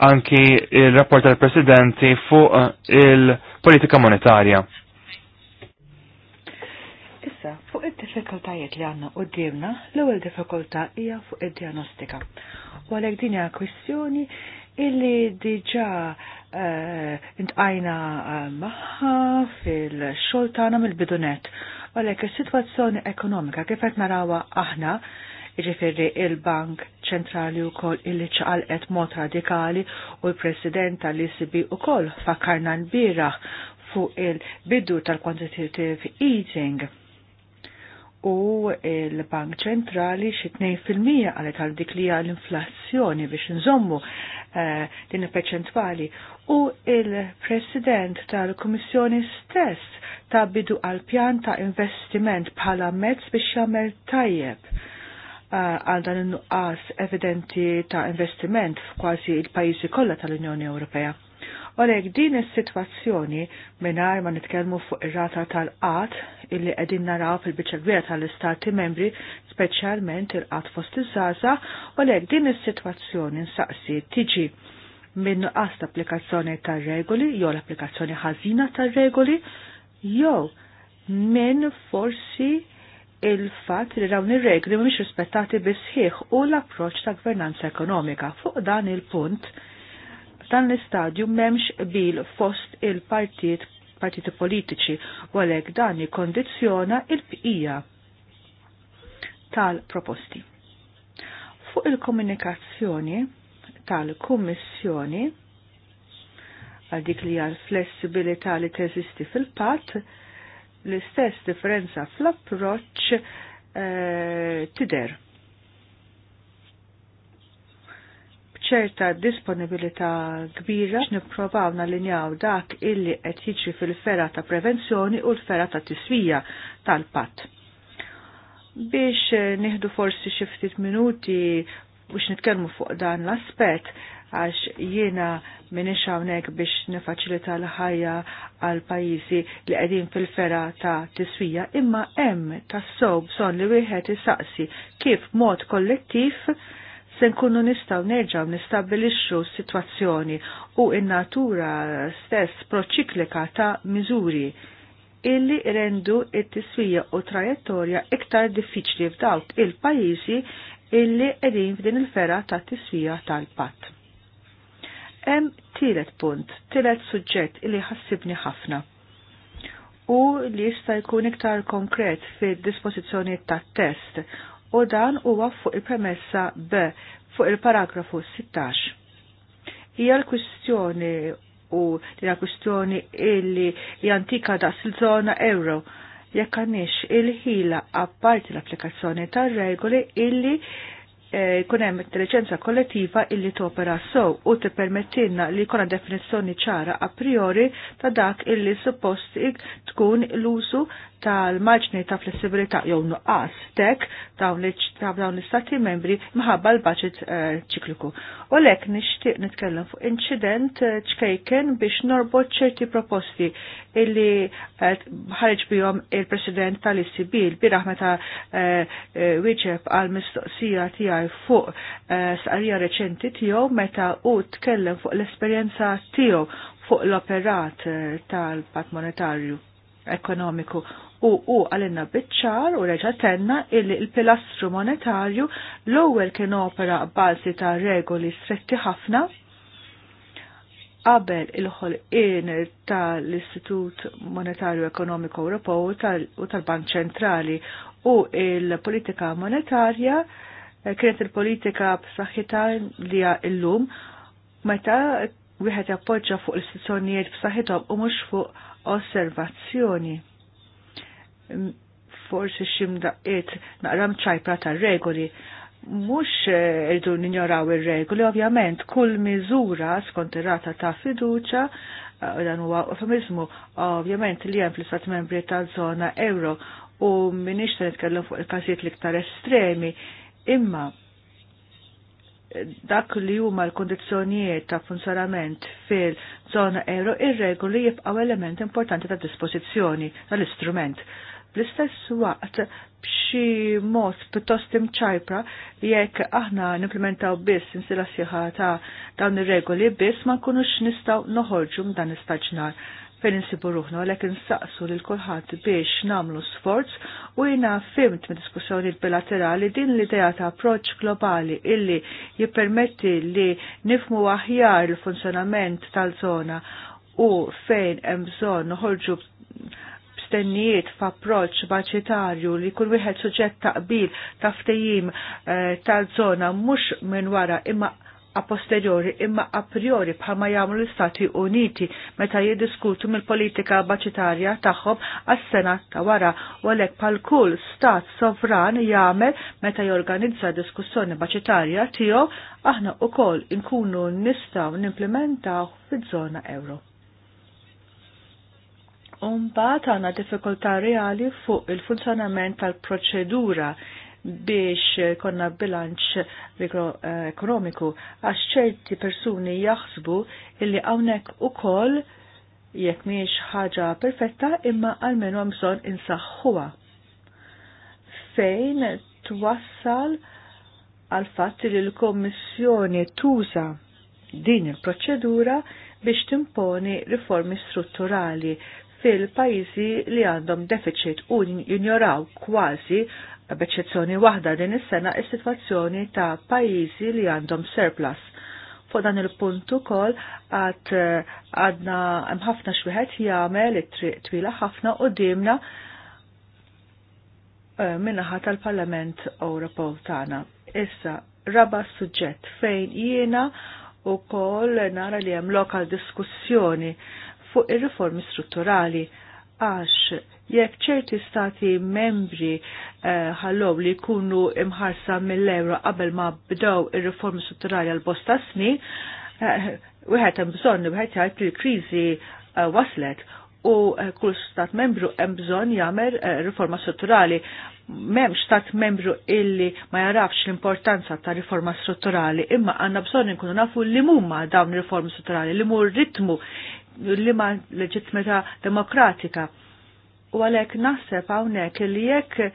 anki il-rapport tal-Presidenti fuq il-politika monetarja. Issa, fuq id-diffikultajiet li għanna u d-dimna, l-ewel diffikulta hija fuq id-diagnostika. U għalek din hija kwistjoni illi diġa eh, intqajna eh, maħħa fil-xoltana mill-bidunet. Għalhekk is-sitwazzjoni ekonomika kif qed narawha aħna iġifirri il-Bank ċentrali u kol illi et mod radikali u l-President tal-ECB u kol fakarna l fuq il-bidu tal-quantitative easing u l bank Ċentrali xi 2% għalet għal dik li l-inflazzjoni biex nżommu eh, din il-perċentwali u il-President tal-Kummissjoni stess ta' bidu għal pjan ta' investiment bħala mezz biex jagħmel tajjeb eh, għal dan in-nuqqas evidenti ta' investiment f'kważi il-pajjiżi kollha tal-Unjoni Ewropea Olek din is-sitwazzjoni mingħajr ma nitkellmu fuq ir-rata tal-qat illi qegħdin naraw fil-biċċa tal-istati membri, speċjalment il-qat fost iż-żaża, olek din is-sitwazzjoni nsaqsi tiġi minn nuqqas ta' applikazzjoni tar-regoli jew l-applikazzjoni ħażina tar-regoli jew minn forsi il-fat li dawn ir-regli mhumiex rispettati bisħiħ u l-approċċ ta' gvernanza ekonomika. Fuq dan il-punt Dan l-istadju memx bil fost il-partit partiti politiċi u għalek dan jikondizjona il-bqija tal-proposti. Fuq il-komunikazzjoni tal-Kummissjoni għal dik li għal flessibilità li teżisti fil-pat, l-istess differenza fl-approċ e, eh, tider ċerta disponibilità kbira nipprovaw nalinjaw dak illi qed jiġri fil-fera ta' prevenzjoni u l-fera ta' tiswija tal-patt. Biex eh, nieħdu forsi xi ftit minuti biex nitkellmu fuq dan l-aspett, għax jiena minix hawnhekk biex nifaċilita l-ħajja għal pajjiżi li qegħdin fil-fera ta' tiswija, imma hemm tas-sob bżonn li wieħed isaqsi kif mod kollettiv se nkunu nistaw nerġaw nistabilixxu s-sitwazzjoni u in-natura stess proċiklika ta' miżuri illi rendu it-tiswija u trajettorja iktar diffiċli f'dawk il-pajjiżi illi qegħdin f'din il-fera ta' tiswija tal-patt. Hemm tielet punt, tielet suġġett illi ħassibni ħafna u li jista' jkun iktar konkret fid-dispożizzjoni tat-test u dan huwa fuq il-premessa B fuq il-paragrafu 16. Hija l-kwistjoni u hija kwistjoni illi jantika daqs il-żona euro jekk għandix il-ħila apparti l-applikazzjoni tar-regoli illi eh, jkun hemm intelligenza kollettiva illi topera sew u tippermettilna li jkollna definizzjoni ċara a priori ta' dak illi suppost tkun l-użu tal maġni ta' flessibilità jew nuqqas tek dawn l-istati membri maħabba l-budget eh, ċikliku. U lek nixtieq nitkellem fuq incident eh, ċkejken biex norbot ċerti proposti illi eh, ħareġ bihom il-President tal-ICB il-biraħ meta wieġeb għal mistoqsija tiegħi fuq sqarrija reċenti tiegħu meta u tkellem fuq l-esperjenza tiegħu fuq l-operat tal-pat monetarju ekonomiku u u għalinna bitċar u reġa tenna illi il-pilastru monetarju l-ewwel kien opera bbażi ta' regoli stretti ħafna qabel il-ħolqien tal-Istitut Monetarju Ekonomiku Ewropew u tal-Bank Ċentrali u il-politika monetarja eh, kienet il-politika b'saħħitha li llum, meta wieħed jappoġġa fuq l-istituzzjonijiet b'saħħithom u mhux fuq osservazzjoni forsi ximdaqqiet naqram ċajpra ta' regoli. Mux eh, irdu ninjoraw ir-regoli, ovvjament, kull miżura skont ir-rata ta' fiduċa eh, dan huwa eufemizmu ovvjament li hemm fl-istat membri ta' żona euro u minix se nitkellem fuq il-każijiet l-iktar estremi, imma eh, dak li huma l-kondizzjonijiet ta' funzjonament fil-żona euro ir-regoli jibqgħu element importanti ta' dispożizzjoni tal-istrument. Bl-istess waqt b'xi mod pjuttost imċajpra jekk aħna nimplementaw biss insila sieħa ta' dawn ir-regoli biss ma nkunux nistgħu noħorġu m'dan istaġnar fejn insibu ruħna għalhekk insaqsu lil kulħadd biex nagħmlu sforz u jina fimt minn diskussjoni bilaterali din l-idea ta' approċċ globali illi jippermetti li nifmu aħjar il-funzjonament tal-żona u fejn hemm bżonn noħorġu stennijiet f'approċċ baċitarju li kull wieħed suġġett taqbil ta' ftejim eh, tal-żona mhux minn wara imma a posteriori imma a priori bħalma jagħmlu l-Istati Uniti meta jiddiskutu mill-politika baċitarja tagħhom għas-sena ta' wara u għalhekk bħal kull stat sovran jagħmel meta jorganizza diskussjoni baċitarja tiegħu aħna wkoll inkunu nistgħu nimplementaw fiż-żona euro. Umbat għana diffikultà reali fuq il-funzjonament tal-proċedura biex konna bilanċ ekonomiku għax ċerti persuni jaħsbu illi hawnhekk ukoll jekk miex ħaġa perfetta imma għalmenu hemm bżonn insaħħuha. Fejn twassal għal fatt li l-Kommissjoni tuża din il-proċedura biex timponi riformi strutturali fil-pajjiżi li għandhom deficit u jinjoraw kważi b'eċċezzjoni waħda din is-sena is-sitwazzjoni ta' pajjiżi li għandhom surplus. Fuq dan il-punt ukoll għad għadna hemm ħafna xwieħed jagħmel it-triq twila ħafna dimna eh, minnaħa tal-Parlament Ewropew tagħna. Issa raba suġġett fejn jiena u kol nara li hemm lokal diskussjoni fuq ir-riformi strutturali għax jekk ċerti stati membri eh, ħallow li jkunu imħarsa mill-euro qabel ma bdew ir-riformi strutturali għal bosta snin, eh, wieħed hemm bżonn wieħed jgħid li l-kriżi eh, waslet u kull stat membru hemm bżonn jagħmel riforma strutturali. Mem stat membru illi ma jarafx l-importanza ta' riforma strutturali, imma għandna bżonn inkunu nafu li huma dawn riformi strutturali, li mur ritmu li ma leġitmeta demokratika. U għalek naħseb għawnek li jekk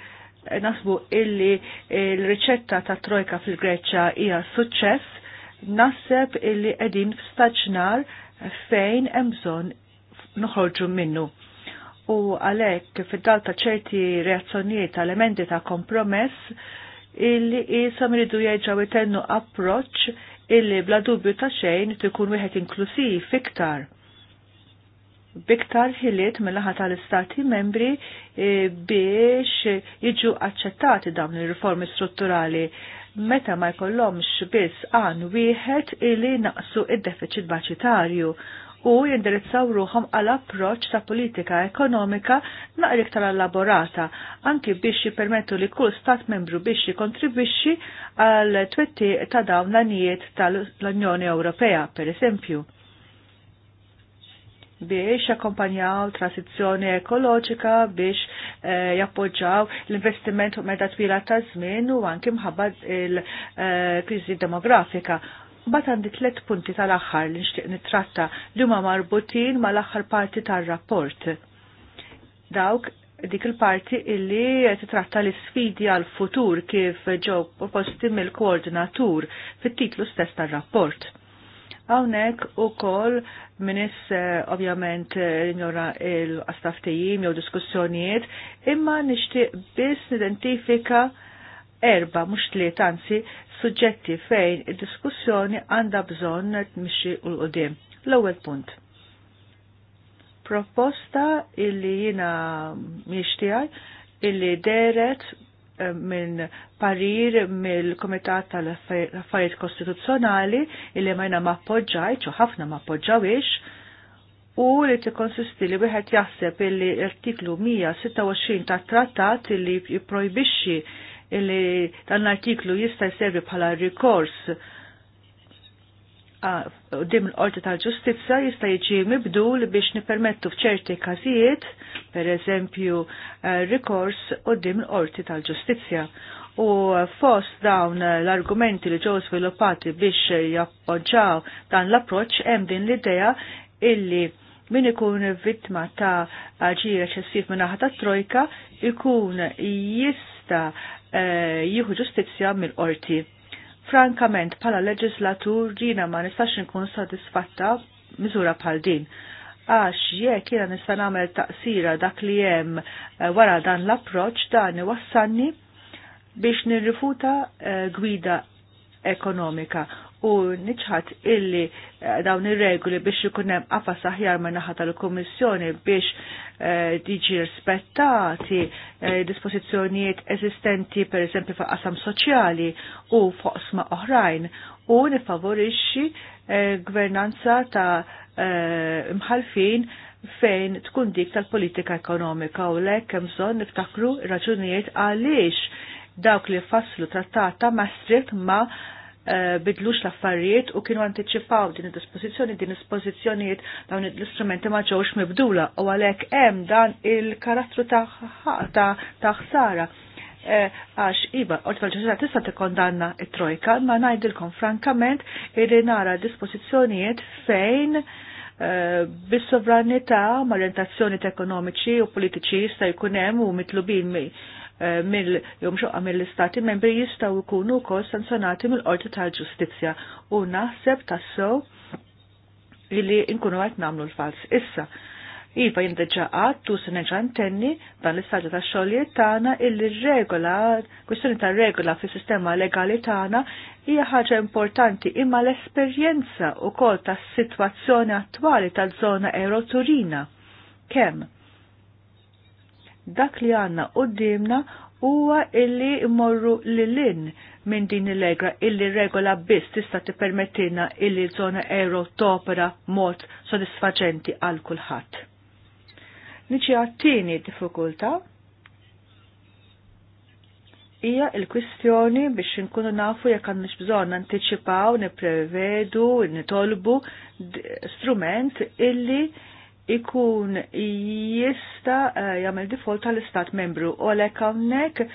nasbu illi l-riċetta ta' trojka fil greċa hija suċċess, naħseb illi qegħdin f'staġnar fejn hemm bżonn minnu. U għalhekk fid-dal ta' ċerti reazzjonijiet tal emendi ta' kompromess illi qishom iridu jerġgħu jtennu approċċ illi bla dubju ta' xejn tikun wieħed inklusiv iktar biktar ħiliet mill-laħa tal-istati membri eh, biex jiġu accettati dawn il-riformi strutturali meta ma jkollhomx biss għan wieħed illi naqsu id-deficit baċitarju u jindirizzaw ruħom għal approċ ta' politika ekonomika naqr iktar elaborata, anki biex jipermettu li kull stat membru biex jikontribwixxi għal twetti ta' dawn l-anijiet tal-Unjoni Ewropea, per esempio biex jakkompanjaw transizzjoni ekoloġika biex eh, jappoġġaw l-investiment fuq meta twila ta' żmien u anki mħabba il-kriżi eh, demografika. Mbagħad għandi tliet punti tal-aħħar li nixtieq nittratta li huma marbutin mal-aħħar parti tar-rapport. Dawk dik il-parti illi titratta l-sfidi għal futur kif ġew proposti mill-koordinatur fit-titlu stess tar-rapport. Hawnhekk ukoll minis eh, ovvjament eh, ignora il-astaftijim jew diskussjonijiet, imma nixtieq biss identifika erba' mhux tliet anzi suġġetti fejn id-diskussjoni għandha bżonn tmixxi u l qodim L-ewwel punt. Proposta illi jina mishtijaj illi deret minn parir mill-Komitat tal-Affarijiet Kostituzzjonali illi majna ma appoġġajt u ħafna ma u li t-konsisti li wieħed jaħseb illi artiklu 126 tat-trattat illi jipprojbixxi illi dan l-artiklu jista' jservi bħala rikors Ah, dim l-qorti tal-ġustizza jista' jiġi mibdul biex nipermettu f'ċerti każijiet, per eżempju eh, rikors dim l-qorti tal-ġustizzja. U fost dawn l-argumenti li ġew sviluppati biex jappoġġaw dan l-approċċ hemm din l-idea illi min ikun vittma ta' ġira ċessif minn ta' trojka ikun jista' eh, jieħu ġustizzja mill-qorti Frankament, pala leġislatur ġina ma nistax nkun sodisfatta miżura bħal din għax jekk jiena nista' nagħmel taqsira dak li hemm eh, wara dan l-approċċ dan iwassalni biex nirrifuta eh, gwida ekonomika u nċħat illi eh, dawn ir-regoli biex ikun hemm saħjar aħjar minn naħa tal-Kummissjoni biex diġi eh, rispettati eh, dispożizzjonijiet eżistenti pereżempju fa' qasam soċjali u foqsma oħrajn u nifavorixxi gvernanza ta' mħalfin fejn tkun dik tal-politika ekonomika u lek hemm bżonn niftakru raġunijiet għaliex dawk li faslu trattata ma' Maastricht ma' Eh, bidlux l-affarijiet u kienu antiċipaw din id-dispożizzjoni, din dispożizzjonijiet dawn l-istrumenti ma ġewx mibdula u għalhekk hemm dan il-karattru ta' ħsara. Eh, għax iba, orta l-ġuża tista' tikkondanna it-trojka, ma ngħidilkom frankament irri nara dispożizzjonijiet fejn eh, bis-sovranità ma' orientazzjoni ekonomiċi u politiċi sta jkun hemm u mitlubin Eh, mill-jom xoqqa mill-istati membri jistaw ikunu kol sanzjonati mill-qorti tal-ġustizja u naħseb tassow illi nkunu għajt namlu l-fals. Issa, Iva jindeġa għad, tu s-neġa tenni dan l-istadju ta' xogħlijiet tagħna illi regola, kwistjoni ta' regola fis sistema legali tagħna hija ħaġa importanti imma l-esperjenza wkoll tas-sitwazzjoni attwali ta' żona Euro Turina. Kemm? dak li għanna dimna huwa illi morru lilin minn din il-legra illi regola biss tista' tippermettina illi żona ero topera mod sodisfaċenti għal kulħadd. Niċi għattini diffikulta hija l-kwistjoni biex inkunu nafu jekk għandna bżonn anticipaw, nipprevedu, nitolbu strument illi ikun jista eh, jagħmel default tal-istat membru u għalhekk hawnhekk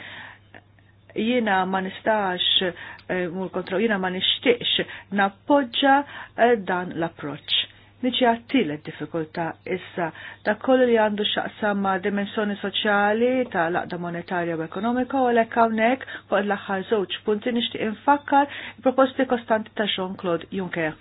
jiena ma nistax eh, mur kontro jiena ma nixtieqx nappoġġa eh, dan l-approċċ niċi għattilet diffikulta issa ta' kollu li għandu xaqsam ma' dimensjoni soċjali ta' laqda monetarja u ekonomika u l-ek għawnek fuq l-axħar zoċ punti nishti infakkar il-proposti kostanti ta' Jean-Claude Juncker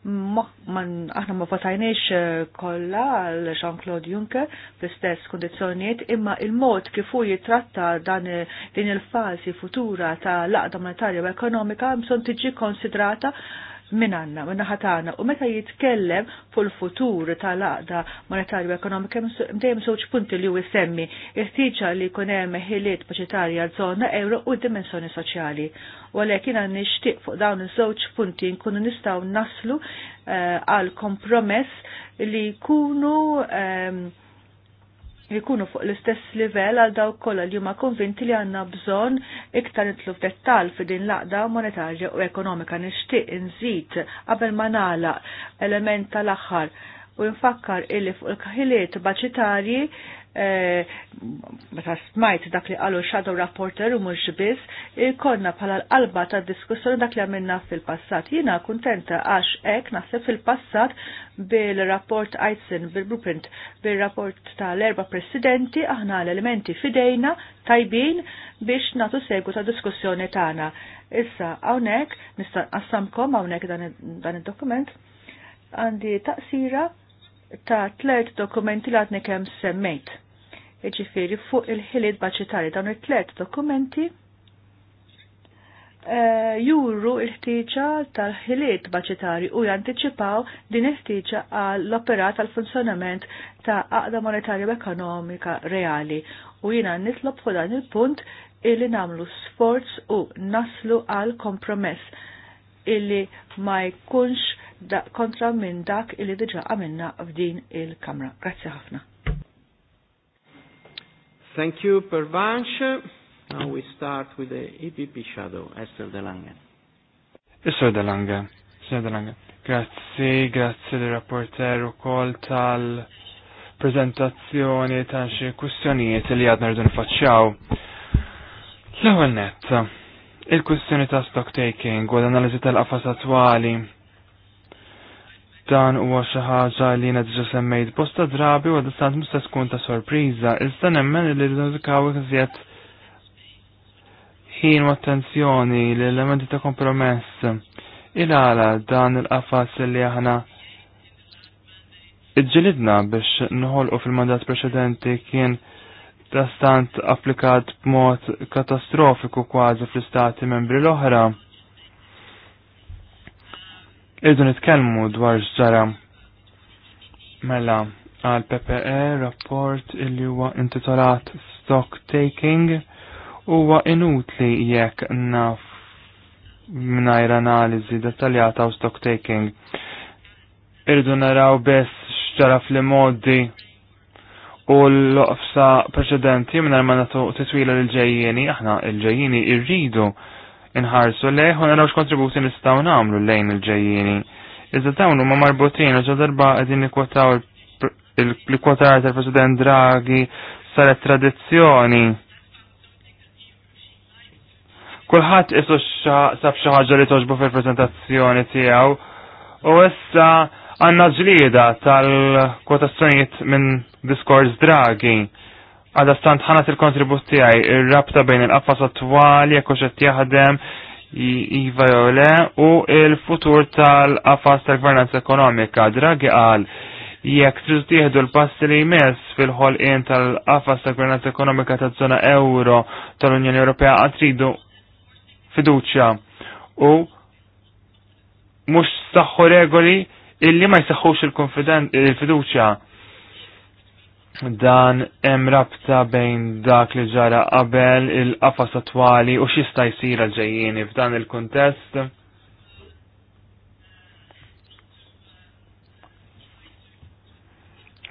aħna ma votajniex eh, kollha għal Jean-Claude Juncker fl-istess kondizjoniet, imma il-mod kifu jitratta dan din il-fażi futura ta' laqda monetarja u ekonomika mson tiġi konsidrata minn għanna, minn ħatana, u meta jitkellem fuq il-futur tal għada monetarju ekonomika, mdejem soċ punti li u jisemmi, jistiċa li kunem ħiliet paċitarja zona euro u dimensjoni soċjali. U għalek jina nishtiq fuq dawn iż-żewġ punti nkunu nistaw naslu eh, għal kompromess li kunu ehm, jikunu fuq l-istess livell għal daw kollha li huma konvinti li għandna bżonn iktar nitlu f'dettall fi din laqda monetarja u ekonomika nixtieq inżid qabel ma nagħlaq element tal-aħħar u nfakkar illi fuq il-kaħiliet baċitarji E, meta smajt dak li qalu shadow rapporter u mhux biss, konna bħala l-qalba ta' diskussjoni dak li għamilna fil-passat. Jiena kuntenta għax hekk naħseb fil-passat bil-rapport Eitzen bil-blueprint bil-rapport tal-erba presidenti aħna l-elementi fidejna tajbin biex natu segu ta' diskussjoni tagħna. Issa hawnhekk nista' nqassamkom hawnhekk dan id-dokument għandi taqsira ta' tlet dokumenti li għadni kem semmejt. Iġifiri fuq il ħilid baċitali Dan it-tlet dokumenti eh, juru il-ħtieġa tal-ħiliet baċetari u jantiċipaw din il-ħtieġa għall-operat għall funzjonament ta' aqda monetarja ekonomika reali u jina nitlob fuq dan il-punt illi namlu sforz u naslu għal kompromess illi ma jkunx kontra minn dak illi diġa għamilna f'din il-Kamra. Grazzi ħafna. Thank you, Pervanch. Now we start with the EPP shadow, Esther De Lange. Esther De Lange, Esther De Lange. Grazzi, grazzi li rapporter u kol tal prezentazzjoni ta' xi kwistjonijiet li għadna rridu nfaċċjaw. L-ewwel net. il-kwistjoni ta' stock taking u l-analiżi tal-qafas attwali Dan huwa xi ħaġa li jiena diġa' semmejt bosta drabi u għadda stant mista tkun ta' sorpriża, iżda nemmen li rriżikaw iżjed ħin u attenzjoni l-elementi ta' kompromess. Il-għala dan il-qafas li aħna Iġġilidna biex nħolqu fil-mandat preċedenti kien ta' stant applikat b'mod katastrofiku kważi fl-istati membri l-oħra. Irdu nitkellmu dwar ġara mela għal PPE rapport illi huwa intitolat Stock Taking huwa inutli jekk naf mingħajr analiżi dettaljata u stock taking. Irdu naraw biss x'ġara fl-modi u l-oqsa preċedenti minn ma nagħtu titwila l-ġejjeni, aħna l-ġejjeni irridu inħarsu leħ u naraw kontributi nistgħu nagħmlu lejn il ġejjini Iżda dawn huma marbutin u darba qegħdin nikwotaw il-kwotar tal-President Draghi saret tradizzjoni. Kulħadd isu sab xi ħaġa li toġbu fil-preżentazzjoni tiegħu u issa għandna ġlieda tal-kwotazzjonijiet minn diskors Draghi għada stant ħanat il-kontribut tijaj, il-rabta bejn il qafas attuali, jekk uxet jaħdem, jiva jole, u il-futur tal qafas tal-gvernanza ekonomika. Draghi għal, jekk trizu tieħdu l-passi li jmess fil-ħolqien tal qafas tal-gvernanza ekonomika ta' zona euro tal-Unjoni Ewropea għad tridu fiduċja u mux saħħu regoli illi ma jsaħħux il-fiduċja. il il fiduċja dan hemm rabta bejn dak li ġara qabel il-qafas attwali u xista' jsir ġejjieni f'dan il-kuntest.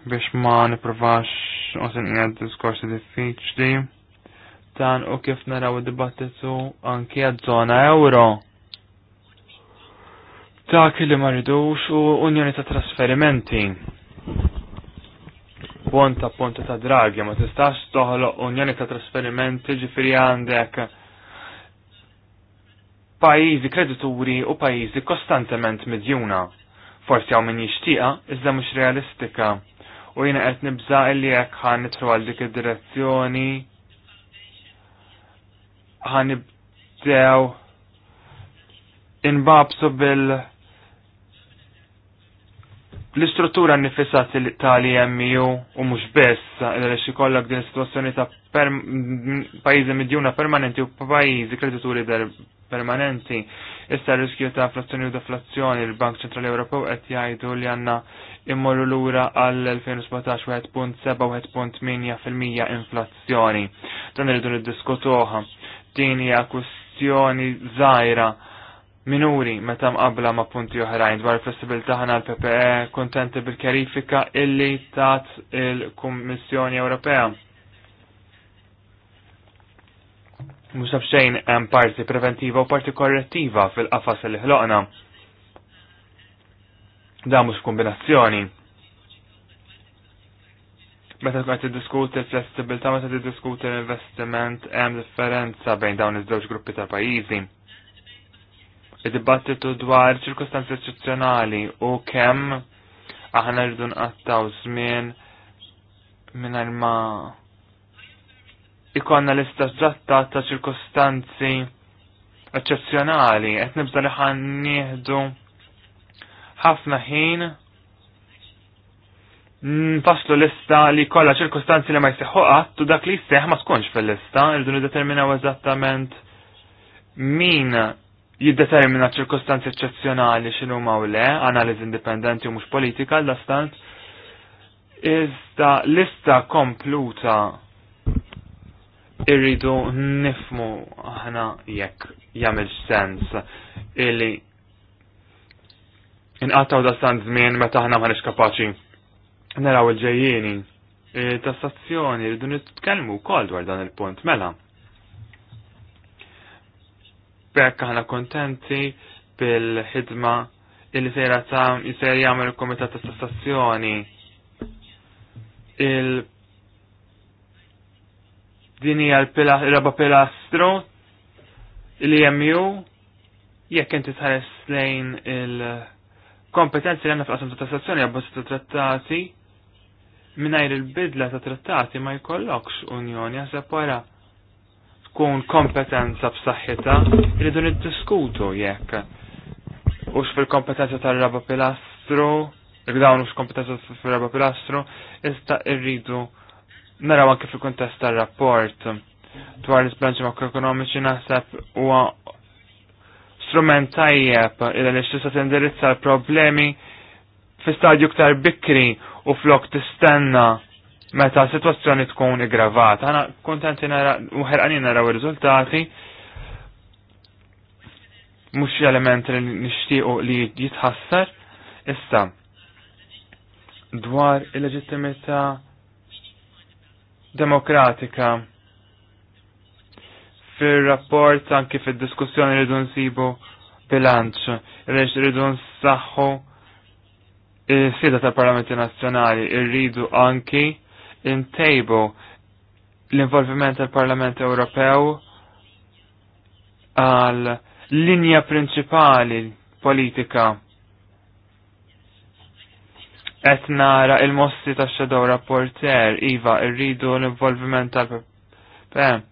biex ma niprovax għasin għad diskorsi diffiċli dan u kif naraw id-dibattitu anki għad-zona euro. Dak li ma rridux u unjoni ta' trasferimenti ponta ponta ta' dragja ma tistax toħloq unjoni ta' trasferimenti ġifiri għandek pajizi kredituri u pajizi kostantement midjuna. Forsi għaw min jishtiqa, iżda mux realistika. U jina għet nibza illi għek ħan nitru għal dik id-direzzjoni, Għan nibdew inbabsu bil- l-istruttura nifissa tal imu u mux bess, għalix ikollak din situazzjoni ta' pajizi midjuna permanenti u pajizi kredituri permanenti. Issa riskju ta' inflazzjoni u deflazzjoni il-Bank Ċentrali Ewropew qed jgħidu li għandna immorru lura għal 2017 1.7 inflazzjoni. Dan irridu niddiskutuha. Din hija kwestjoni żgħira minuri meta mqabla ma' punti oħrajn dwar il-festival taħna l-PPE kontenti bil kjarifika illi tat il-Kummissjoni Ewropea. Mux xejn hemm parti preventiva u parti korrettiva fil-qafas li ħloqna. Da mhux kombinazzjoni meta tkun qed tiddiskuti l-flessibilità meta tiddiskuti l-investiment hemm differenza bejn dawn iż-żewġ gruppi ta' pajjiżi id-dibattitu dwar ċirkostanzi eccezzjonali u kemm aħna rridu nqattaw żmien mingħajr ma ikonna lista ġatta ta' ċirkostanzi eccezzjonali qed nibda li ħannieħdu ħafna ħin nfaslu lista li kollha ċirkostanzi li ma jseħħu qatt u dak li jseħħ ma tkunx fil-lista, irridu nideterminaw eżattament min jiddetermina ċirkostanzi eccezzjonali xinu ma u le, analiz indipendenti u mux politika l-astant, iżda lista kompluta irridu nifmu aħna jekk jamil sens illi inqataw da stand żmien meta aħna ma kapaċi naraw il-ġejjieni e, tassazzjoni rridu nitkellmu wkoll dwar dan il-punt mela. Bekk aħna kontenti bil-ħidma illi sejra ta' jisejra jagħmel il-Komitat ta' Tassazzjoni. Il din hija l-raba pilastru l-EMU jekk inti tħares lejn il-kompetenzi li għandna fil-qasam ta' tassazzjoni għabbas ta' trattati mingħajr il-bidla ta' trattati ma jkollokx unjoni għasab wara tkun kompetenza b'saħħitha rridu niddiskutu jekk. Ux fil-kompetenza tal-raba pilastru, jekk dawn ux kompetenza fil-raba pilastru, iżda rridu naraw anke fil kuntest tal-rapport dwar l-isbranċi makroekonomiċi naħseb huwa strument tajjeb illa li xtista tindirizza l-problemi fi stadju ktar bikri u flok tistenna meta situazzjoni tkun igravata. Għana kontenti nara u ħerqanin naraw ir-riżultati mhux xi element li nixtiequ li jitħassar. Issa dwar il-leġittimità demokratika fir-rapport anki fid-diskussjoni li nsibu bilanċ, dun nsaħħu il sida tal-Parlamenti Nazzjonali, irridu anki intejbu l-involviment tal-Parlament Ewropew għal linja prinċipali politika qed nara il-mossi ta' shadow rapporter iva rridu l-involviment tal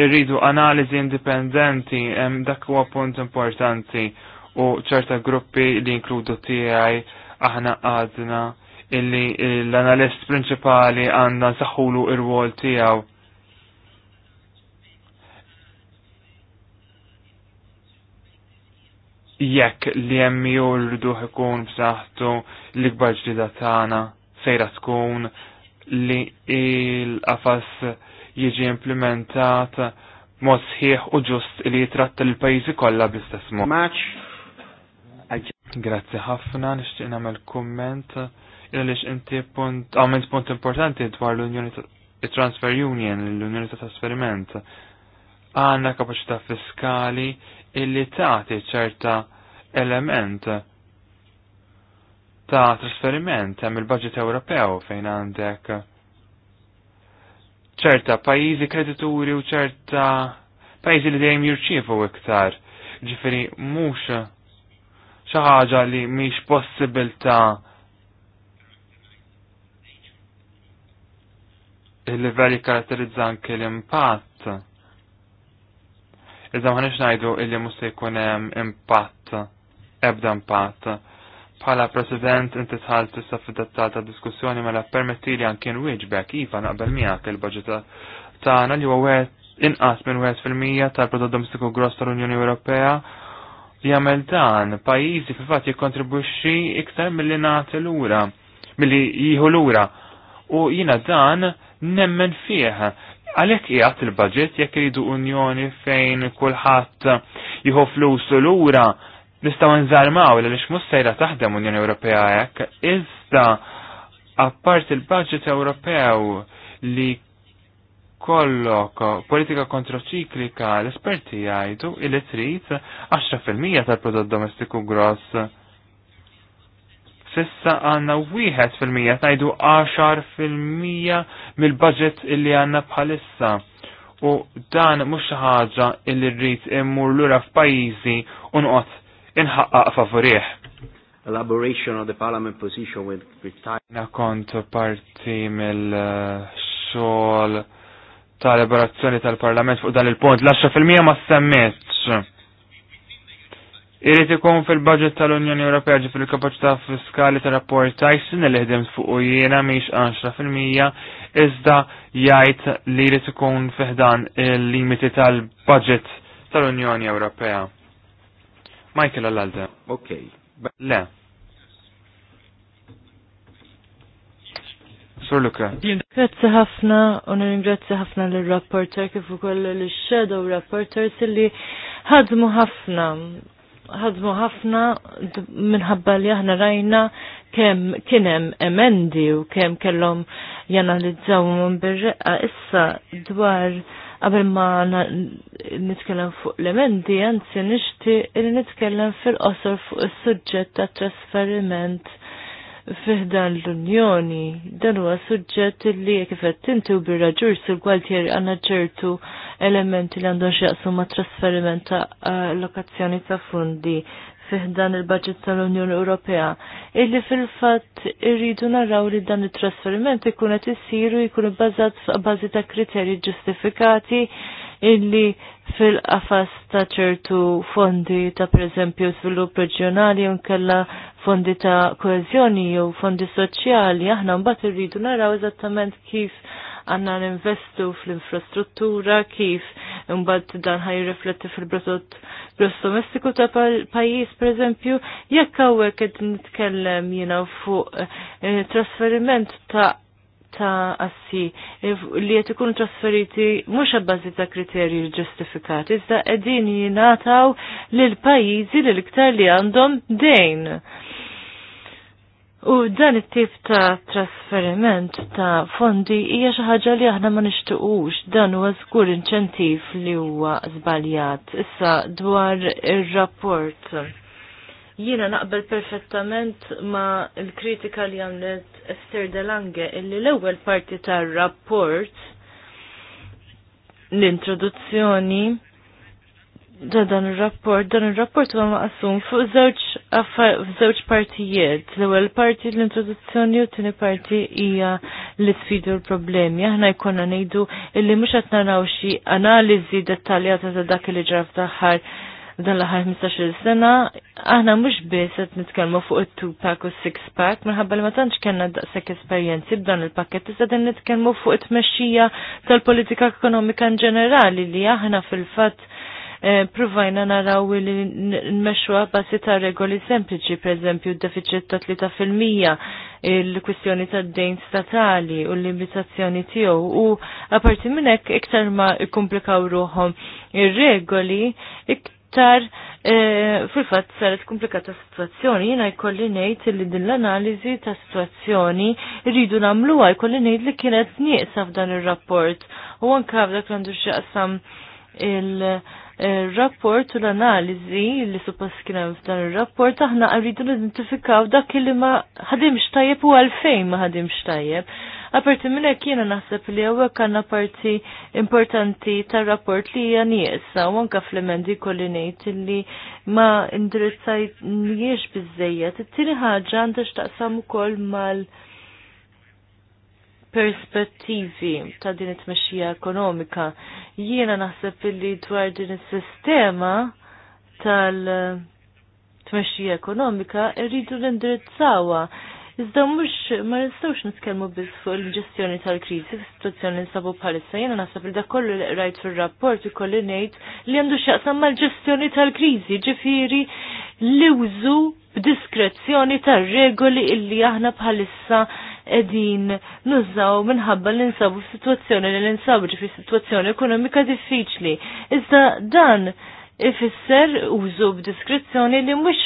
Irridu analiżi indipendenti hemm dak huwa punt importanti u ċerta gruppi li inkludu tiegħi aħna għadna illi l-analist prinċipali għandna nsaħħulu ir-wol tiegħu. Jekk li hemm jurduh ikun b'saħħtu l-ikbar ġdida tagħna sejra tkun li l-qafas jiġi implementat mod sħiħ u ġust li jitratta l-pajjiżi kollha bl-istess mod. Grazzi ħafna, nixtieq nagħmel kumment għaliex inti punt għamilt punt importanti dwar l-Unjoni Transfer Union, l-Unjoni ta' Trasferiment. Għandna kapaċità fiskali illi tagħti ċerta element ta' trasferiment hemm il-budget Ewropew fejn għandek ċerta pajjiżi kredituri u ċerta pajjiżi li dejjem jirċievu iktar. Ġifieri mhux ħaġa li mhix possibilità il-livell jikkaratterizza anke l-impatt. Iżda ma ngħidu illi mhux se jkun hemm impatt ebda impatt. Bħala President inti tħall tista' fid ta' diskussjoni mela permetti li anke nwieġbek iva naqbel miegħek il-budget tagħna li huwa inqas minn 1% tal-prodott domestiku gross tal-Unjoni Ewropea li jagħmel dan pajjiżi fil fat jikkontribwixxi iktar milli mill lura milli jieħu lura. U jiena dan nemmen fih. Għalhekk jgħat il-budget jekk iridu unjoni fejn kulħadd jieħu flus lura nistgħu nżarmaw li mhux sejra taħdem Unjoni Ewropea hekk, iżda apart il-budget Ewropew li kollok politika kontraċiklika l-esperti jgħidu li trid 10% tal-prodott domestiku gross. Sissa għanna 1% tajdu 10% mill-budget illi għanna bħalissa. U dan mhux xi ħaġa illi rrid immur lura f'pajjiżi u noqgħod inħaqqaq favorih elaboration of the parliament position with, retirement. Na kont parti mill xogħol ta' liberazzjoni tal-Parlament fuq dan il-punt, fil-Mija ma semmitx. Irrid ikun fil-budget tal-Unjoni Ewropea ġi fil-kapaċità fiskali tal rapport Tyson li ħdem fuq jiena miex 10% iżda jgħid li jrid ikun fiħdan il-limiti tal-budget tal-Unjoni Ewropea. Michael Allalde. Ok. Le. Sur Luka. Grazzi ħafna, u ringrazzi ħafna l-rapporter kif ukoll l-shadow rapporters li ħadmu ħafna. Ħadmu ħafna minħabba li aħna rajna kemm kien hemm emendi u kemm kellhom janalizzawhom bir-reqqa issa dwar qabel ma nitkellem fuq l-emendi, anzi nixti li nitkellem fil-qosor fuq is-suġġett ta' trasferiment fiħdan l-Unjoni, dan huwa suġġett li kif qed tintu bir-raġur sul-Gwaltier għandna ċertu elementi li għandhom x'jaqsmu ma' trasferiment ta' lokazzjoni ta' fundi fiħdan il-budget tal-Unjoni Ewropea. Illi fil-fatt irridu naraw li dan it-trasferiment ikun qed isiru jkun bbażat fuq bażi ta' kriterji ġustifikati illi fil-qafas ta' ċertu fondi ta' pereżempju svilup reġjonali u nkella fondi ta' koezjoni jew fondi soċjali aħna mbagħad irridu naraw eżattament kif għanna ninvestu fl-infrastruttura kif imbagħad dan ħaj rifletti fil-prodott gross domestiku ta' pajjiż pereżempju, jekk hawnhekk qed nitkellem jiena fuq eh, trasferiment ta' ta' assi li qed ikunu trasferiti mhux abbażi ta' kriterji ġustifikati, iżda qegħdin jingħataw lil pajjiżi l-iktar li għandhom dejn. U dan it-tip ta' trasferiment ta' fondi hija xi ħaġa li aħna ma nixtiequx dan huwa żgur inċentiv li huwa żbaljat. Issa dwar ir-rapport Jiena naqbel perfettament ma l-kritika li għamlet Esther Delange illi l-ewwel parti tar-rapport l-introduzzjoni da dan il-rapport, dan il-rapport huwa maqsum fuq żewġ partijiet. L-ewwel parti l-introduzzjoni u t-tieni parti hija li sfidu l-problemi. Aħna jkollna ngħidu illi mhux qed naraw xi analiżi dettaljata ta' dak li ġraf fl dan l ħar 15-il sena, aħna mhux biss qed nitkellmu fuq it-two pack u six pack minħabba li ma tantx kellna daqshekk esperjenzi b'dan il-pakket issa din nitkellmu fuq it-tmexxija tal-politika ekonomika in ġenerali li aħna fil-fatt eh, provajna naraw li nmexxuha basi ta' regoli sempliċi, pereżempju d-deficit ta' 3 il-kwistjoni ta' dejn statali u l-limitazzjoni tiegħu u apparti minn hekk iktar ma ikkomplikaw ruħom ir-regoli, iktar e, fil-fatt saret komplikata situazzjoni. Jina jkolli nejt li din l-analizi ta' situazzjoni rridu għaj jkolli nejt li kienet nieqsa f'dan il-rapport. U anka f'dak l-għandu xaqsam il- il-rapport u l-analizi li suppas kienem f'dan il-rapport aħna rridu l-identifikaw dak li ma ħadimx tajjeb u għalfejn ma ħadimx tajjeb. Aperti minn hekk jiena naħseb li hawnhekk għandna parti importanti tar-rapport li hija nieqsa u anke fl-emendi kolli ngħid li ma indirizzajt njiex bizzejet. It-tieni ħaġa xtaqsam x'taqsam ukoll mal- perspettivi ta' din it-tmexxija ekonomika. Jiena naħseb li dwar din is-sistema tal- tmexxija ekonomika rridu nindirizzawa Iżda mhux ma nistgħux nitkellmu biss fuq il-ġestjoni tal-kriżi fis-sitwazzjoni li nsabu bħalissa jiena naħseb li dak kollu li qrajt fir-rapport kollu ngħid li għandu x'jaqsam mal-ġestjoni tal-kriżi, ġifieri l-użu b'diskrezzjoni tar-regoli illi aħna bħalissa edin nużaw minħabba li nsabu f-situazzjoni li ninsabu ġifiri situazzjoni ekonomika diffiċli. Iżda dan ifisser użu b'diskrizzjoni li mhux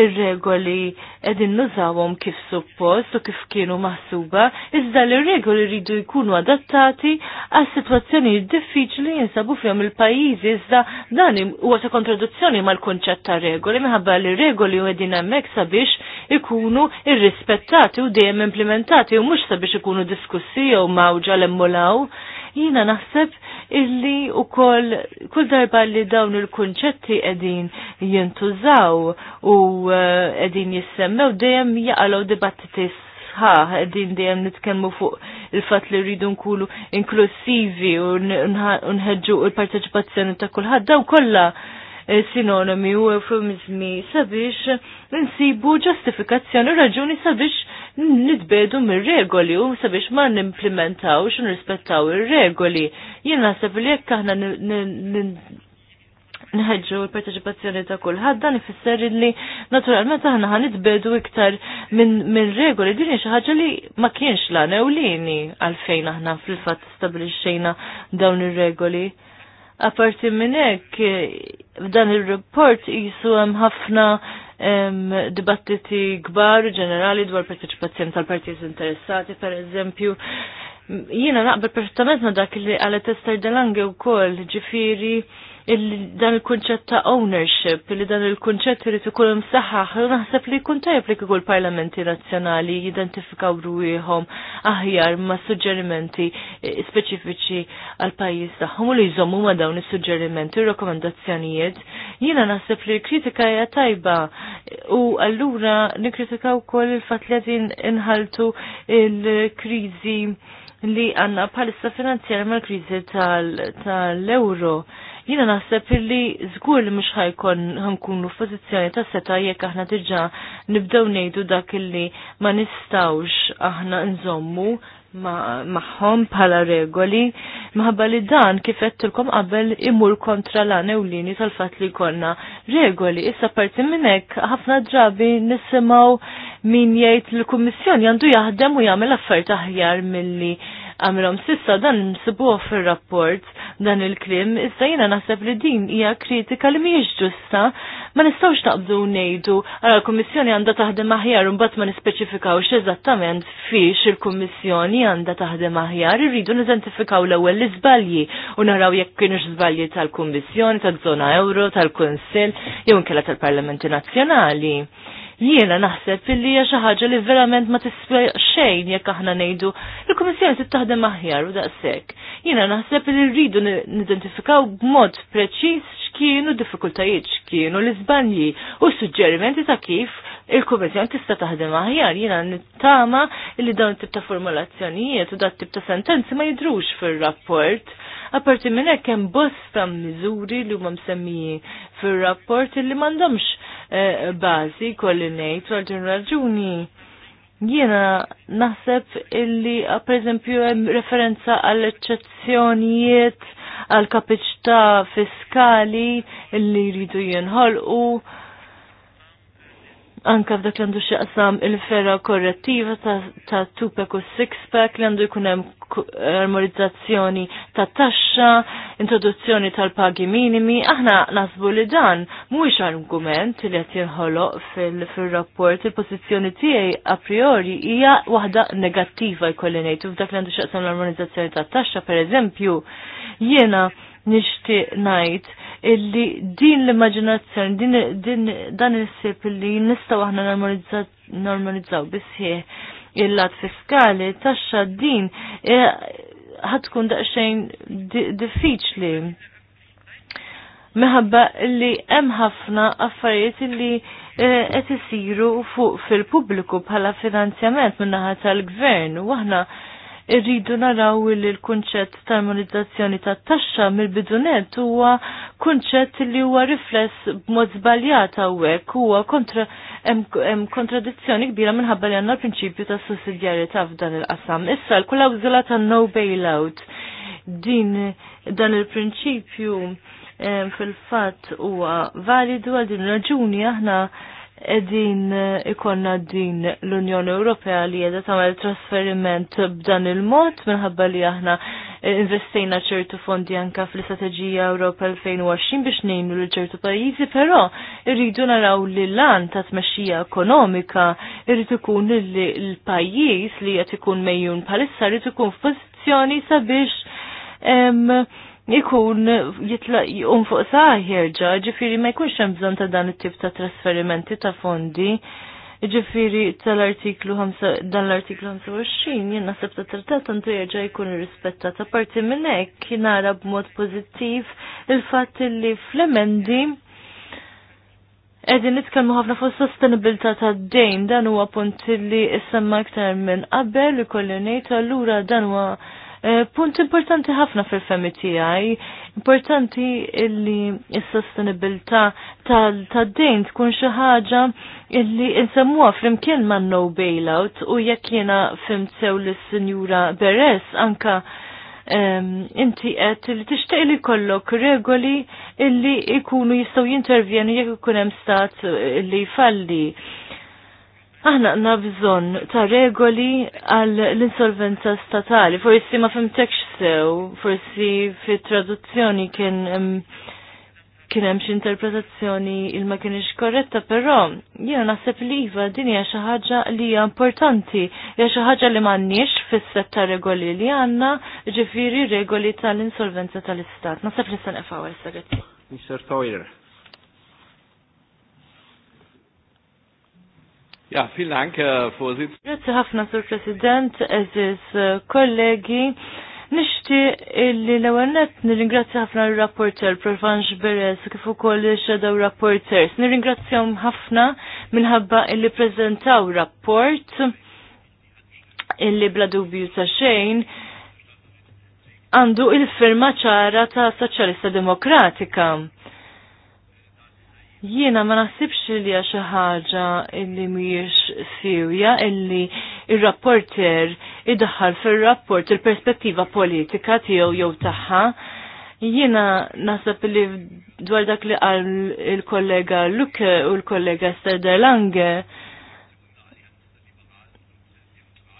ir-regoli qegħdin nużawhom kif suppost u kif kienu maħsuba, iżda li regoli rridu jkunu adattati għas sitwazzjoni diffiċli jinsabu fihom il-pajjiżi iżda dan huwa ta' kontradizzjoni mal-kunċett ta' regoli minħabba li regoli u qegħdin hemmhekk sabiex ikunu irrispettati u dejjem implementati u mhux sabiex ikunu diskussi jew mawġa l emmulaw Jiena naħseb illi u koll kull darba li dawn il-kunċetti edin jintużaw u eh, edin jissemmew dejjem jaqalaw dibattiti sħaħ edin dejjem nitkellmu fuq il-fat li rridu nkunu inklusivi u nħedġu il-parteċipazzjoni ta' kulħadd daw kollha Eh, sinonimi u eufemizmi sabiex nsibu ġustifikazzjoni raġuni sabiex nitbedu mir-regoli u sabiex ma nimplementawx xun rispettaw ir-regoli. Jien naħseb li jekk aħna nħedġu l-parteċipazzjoni ta' kulħadd dan ifisser li naturalment aħna nitbedu iktar minn regoli din xi ħaġa li ma kienx l-għana ewlieni għalfejn aħna fil-fatt stabilixxejna dawn ir-regoli. Aparti minn hekk f'dan ir-rapport qisu hemm ħafna dibattiti gbar ġenerali dwar partiċipazzjoni tal-partijiet interessati, per eżempju, jiena naqbel perfettament ma dak li għalet Ester Delange u kol ġifiri dan il-kunċett ta' ownership, li dan il-kunċett t ikun imsaħħaħ, naħseb li jkun tajjeb li kieku l-parlamenti nazzjonali jidentifikaw ruhom aħjar ma' suġġerimenti eh, speċifiċi għal pajjiż tagħhom u li jżommu ma' dawn is-suġġerimenti u rakkomandazzjonijiet. Jiena naħseb li kritika hija tajba u allura nikritikaw wkoll il-fatt li qegħdin inħaltu il-kriżi li għanna bħalissa finanzjera mal kriżi tal-euro. Tal Jina naħseb illi żgur li mhux ħajkun ħankunu f'pożizzjoni ta' seta' jekk aħna diġà nibdew ngħidu dak illi ma nistawx aħna nżommu maħħom bħala regoli, maħabba li dan kif kifettilkom qabel imur kontra l ewlini tal-fat li konna regoli. Issa parti minnek, ħafna drabi nisimaw min jgħid l-Kummissjoni għandu jaħdem u jagħmel affarijiet aħjar milli għamilom sissa dan nsibuh fir-rapport dan il krim issa jiena naħseb li din hija kritika li mhijiex ġusta, ma nistgħux naqbdu ngħidu ara l-Kummissjoni għandha taħdem aħjar un mbagħad ma nispeċifikawx eżattament fiex il-Kummissjoni għandha taħdem aħjar, irridu nidentifikaw l-ewwel l-iżbalji u naraw jekk kienux żbalji tal-Kummissjoni, tal zona Euro, tal-Kunsill, jew kella tal-Parlamenti Nazzjonali jiena naħseb illi hija xi ħaġa li verament ma tiswa xejn jekk aħna ngħidu il-Kummissjoni se taħdem aħjar u daqshekk. Jiena naħseb li rridu nidentifikaw b'mod preċiż x'kienu diffikultajiet, x'kienu l iżbanji u suġġerimenti ta' kif il-Kummissjoni tista' taħdem aħjar. Jiena nittama li dawn tip ta' formulazzjonijiet u dat tip ta' sentenzi ma jidrux fir-rapport Apparti minn hekk hemm bosta miżuri li huma msemmiji fir-rapport li m'għandhomx eh, bażi kolli ngħid għal din raġuni. Jiena naħseb illi ah, pereżempju hemm referenza għall eċċezzjonijiet għal kapiċta fiskali li jridu jinħolqu anka f'dak l għandu xaqsam il-ferra korrettiva ta' tupek u six-pack li għandu jkun hemm armonizzazzjoni ta' taxxa, introduzzjoni tal-pagi minimi, aħna nasbu li dan mhuwiex argument li qed jinħoloq fil-rapport il-pożizzjoni tiegħi a priori hija waħda negattiva jkolli ngħid f'dak li għandu xaqsam l-armonizzazzjoni ta' taxxa pereżempju jiena nixtieq ngħid illi din l-immaġinazzjoni, din, dan il-sib illi nistaw aħna normalizzaw bisħieħ il-lat fiskali, taxxa din e, ħatkun daqsxejn diffiċli. Meħabba li hemm ħafna affarijiet li e, qed isiru fuq fil-pubbliku bħala finanzjament min-naħa tal-gvern u aħna irridu naraw li l-kunċett ta' armonizzazzjoni ta' taxxa mill-bidunet huwa kunċett li huwa rifless b'mod żbaljat hawnhekk huwa kontra hemm kontradizzjoni kbira minħabba li għandna l-prinċipju ta' sussidjarjetà f'dan il-qasam. Issa l-klawżola ta' no bailout din dan il-prinċipju eh, fil-fatt huwa validu għal din raġuni aħna edin eh, ikonna din l-Unjoni Ewropea li jeda tamel trasferiment b'dan il-mod minħabba li aħna eh, investejna ċertu fondi anka fl-Istrateġija Ewropa 2020 biex nejnu lil ċertu pajjiżi, però irridu naraw li lan ta' tmexxija ekonomika irrid ikun lil l-pajjiż li qed ikun mejjun bħalissa rrid ikun f'pożizzjoni sabiex ikun jitlaq jqum fuq saħirġa, ġifiri ma jkunx hemm bżonn ta' dan it-tip ta' trasferimenti ta' fondi. Ġifiri tal-artiklu dan l-artiklu 25 jien naħseb ta' trattat għandu jerġa' jkun A parti minn hekk nara b'mod pożittiv il-fatt li fl-emendi Edin nitkellmu ħafna fuq sostenibilità tad-dejn dan huwa punt li issemma iktar minn qabel li kolli ngħid allura dan huwa Eh, punt importanti ħafna fil-femi tiegħi, importanti illi s-sostenibilità tal dejn tkun xi ħaġa illi insemmuha imkien ma' no bailout u jekk jiena fimt l lis-Sinjura Beres anka inti għet li tixtieq li kollok regoli illi ikunu jistgħu jintervjenu jekk ikun hemm stat li falli Aħna għanna bżon ta' regoli għall l-insolvenza statali. Forsi ma tekx sew, forsi fit traduzzjoni kien kien hemm interpretazzjoni il ma kienx korretta, però jiena naħseb li iva din hija xi ħaġa li hija importanti, hija xi ħaġa li m'għandniex fis-set ta' regoli li għandna, ġifieri regoli tal-insolvenza tal-istat. Naħseb li se nefgħu Mr. Toyer. Ja, vielen Dank, Herr Vorsitzender. Grazie ħafna, Sur President, eżis eh, kollegi. Nishti illi l-ewennet nir-ingrazzja ħafna l-rapporter, Provanx Beres, kif ukoll il-Shadow Rapporters. Nir-ingrazzjom ħafna minħabba illi prezentaw rapport illi bla dubju ta' xejn għandu il-firma ċara ta' Soċjalista Demokratika. Jiena ma naħsibx li hija xi ħaġa illi mhijiex sirja illi ir-rapporter idaħħal iddaħħal fir-rapport il-perspettiva politika tiegħu jew tagħha. Jiena naħseb li dwar dak li qal il-kollega Luke u l-kollega Lange,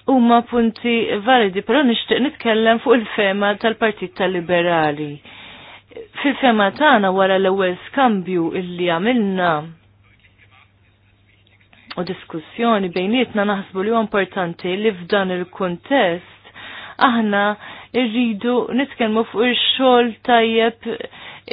huma punti validi, però nixtieq nitkellem fuq il-fema tal-Partit tal-Liberali. tal partit tal liberali fil-fema tagħna wara l-ewwel skambju illi għamilna u diskussjoni bejnietna naħsbu li importanti li f'dan il-kuntest aħna irridu nitkellmu fuq ix-xogħol tajjeb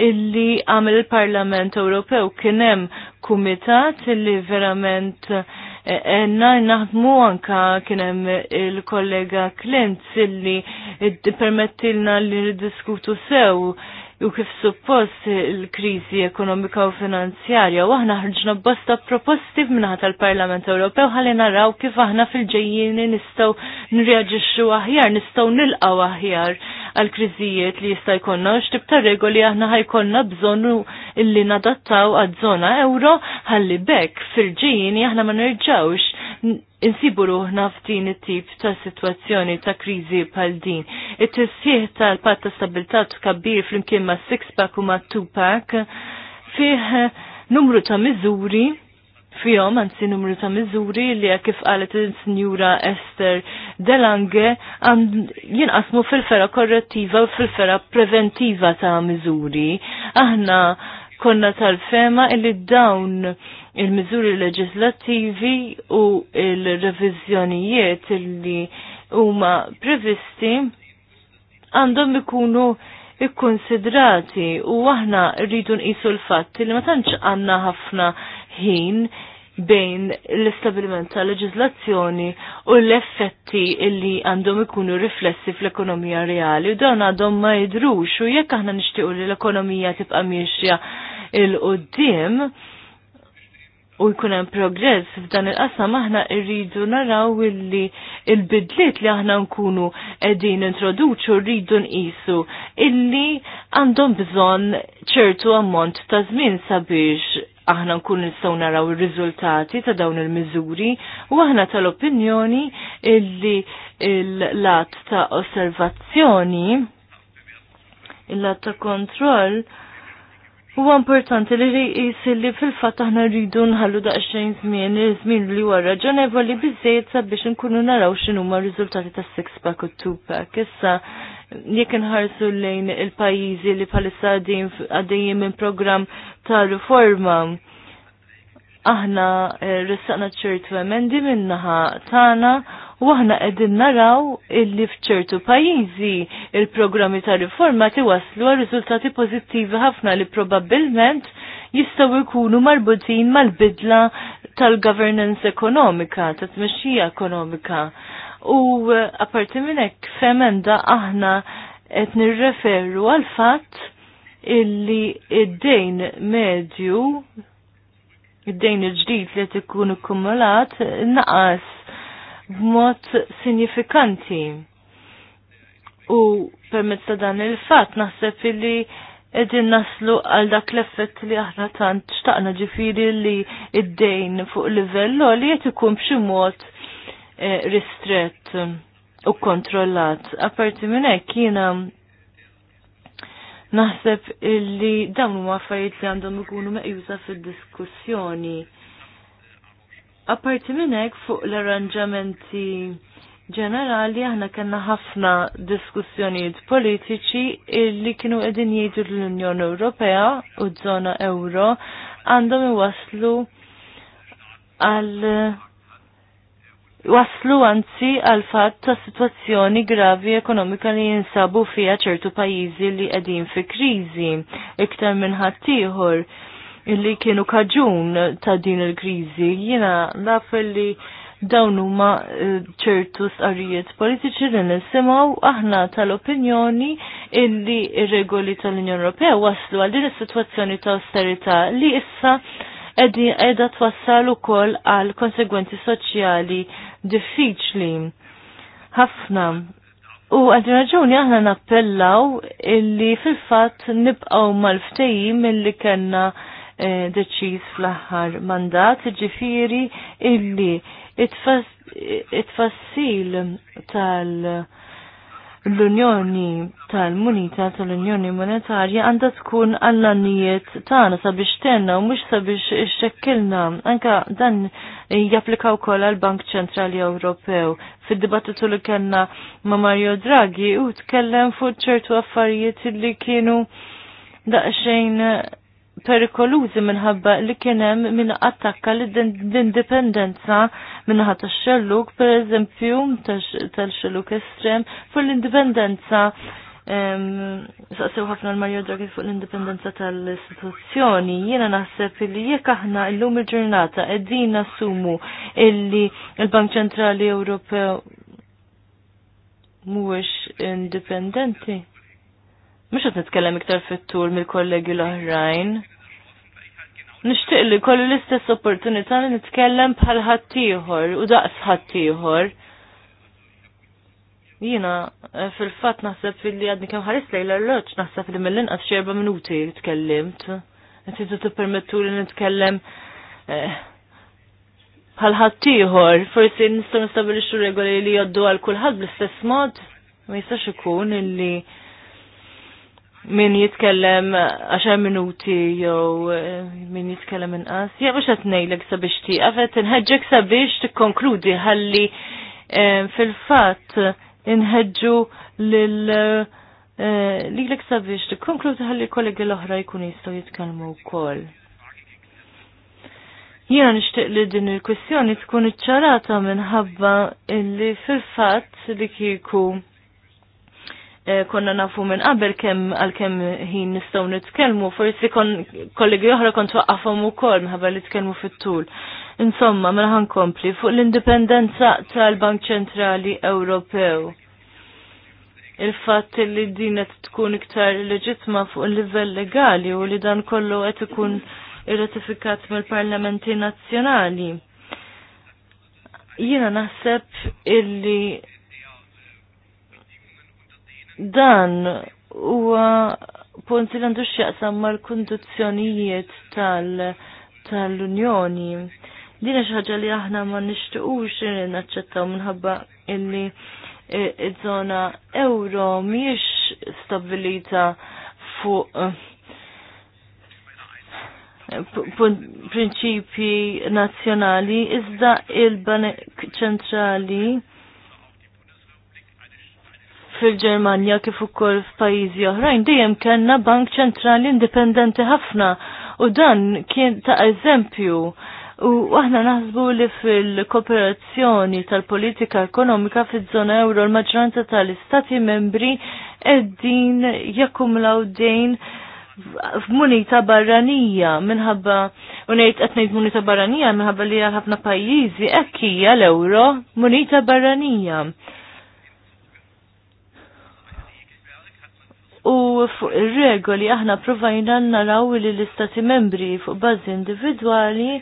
illi għamil il-Parlament Ewropew kien hemm kumitat illi verament eh, Enna naħdmu anka kienem il-kollega Klintz illi permettilna li diskutu sew u kif suppost il-krizi ekonomika u finanzjarja u aħna ħarġna bosta proposti minnaħat tal-Parlament Ewropew ħalli naraw kif aħna fil-ġejjini nistgħu nreaġixxu aħjar, nistgħu nilqgħu aħjar għal-kriżijiet li jista' jkollna u x'tib ta' regoli aħna ħajkollna bżonnu illi nadattaw għaż-żona euro ħalli bekk fil-ġejjini aħna ma nerġgħux insibu ruħna f'din it-tip ta' situazzjoni ta' krizi bħal din. It-tisħiħ tal-pat ta' stabilità tkabbir flimkien ma' six-pack u ma' two-pack fih numru ta' miżuri fihom anzi numru ta' miżuri li kif qalet il-Sinjura Esther Delange jinqasmu fil-fera korrettiva u fil-fera preventiva ta' miżuri. Aħna konna tal-fema illi dawn il-miżuri leġislattivi u il-reviżjonijiet li huma previsti għandhom ikunu ikkonsidrati u aħna rridu nqisu l-fatt li ma tantx għandna ħafna ħin bejn l-istabilment ta' leġizlazzjoni u l-effetti li għandhom ikunu riflessi fl-ekonomija reali u dawn għadhom ma jidrux u jekk aħna nixtiequ li l-ekonomija tibqa' miexja il-qoddim u jkun hemm progress f'dan il-qasam aħna rridu naraw illi il-bidliet li aħna nkunu qegħdin introduċu rridu nqisu illi għandhom bżonn ċertu ammont ta' żmien sabiex aħna nkun nistgħu naraw ir-riżultati ta' dawn il-miżuri u aħna tal-opinjoni illi il-lat ta' osservazzjoni il-lat ta' kontroll Huwa importanti li jisilli fil-fatt aħna rridu nħallu daqsxejn żmien iż-żmien li huwa raġonevoli biżejjed sabiex inkunu naraw x'inhuma r-riżultati tas-six pack u two pack. Issa jekk inħarsu lejn il-pajjiżi li bħalissa għaddejjin minn programm ta' riforma aħna eh, ressaqna ċertu emendi minnaħa tagħna U aħna qegħdin naraw illi f'ċertu pajjiżi il-programmi ta' riforma waslu għal riżultati pożittivi ħafna li probabbilment jistgħu jkunu marbutin mal-bidla tal-governance ekonomika, ta' tmexxija ekonomika. U apparti minn hekk femenda aħna qed nirreferru għal fatt illi id-dejn medju id-dejn il-ġdid li qed ikun kumulat naqas b'mod sinifikanti. U permezz ta' dan il-fatt naħseb illi edin naslu għal dak l-effett li aħna tant xtaqna ġifiri li id-dejn fuq livell li jett ikun b'xi mod eh, ristret u kontrollat. Aparti minn hekk jiena naħseb illi dawn huma affarijiet li għandhom ikunu meqjusa fid-diskussjoni Apparti minn hekk fuq l-arranġamenti ġenerali aħna kellna ħafna diskussjonijiet politiċi illi kienu qegħdin jgħidu l-Unjoni Ewropea u żona euro għandhom iwaslu għal waslu anzi għal fatt ta' situazzjoni gravi ekonomika li jinsabu fija ċertu pajjiżi li qegħdin fi kriżi iktar minn ħaddieħor illi kienu kaġun ta' din il-krizi. Jina naf illi dawn huma eh, ċertu sqarijiet politiċi li nisimgħu aħna tal-opinjoni illi ir-regoli tal-Unjoni Ewropea waslu għal din is-sitwazzjoni ta' austerità li issa edha twassal ukoll għal konsegwenzi soċjali diffiċli. Ħafna. U għadin raġuni aħna nappellaw illi fil-fat nibqaw mal-ftejim illi kena E, deċiż fl-aħħar mandat, ġifiri illi it-fassil tal- l-Unjoni tal-Munita tal-Unjoni Monetarja għandha tkun għall-annijiet tagħna sabiex tenna u mhux sabiex ixxekkilna. Anka dan japplika wkoll għall-Bank Ċentrali Ewropew. Fid-dibattitu li kellna ma' Mario Draghi u tkellem fuq ċertu affarijiet li kienu daqsxejn perikolużi minħabba li kienem minn attakka l-indipendenza minnaħat tax xelluk per eżempju, tal-xelluk estrem, fuq l-indipendenza Saqsew ħafna l-Mario Draghi fuq l-indipendenza tal-istituzzjoni, jiena naħseb li jekk aħna llum il-ġurnata qegħdin nassumu illi l-Bank Ċentrali Ewropew mhuwiex indipendenti. Mux għat nitkellem iktar fit-tul mill-kollegi l-oħrajn. Nishtiq li kollu l-istess opportunità li nitkellem bħal ħaddieħor u daqs ħaddieħor. Jina, eh, fil-fat naħseb li għadni kem ħaris lejn l-roċ, naħseb li mill-inqas xerba minuti tkellimt. Ntidu t-permettu li nitkellem eh, bħal ħaddieħor, forsi nistgħu nistabilixxu regoli li jgħaddu għal kulħadd bl-istess mod. Ma jistax ikun illi min jitkellem 10 minuti jew eh, min jitkellem inqas. Ja mhux qed ngħidlek sabiex qed inħeġġek sabiex tikkonkludi ħalli eh, fil-fatt inħeġġu lil eh, lilek sabiex tikkonkludi ħalli kollegi l-oħra jkunu jistgħu jitkellmu wkoll. Jiena nixtieq li din il-kwistjoni tkun iċċarata minħabba illi fil-fatt li kieku Eh, konna nafu minn qabel kemm għal-kemm ħin nistgħu nitkellmu, forsi kon kollegi oħra kont waqqafhom ukoll minħabba li tkellmu fit-tul. Insomma, mela ħankompli fuq l-indipendenza tal-Bank Ċentrali Ewropew. Il-fatt li din qed tkun iktar leġitma fuq il-livell legali u li dan kollu qed ikun irratifikat mill-parlamenti nazzjonali. Jiena naħseb illi Dan huwa punt li għandu x'jaqsam mal-kundizzjonijiet tal-Unjoni. Tal Din xi ħaġa li aħna ma nixtiequx naċċettaw minħabba illi e, iż-żona euro mhijiex stabilita fuq e, prinċipji nazzjonali iżda il-Banek Ċentrali fil-Ġermanja kif ukoll f'pajjiżi oħrajn dejjem kellna bank ċentrali indipendenti ħafna u dan kien ta' eżempju. U aħna naħsbu li fil-kooperazzjoni tal-politika ekonomika fiż-żona euro l-maġġoranza tal-istati membri qegħdin jakkumlaw dejn f'munita barranija minħabba u ngħid qed ngħid munita barranija minħabba li għal ħafna pajjiżi hekk hija l-euro munita barranija. U fuq ir-regoli aħna provajna naraw li l-istati membri fuq bażi individwali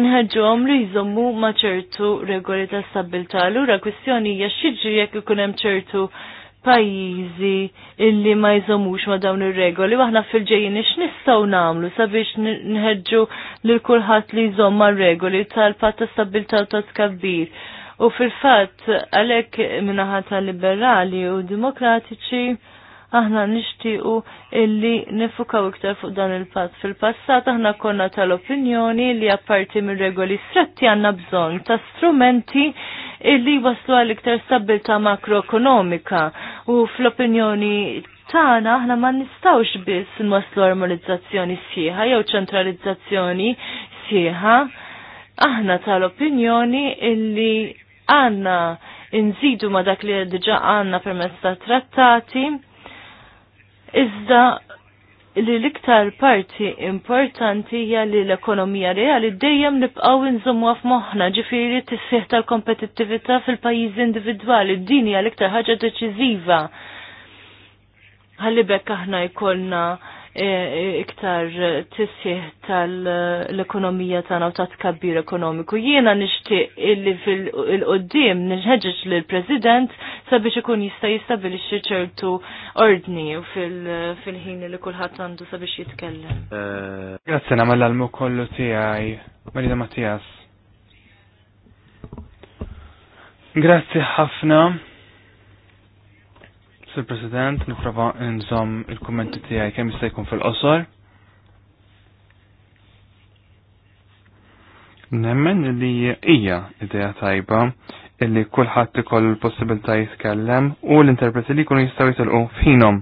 inħedġuhom li jżommu ma' ċertu regoli ta' stabilta. Allura kwistjoni hija x'jiġri jekk ikun hemm ċertu pajjiżi illi ma jżommux ma' dawn ir-regoli Waħna aħna fil-ġejjin x'nistgħu nagħmlu sabiex nħeġġu lil kulħadd li jżomm ma' regoli tal pat ta' stabilità ta' tkabbir. U fil-fatt għalhekk minaħat liberali u demokratiċi aħna nixtiequ illi nifukaw iktar fuq dan il-pass. Fil-passat aħna konna tal-opinjoni li apparti minn regoli stretti għandna bżonn ta' strumenti illi waslu għal iktar stabilta makroekonomika u fl-opinjoni tana aħna ma nistawx biss nwaslu armonizzazzjoni sħiħa jew ċentralizzazzjoni sħiħa. Aħna tal-opinjoni illi għanna inżidu ma dak li diġa għanna permezz ta' trattati, iżda li l-iktar parti importanti hija li l-ekonomija reali dejjem nibqgħu nżommuha f'moħħna ġifieri tissieħ tal-kompetittività fil-pajjiżi individwali. Din hija l-iktar ħaġa deċiżiva. Ħalli bekk aħna jkollna E, e, iktar tisħiħ tal-ekonomija tagħna u ta' tkabbir ekonomiku. Jiena nixtieq illi fil-qoddim nħeġġeġ lill president sabiex ikun jista' jistabilixxi ċertu ordni fil-ħin li kulħadd għandu sabiex jitkellem. Eh, Grazzi nagħmel l kollu tiegħi. Marina Mattias. Grazzi ħafna. Sir President, niprofa nżom il-kommenti tiegħi kemm jista' jkun fil-qosor. Nemmen li hija idea tajba illi kulħadd ikollu l-possibilità jitkellem u l-interpreti li jkunu jistgħu jitilqu f'ħinhom.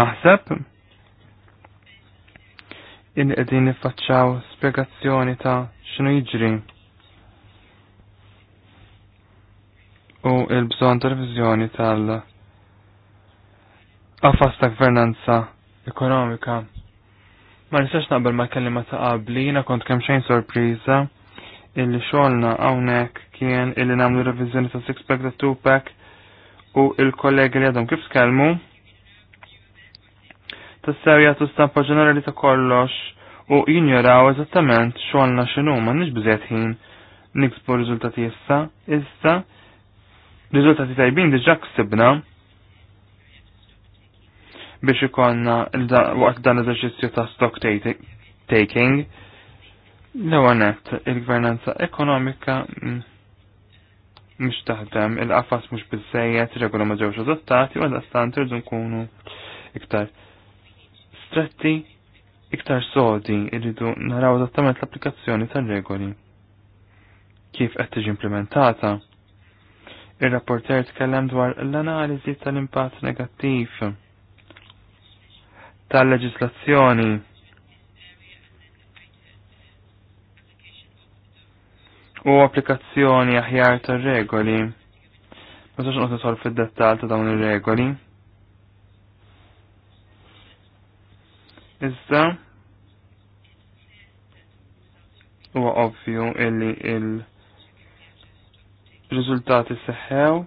Naħseb illi qegħdin niffaċċaw spjegazzjoni ta' x'inhu jiġri. u il-bżon tal-vizjoni tal-qafas ta' gvernanza ekonomika. Ma nistax naqbel ma' kellima ta' qabli, jina kont kemm xejn sorpriża illi xolna hawnhekk kien illi nagħmlu reviżjoni ta' six pack ta' 2 pack u il-kollegi li għadhom kif skellmu. Tassew jagħtu stampa ġenerali ta' kollox u jinjoraw eżattament xogħolna x'inhu nix biżejjed ħin niksbu riżultati issa, issa riżultati tajbin diġà ksibna biex ikonna waqt dan l-eżerċizzju ta' stock taking. L-għanet, il-gvernanza ekonomika mux taħdem, il-qafas mux bizzejet, regola maġewx adottati, u għadastan astant nkunu iktar stretti, iktar sodi, irridu naraw eżattament l-applikazzjoni tal-regoli. Kif qed tiġi implementata? Ir-rapporter tkellem dwar l-analiżi tal-impatt negattiv tal-leġislazzjoni u applikazzjoni aħjar tar-regoli. Ma sax nqos nisol fid-dettal ta' dawn ir-regoli. Iżda huwa ovvju illi il-, -il riżultati seħħew.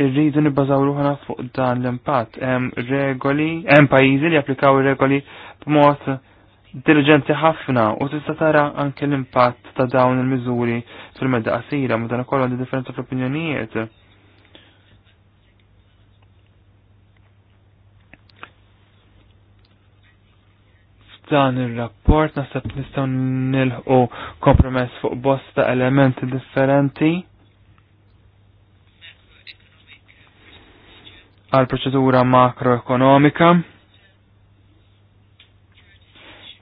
Irridu nibbażaw ruħna fuq dan l-impatt. Hemm regoli, hemm pajjiżi li applikaw ir-regoli b'mod diligenti ħafna u tista' tara anke l-impatt ta' dawn il-miżuri fil-medda qasira, ma dan ukoll għandi differenza fl-opinjonijiet dan il-rapport nasab nistaw nilħu kompromess fuq bosta elementi differenti għal proċedura makroekonomika.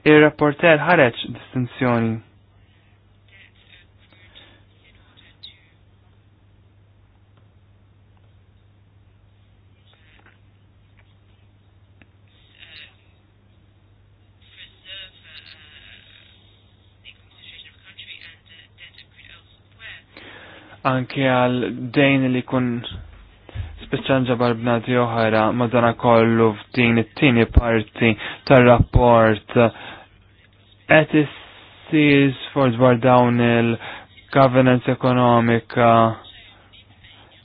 Il-rapporter ħareċ distinzjoni anke għal dejn li kun spiċċan ġabar b'nati oħra madana kollu f'din it-tieni parti tar-rapport qed issir dwar dawn il-governance ekonomika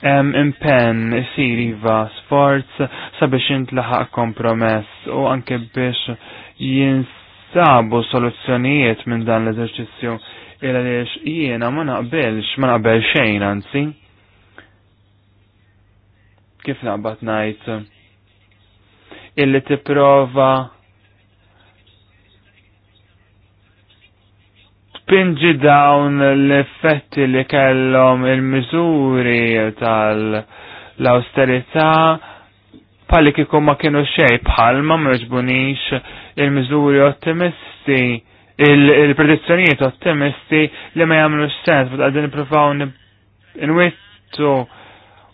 hemm impenn isir iva sforz sabiex intlaħaq kompromess u anke biex jinsabu soluzzjonijiet minn dan l-eżerċizzju il għaliex jiena ma naqbelx, ma naqbel xejn anzi. Kif naqbad najt? Illi tipprova tpinġi dawn l-effetti li kellhom il-miżuri tal-austerità pali kikum ma kienu xej bħal ma mreġbunix il-miżuri ottimisti il-predizzjonijiet ottimisti li ma jagħmlu sens bad għadin nippruvaw nwittu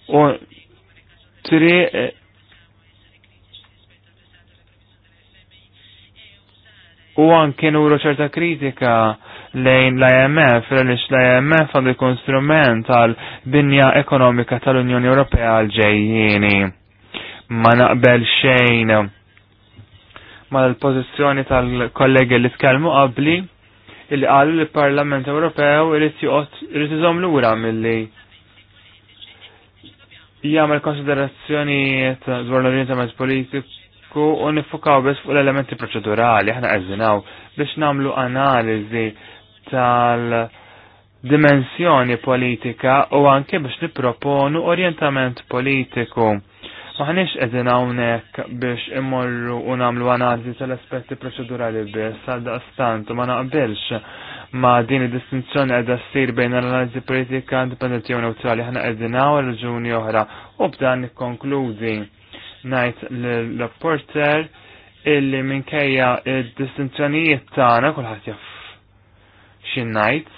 u tri u anke nuru ċerta kritika lejn l-IMF, għaliex l-IMF għandu jkun strument għal binja ekonomika tal-Unjoni Ewropea għal ġejjini Ma naqbel xejn mal-pozizjoni tal-kollegi li tkellmu qabli illi qalu li l-Parlament Ewropew irid irid iżomm lura milli jagħmel konsiderazzjonijiet dwar l-orientament politiku u nifukaw biss fuq l-elementi proċedurali aħna qeżinaw biex nagħmlu analiżi tal- dimensjoni politika u anke biex nipproponu orientament politiku Maħniex edin hawnhekk biex immorru u nagħmlu analiżi tal-aspetti proċedurali biss għal daqstant u ma naqbilx ma din id-distinzjoni qiegħda ssir bejn l analiżi politika indipendenti u neutrali ħana qegħdin hawn raġuni oħra u b'dan nikkonkludi ngħid l-rapporter illi minkejja id-distinzjonijiet tagħna kulħadd jaf x'in najt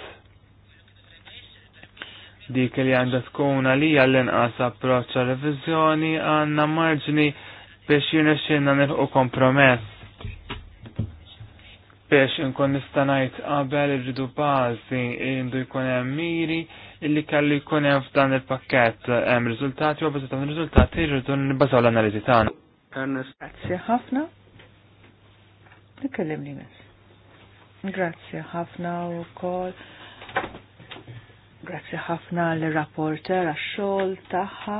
dik li għandha tkun għalija l-inqas approċċ reviżjoni għandna marġni biex jirnexxinna nilħu kompromess. Biex inkun nista' ngħid qabel irridu bażi indu jkun hemm miri illi kelli jkun hemm f'dan il-pakkett hemm riżultati u bażi dan ir-riżultati jridu nibbażaw l-analiżi tagħna. Grazzi ħafna. Nikellimni miss. Grazzi ħafna wkoll. Grazzi ħafna l-rapporter għax-xogħol tagħha.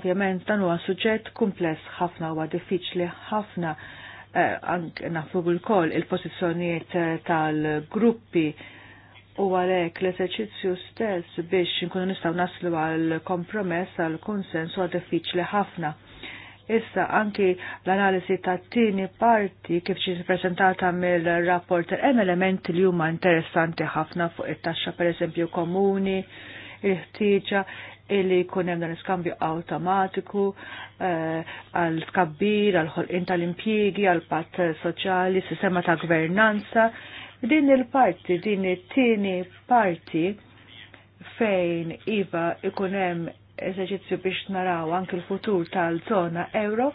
Ovvjament dan huwa suġġett kumpless ħafna huwa diffiċli ħafna eh, Anke nafu bil-koll il pożizzjonijiet eh, tal-gruppi u għalek l-eserċizzju stess biex nkunu nistgħu naslu għal kompromess għal konsens huwa diffiċli ħafna. Issa anki l-analisi ta' tini parti kif ċi prezentata mill-rapport hemm elementi li huma interessanti ħafna fuq it-taxxa pereżempju komuni, il-ħtieġa illi jkun hemm dan iskambju awtomatiku eh, għal tkabbir, għal ħolqien tal-impjiegi, għal patt soċjali, sistema ta' gvernanza. Din il-parti, din it-tieni parti fejn iva ikun hemm eżerċizzju biex naraw anke l-futur tal-zona euro,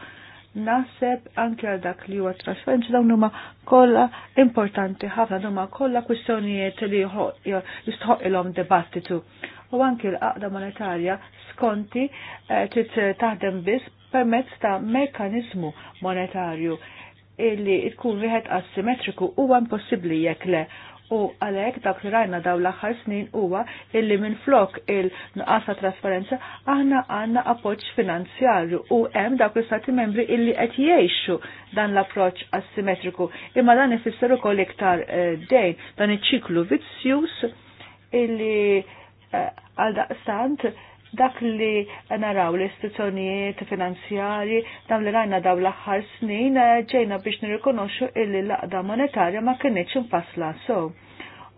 naħseb anke għal dak li huwa trasferenzi dawn huma kollha importanti ħafna huma kollha kwistjonijiet li ilhom dibattitu. U anke l-qaqda monetarja skonti eh, trid taħdem biss permezz ta' mekkaniżmu monetarju illi tkun wieħed asimetriku huwa impossibbli jekk le U għalek dak li rajna daw l-aħħar snin huwa illi minn flok il nuqasa ta' trasparenza aħna għandna appoġġ finanzjarju u hemm dak l-istati membri illi qed jgħixu dan l-approċċ asimetriku. Imma dan ifisser ukoll iktar eh, dejn dan iċ-ċiklu vizzjuż illi eh, għal daqstant dak li naraw l-istituzzjonijiet finanzjari dam li rajna daw l-aħħar snin eh, ġejna biex nirrikonoxxu illi l-aqda monetarja ma kienieċ impasla so.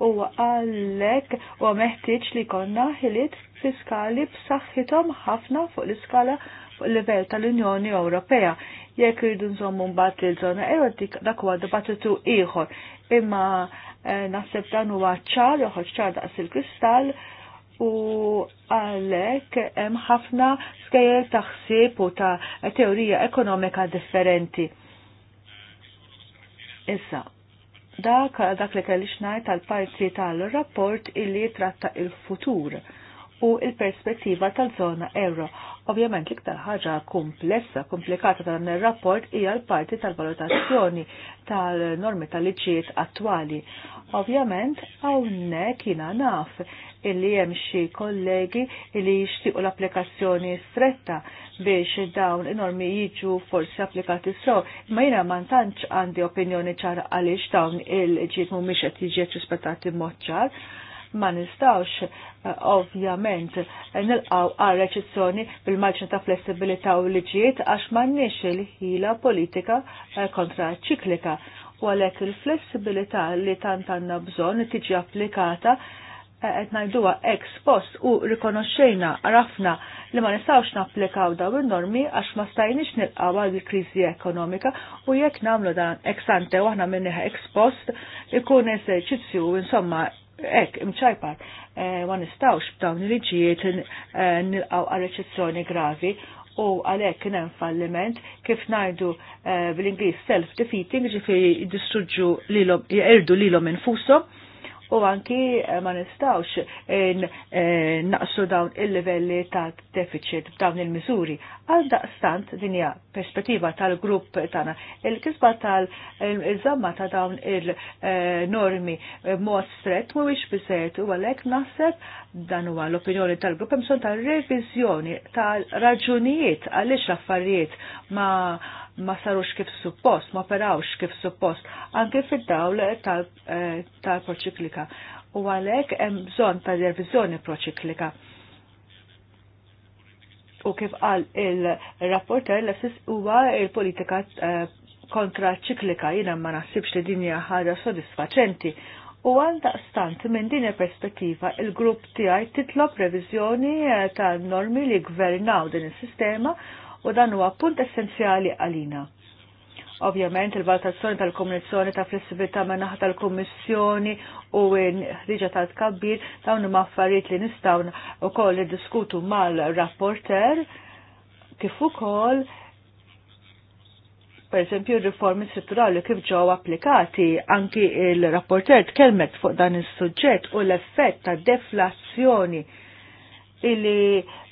U għallek u meħtieġ li konna ħiliet fiskali b'saħħithom ħafna fuq l-iskala fuq livell tal-Unjoni Ewropea. Jekk irridu nżommu mbagħad il-żona dik dak huwa dibattitu ieħor. Imma eh, naħseb dan huwa ċar joħroġ ċar daqs il-kristall u għalek hemm ħafna skejjer taħsib u ta' teorija ekonomika differenti. Issa, dak, dak li kellix ngħid tal-parti tal-rapport illi tratta il-futur. il futur u il-perspettiva tal-zona euro. Ovvjament l-iktar ħaġa komplessa, komplikata tal rapport hija l-parti tal-valutazzjoni tal-normi tal-liġijiet attwali. Ovvjament hawnhekk jiena naf illi hemm xi kollegi li jixtiequ l-applikazzjoni stretta biex dawn in-normi jiġu forsi applikati so, ma jiena ma tantx għandi opinjoni ċara għaliex dawn il-ġiet mhumiex qed jiġi rispettati mod ċar ma nistawx eh, ovvjament nilqaw għal reċizzjoni bil maġna ta' flessibilità u liġijiet għax ma' nix il-ħila politika eh, kontra ċiklika u għalhekk il-flessibilità li tant għandna bżonn tiġi applikata eh, qed ngħiduha ex post u rikonoxxejna rafna li ma nistgħux napplikaw daw in-normi għax ma stajniex nilqgħu għal kriżi ekonomika u jekk nagħmlu dan ex ante u aħna minniħ ex post ikun eżerċizzju insomma ek, imċajpar, eh, ma nistawx b'dawn il-liġijiet eh, nilqaw għal-reċezzjoni gravi u għalek kienem falliment kif najdu eh, bil-Inglis self-defeating ġifiri distruġġu lilom, jirdu lilom infusom u anki eh, ma nistawx eh, eh, naqsu dawn il-livelli ta' deficit dawn il-miżuri. Għal daqstant dinja perspettiva tal-grupp tana, il-kisba tal-żamma ta' dawn il-normi mod stret mu biex bizzet u għalek nasib dan huwa l-opinjoni tal-grupp imson tal-revizjoni tal-raġunijiet għaliex affarijiet ma' ma sarux kif suppost, ma perawx kif suppost, anke fid-dawl eh, tal-proċiklika. U għalek hemm bżonn ta' revizjoni proċiklika. U kif qal il-rapporter l-assis huwa il-politika eh, kontra ċiklika jiena ma naħsibx li din hija ħaġa sodisfaċenti. U għal daqstant minn din il-perspettiva il-grupp tiegħi titlob reviżjoni eh, tal-normi li gvernaw din is-sistema u dan huwa punt essenzjali għalina. Ovvjament il-valutazzjoni tal-Kommissjoni ta' flessibilità ma' naħa tal-Kommissjoni u ħriġa ta' tkabbir dawn huma affarijiet li nistgħu wkoll diskutu mal-rapporter kif ukoll per esempio riformi strutturali kif ġew applikati anki il-rapporter tkellmet fuq dan is-suġġett u l-effett ta' deflazzjoni illi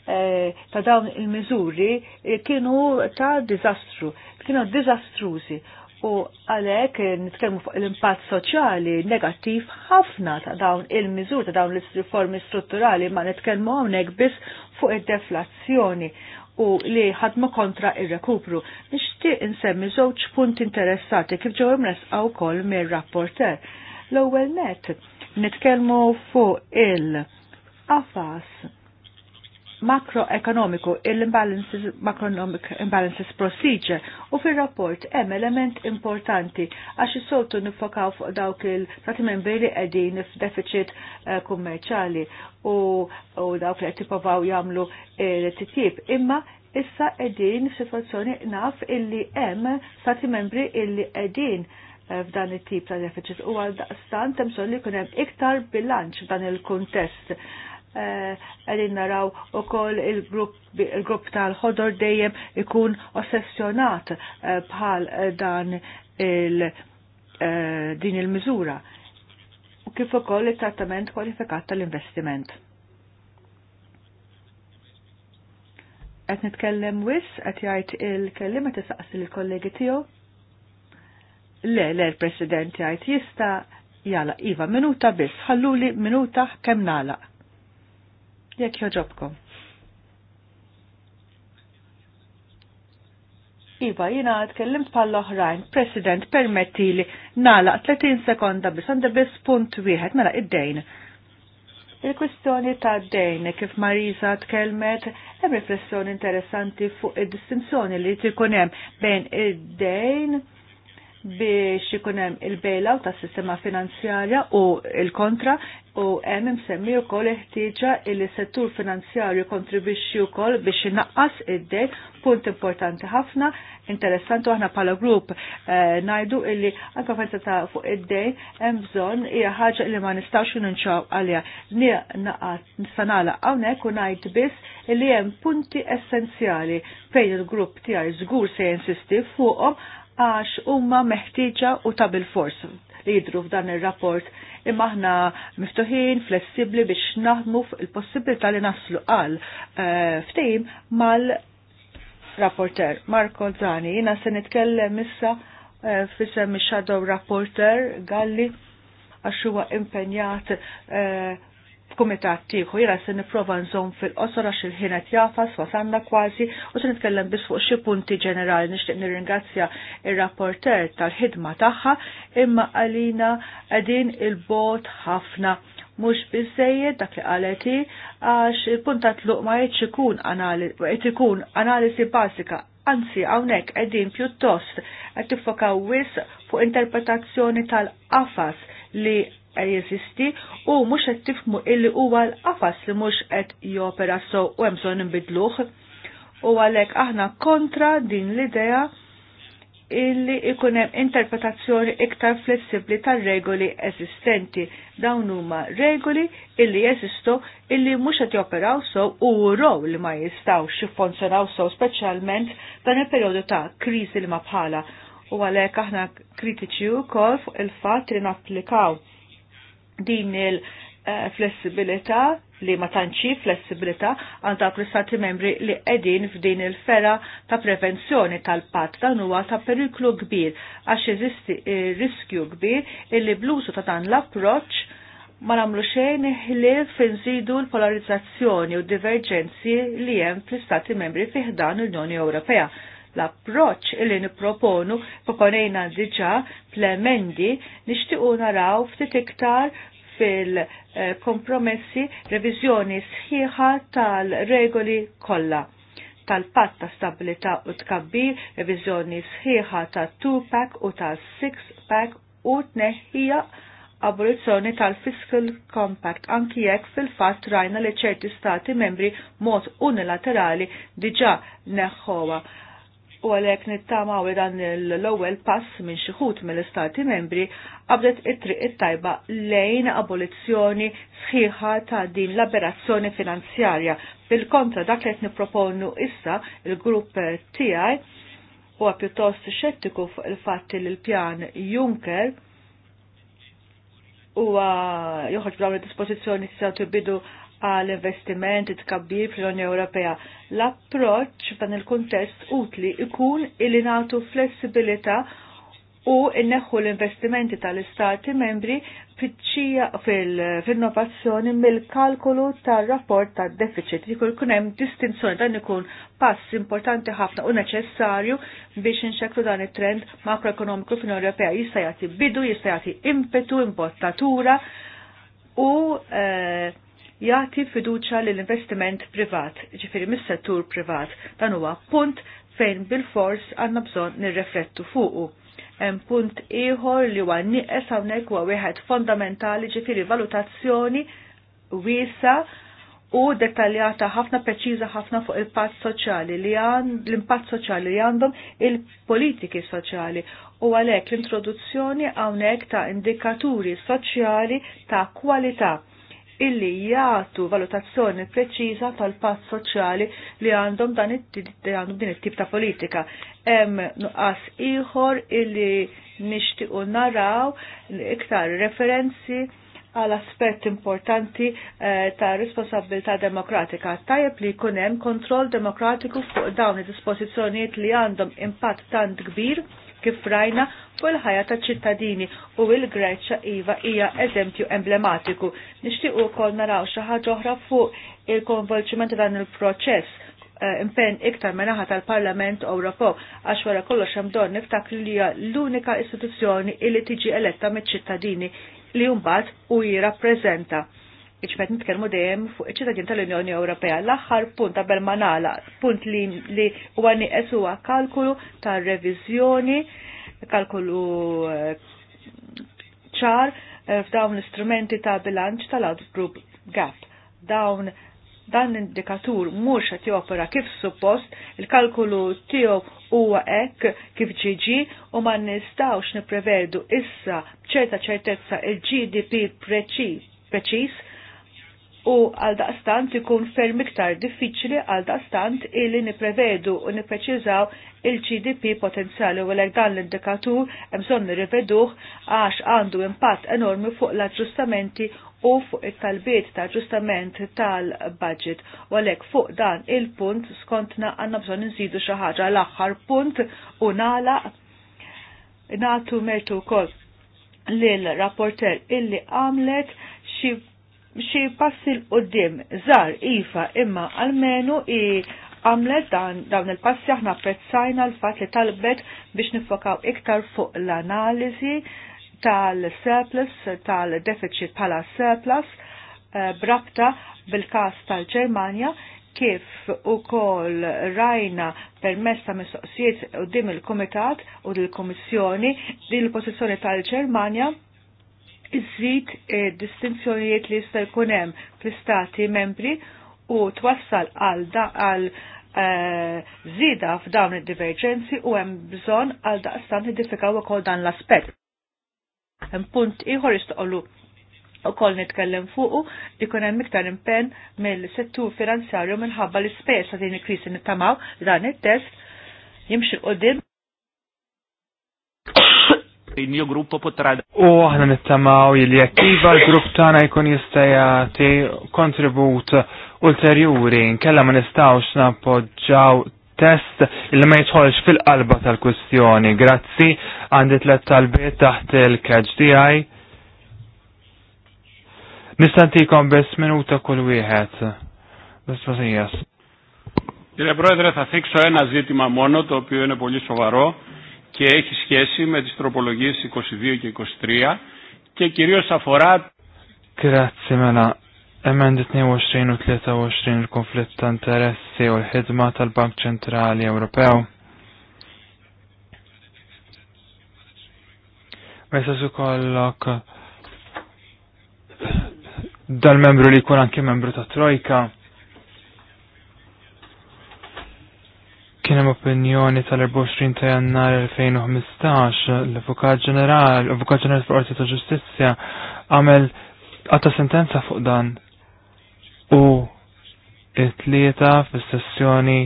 E, ta' dawn il-miżuri e, kienu ta' dizastru, kienu dizastruzi u għalek nitkellmu fuq l-impatt soċjali negattiv ħafna ta' dawn il-miżur ta' dawn l-riformi strutturali ma nitkellmu hawnhekk biss fuq id-deflazzjoni u li ħadmu kontra il rekupru Nixtieq insemmi żewġ punti interessati kif ġew imresqa wkoll mir-rapporter. L-ewwel net nitkellmu fuq il-qafas makroekonomiku, il-imbalances, macroeconomic imbalances procedure, u fil-rapport hemm element importanti għax is-soltu nifokaw fuq dawk il-stati membri qegħdin f'deficit eh, kummerċjali u, dawk li qed tipprovaw jagħmlu titjib. Imma issa qegħdin f'sitwazzjoni naf illi hemm stati membri illi qegħdin eh, f'dan it-tip ta' deficit u għal daqstan temson li kunem iktar bilanċ f'dan il-kontest għedin eh, naraw u koll il-grupp tal-ħodor dejjem ikun ossessjonat eh, bħal eh, dan il din il-mizura u kif ukoll it-trattament kwalifikat tal-investiment. Qed nitkellem wis qed jgħid il-kellim qed isaqsi lill-kollegi tiegħu. Le, le, l-President jgħid jista' jala, Iva, minuta biss, ħalluli minuta kemm nagħlaq jekk joġobkom. Iva, jina tkellimt pall oħrajn President, permetti li nalaq 30 sekonda bis, għanda bis punt wieħed, mela id-dejn. Il-kwistjoni ta' d-dejn, kif Marisa tkelmet, hemm riflessjoni interessanti fuq id-distinzjoni li tikunem bejn id-dejn biex ikunem il-bailout ta' sistema finanzjarja u il-kontra u hemm imsemmi wkoll il-ħtieġa li settur finanzjarju u wkoll biex inaqqas id-dejn punt importanti ħafna interessanti aħna bħala grupp eh, ngħidu illi anke forsi ta' fuq id-dejn hemm bżonn hija ħaġa li ma nistgħux ninċaw għaliha. Nista' nagħlaq hawnhekk u ngħid biss illi hemm punti essenzjali fejn il-grupp tiegħi żgur se jinsisti fuqhom għax huma meħtieġa u ta' bil-fors li jidru f'dan ir-rapport imma aħna miftuħin, flessibbli biex naħdmu il-possibilità li naslu għal eh, ftejm mal-rapporter Marko Zani. Jina se nitkellem issa eh, fisem shadow rapporter Galli għax huwa impenjat eh, f'kumitat tieħu jira se nipprova nżomm fil qosra xil il-ħin qed jafas wasanna kważi u se nitkellem bis fuq xi punti ġenerali nixtieq nirringrazzja il rapporter tal-ħidma tagħha imma għalina qegħdin il-bot ħafna mhux bizzeje dak li qaleti għax il puntat tluq ma jgħidx ikun qed ikun analiżi bażika Anzi, hawnhekk qegħdin pjuttost qed tiffokaw wis fuq interpretazzjoni tal-qafas li jeżisti u mhux qed tifhmu illi huwa l għafas li mhux qed jopera so u għemżon imbidluħ U għalhekk aħna kontra din l-idea illi ikun hemm interpretazzjoni iktar flessibbli tar-regoli eżistenti. Dawn huma regoli illi jeżistu illi mhux qed joperaw so u row li ma jistgħux jiffunzjonaw sew speċjalment dan il-perjodu ta' kriżi li ma bħala u għalhekk aħna kritiċi wkoll fuq il-fatt li napplikaw din il-flessibilità eh, li ma tanċi flessibilità għal dawk l-istati membri li qegħdin f'din il-fera ta' prevenzjoni tal pat dan huwa ta' periklu kbir għax eżisti eh, riskju kbir illi blusu ta' dan l-approċċ ma nagħmlu xejn ħlief finżidu l-polarizzazzjoni u diverġenzi li hemm fl-istati membri fih dan l-Unjoni Ewropea l-approċ li niproponu proponejna diġa fl-emendi nixtiqu naraw ftit iktar fil-kompromessi revizjoni sħiħa tal-regoli kollha tal-patt ta' stabilità u tkabbir, revizjoni sħiħa ta' 2-pack u ta' 6-pack u tneħħija abolizzjoni tal-Fiscal Compact anki jekk fil-fatt rajna li ċerti stati membri mod unilaterali diġa neħħowa u għalek nittamaw dan l-ewwel pass minn xi mill-Istati membri qabdet it-triq it-tajba lejn abolizzjoni sħiħa ta' din l aberazzjoni finanzjarja. Bil-kontra dak li qed nipproponu issa il-grupp tiegħi huwa pjuttost xettiku fuq il-fatt li l-pjan Juncker huwa joħroġ b'dawn id-dispożizzjoni se tibidu għal investiment tkabbir fl-Unjoni Ewropea. L-approċ f'dan il-kuntest utli ikun il nagħtu flessibilità u inneħħu l-investimenti tal-istati membri fil-innovazzjoni mill-kalkolu tal-rapport tad deficit Jikun kun hemm distinzjoni dan ikun pass importanti ħafna u neċessarju biex inxekklu dan it-trend makroekonomiku fin Ewropea jista' jagħti bidu, jista' jagħti impetu, importatura u eh, jagħti fiduċa l investiment privat, ġifiri mis-settur privat. Dan huwa punt fejn bil-fors għandna bżonn nirreflettu fuqu. Hemm punt ieħor li huwa nieqes hawnhekk huwa wieħed fondamentali ġifieri valutazzjoni wiesa u dettaljata ħafna preċiża ħafna fuq il-patt soċjali li għand l-impatt soċjali li għandhom il-politiki soċjali u għalhekk l-introduzzjoni hawnhekk ta' indikaturi soċjali ta' kwalità illi jagħtu valutazzjoni preċiża tal-pass soċjali li għandhom dan din it-tip ta' politika. Hemm nuqqas ieħor illi nixtiequ naraw iktar referenzi għal aspett importanti eh, ta' responsabilità demokratika. Tajjeb li jkun hemm kontroll demokratiku fuq dawn id-dispożizzjonijiet li għandhom impatt tant kbir kif rajna fuq il-ħajja ta' ċittadini u il-Greċċa iva hija eżempju emblematiku. Nixtieq ukoll naraw xi ħaġa oħra fuq il-konvolġiment dan il-proċess eh, impenn iktar menaħa tal-Parlament Ewropew għax wara kollox hemm bdonn niftak li hija l-unika istituzzjoni li tiġi eletta miċ-ċittadini li mbagħad u jirrappreżenta iġmet nitkellmu dejjem fuq iċ-ċittadin tal-Unjoni Ewropea. L-aħħar punt qabel ma nagħlaq, punt li li huwa nieqes huwa kalkulu ta' reviżjoni kalkulu eh, ċar eh, f'dawn l-istrumenti ta' bilanċ tal-outgroup gap. Dawn dan l-indikatur mhux qed jopera kif suppost, il-kalkulu tiegħu huwa hekk kif ġiġi u ma nistgħux nipprevedu issa b'ċerta ċertezza il-GDP preċiż u għal daqstant ikun ferm iktar diffiċli għal daqstant illi niprevedu u nipreċizaw il-GDP potenzjali u l dan l-indikatur emżon nirriveduħ għax għandu impatt enormi fuq l-aġġustamenti u fuq it-talbiet ta' ġustament tal-budget. U għalek fuq dan il-punt skontna għanna bżon nżidu xaħġa l-axħar punt u nala natu mertu kol l-rapporter illi għamlet xie xi passi l-qoddim żar ifa imma għalmenu i għamlet dan dawn il-passi aħna apprezzajna l-fatt li talbet biex nifokaw iktar fuq l-analiżi tal-surplus, tal-deficit bħala surplus, eh, brabta bil-kas tal-Ġermanja kif u kol rajna permess ta' mistoqsijiet u dim il-Komitat u dil komissjoni din il-posizjoni tal-Ġermanja id e, distinzjonijiet li jista' jkun hemm fl-istati membri u twassal għal għal zida e, f'dawn id diverġenzi u hemm bżonn għal daqstan nidifikaw ukoll dan l-aspett. Hemm punt ieħor jistoqolu wkoll nitkellem fuqu ikun hemm iktar impenn mill-settur finanzjarju minħabba l ispejjeż ta' din il kriżi nittamaw dan it-test jimxi qudiem Il-mio gruppo potrà. U aħna nittamaw li attiva l-grupp tagħna jkun jista' jagħti kontribut ulterjuri nkella ma nistgħux nappoġġaw test il ma jidħolx fil-qalba tal-kwistjoni. Grazzi għandi tlet talbiet taħt il-catch DI. Nistantikom biss minuta kull wieħed. Biss ma Κύριε Πρόεδρε, θα θίξω ένα ζήτημα μόνο, το οποίο και έχει σχέση με τις τροπολογίες 22 και 23 και κυρίως αφορά... Grazie mela. Emendit 22 u 23 il-konflitt ta' interessi u l-ħidma tal-Bank Ċentrali Ewropew. Ma jistax ukollok dal-membru li jkun anke membru ta' Trojka. Kien hemm opinjoni tal-24 ta' jannar 2015 l-Avukat Ġenerali, l-Avukat Ġenerali fil ta' Ġustizzja għamel għata sentenza fuq dan u it-tlieta fis-sessjoni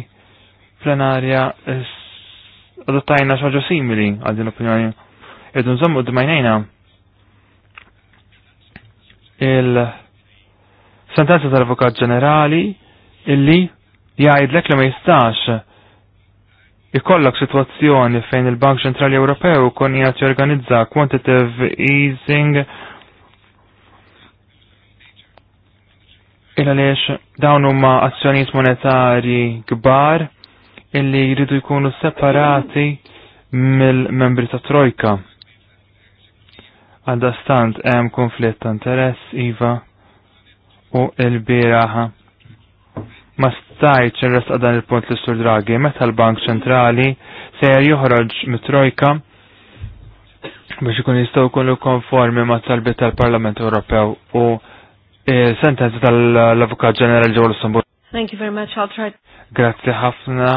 plenarja adottajna xaġu simili għal din l-opinjoni. Irdu nżommu d-majnejna il-sentenza tal-Avukat Ġenerali illi jgħidlek li ma jistax ikollok situazzjoni fejn il-Bank Ċentrali Ewropew kon jgħat jorganizza quantitative easing il għaliex dawn huma azzjonijiet monetari kbar illi jridu jkunu separati mill-membri ta' Trojka. Għadda stant hemm konflitt ta' interess iva u l-bieraħa ma stajċ il għadan il-punt li sur Draghi, meta l-Bank ċentrali sejjer joħroġ mit-trojka biex ikun jistgħu jkunu konformi ma talbiet tal-Parlament Ewropew u e, sentenza tal-Avukat Ġeneral Joe Lussemburg. Thank you very much, I'll try. Grazzi ħafna,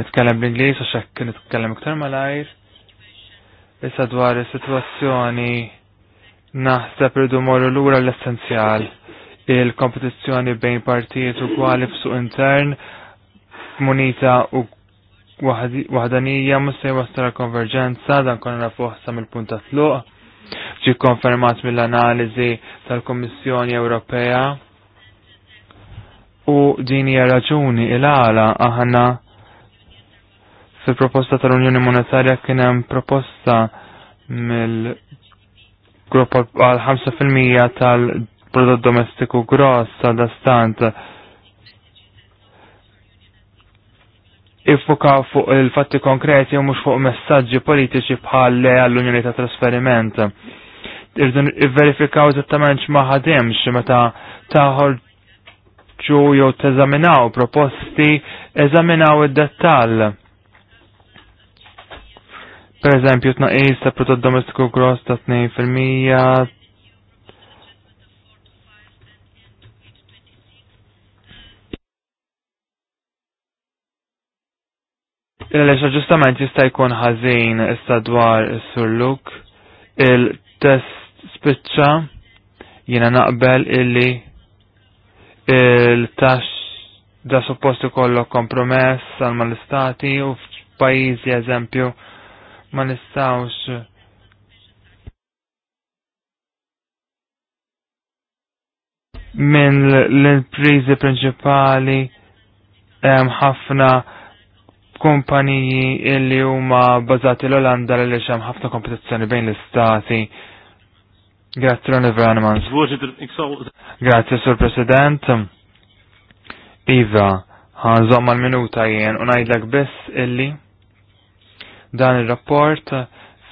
nitkellem bl-Ingliż għax hekk nitkellem iktar malajr. Issa dwar is-sitwazzjoni naħseb irdu morru lura l-essenzjal il-kompetizzjoni bejn partijiet u kwali f'suq intern munita u waħdanija mhux se jwassal konverġenza dan konna nafuħ mill-punt ta' tluq. Ġi konfermat mill-analiżi tal-Kummissjoni Ewropea u din hija raġuni il-għala aħna fil-proposta tal-Unjoni Monetarja kien hemm proposta mill-grupp għal 5% tal- prodott domestiku gross għal-dastant iffoka fuq il-fatti konkreti u mux fuq messaġġi politiċi bħal le għall-Unjoni ta' Trasferiment. Irdu verifikaw eżattament x'maħadimx meta taħor ġu jew teżaminaw proposti, eżaminaw id-dettall. Per eżempju, tnaqis ta' prodott domestiku gross ta' 2%, il leċ ġustament jista' jkun ħażin issa dwar is-surluk. Il-test spiċċa jiena naqbel illi il-tax da suppost ikollok kompromess għal mal-istati u f'pajjiżi eżempju ma nistawx minn l-imprizi prinċipali hemm ħafna kumpaniji illi huma bazati l-Olanda li xem ħafna kompetizzjoni bejn l-istati. Grazie Ronald Verneman. Grazie Sur President. Iva, ħanżom mal minuta jien u ngħidlek biss illi dan ir-rapport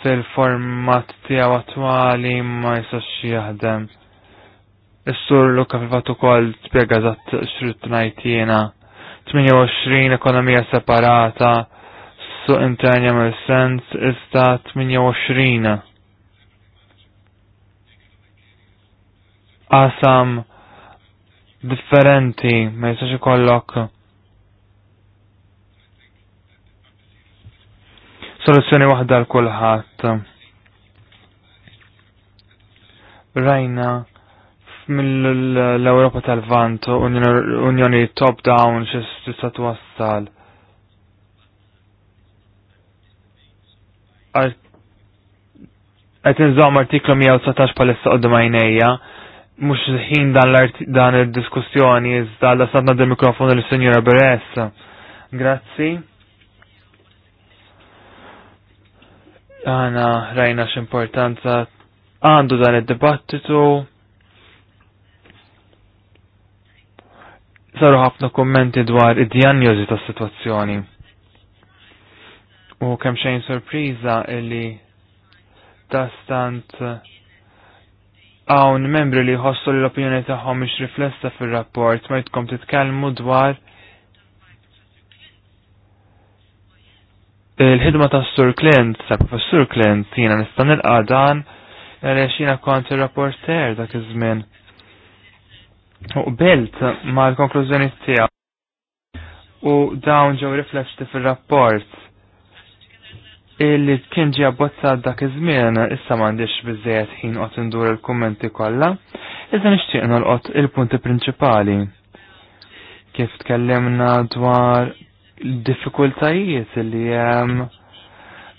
fil-format tiegħu attuali ma jisax jaħdem. Is-sur Luka fil fatu ukoll t żatt xrid jiena 28 ekonomija separata su interni jagħmel sens iżda 28 qasam differenti ma jistax ikollok soluzzjoni waħda l kulħadd. Rajna mill-Europa tal-Vant u Unjoni top-down xis wassal. twassal. Qed inżomm artiklu 119 palissa d għajnejja, mhux ħin dan id-diskussjoni iżda la del mikrofonu lis senjora Beres. Grazzi. Għana rajna x'importanza għandu dan id-dibattitu saru ħafna kommenti dwar id-djanjozi ta' situazzjoni. U kemm xejn sorpriża illi ta' stant hawn membri li jħossu l-opinjoni tagħhom ix riflessa fir-rapport ma jitkom titkellmu dwar il-ħidma ta' Sur Clint, ta' Professur Clint, jiena nista' nilqa' dan għaliex jina kont ir-rapporter dak iż-żmien u belt ma' l-konklużjoni tija. u dawn ġew riflexti fir-rapport illi kien ġi abbozza dak iż-żmien issa m'għandix biżejjed ħin qod indur il-kummenti kollha, iżda nixtieq nolqot il-punti prinċipali. Kif tkellimna dwar diffikultajiet li hemm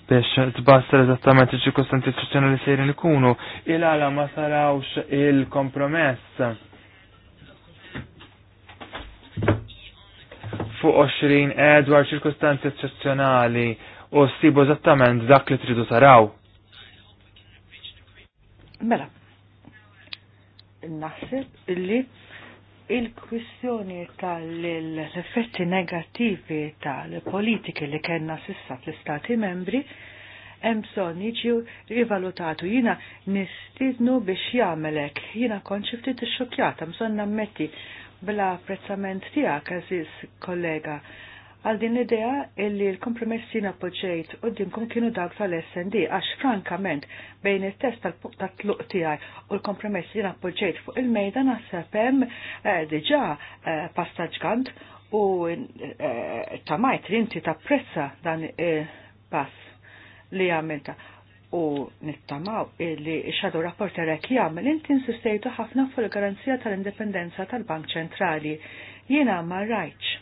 biex tbassar eżattament iċ ċirkostanti li sejrin ikunu, il-għala ma sarawx il-kompromess fuq 20 edwar eh, ċirkostanzi eccezzjonali u ssibu eżattament dak li tridu taraw. Mela, naħseb li il-kwistjoni tal-effetti negativi tal-politiki li kena sissa fl-Stati membri hemm bżonn jiġu rivalutatu. Jiena nistidnu biex jagħmelek. Jiena konċifti t ftit ixxokjata, bżonn nammetti bla apprezzament tiegħek eżis kollega għal din l-idea illi l-kompromessi napoġġejt u dinkum kienu dawk tal-SND għax frankament bejn il-test tal-tluq tiegħi u l-kompromessi napoġġejt fuq il-mejda naħseb hemm eh, diġà eh, passaġġ kant u eh, tamajt rinti inti tapprezza dan pass li għamilta u nittamaw illi xadu rapporterek jgħamil inti insistejtu ħafna fuq il-garanzija tal-indipendenza tal-Bank Ċentrali. Jiena ma rajċ.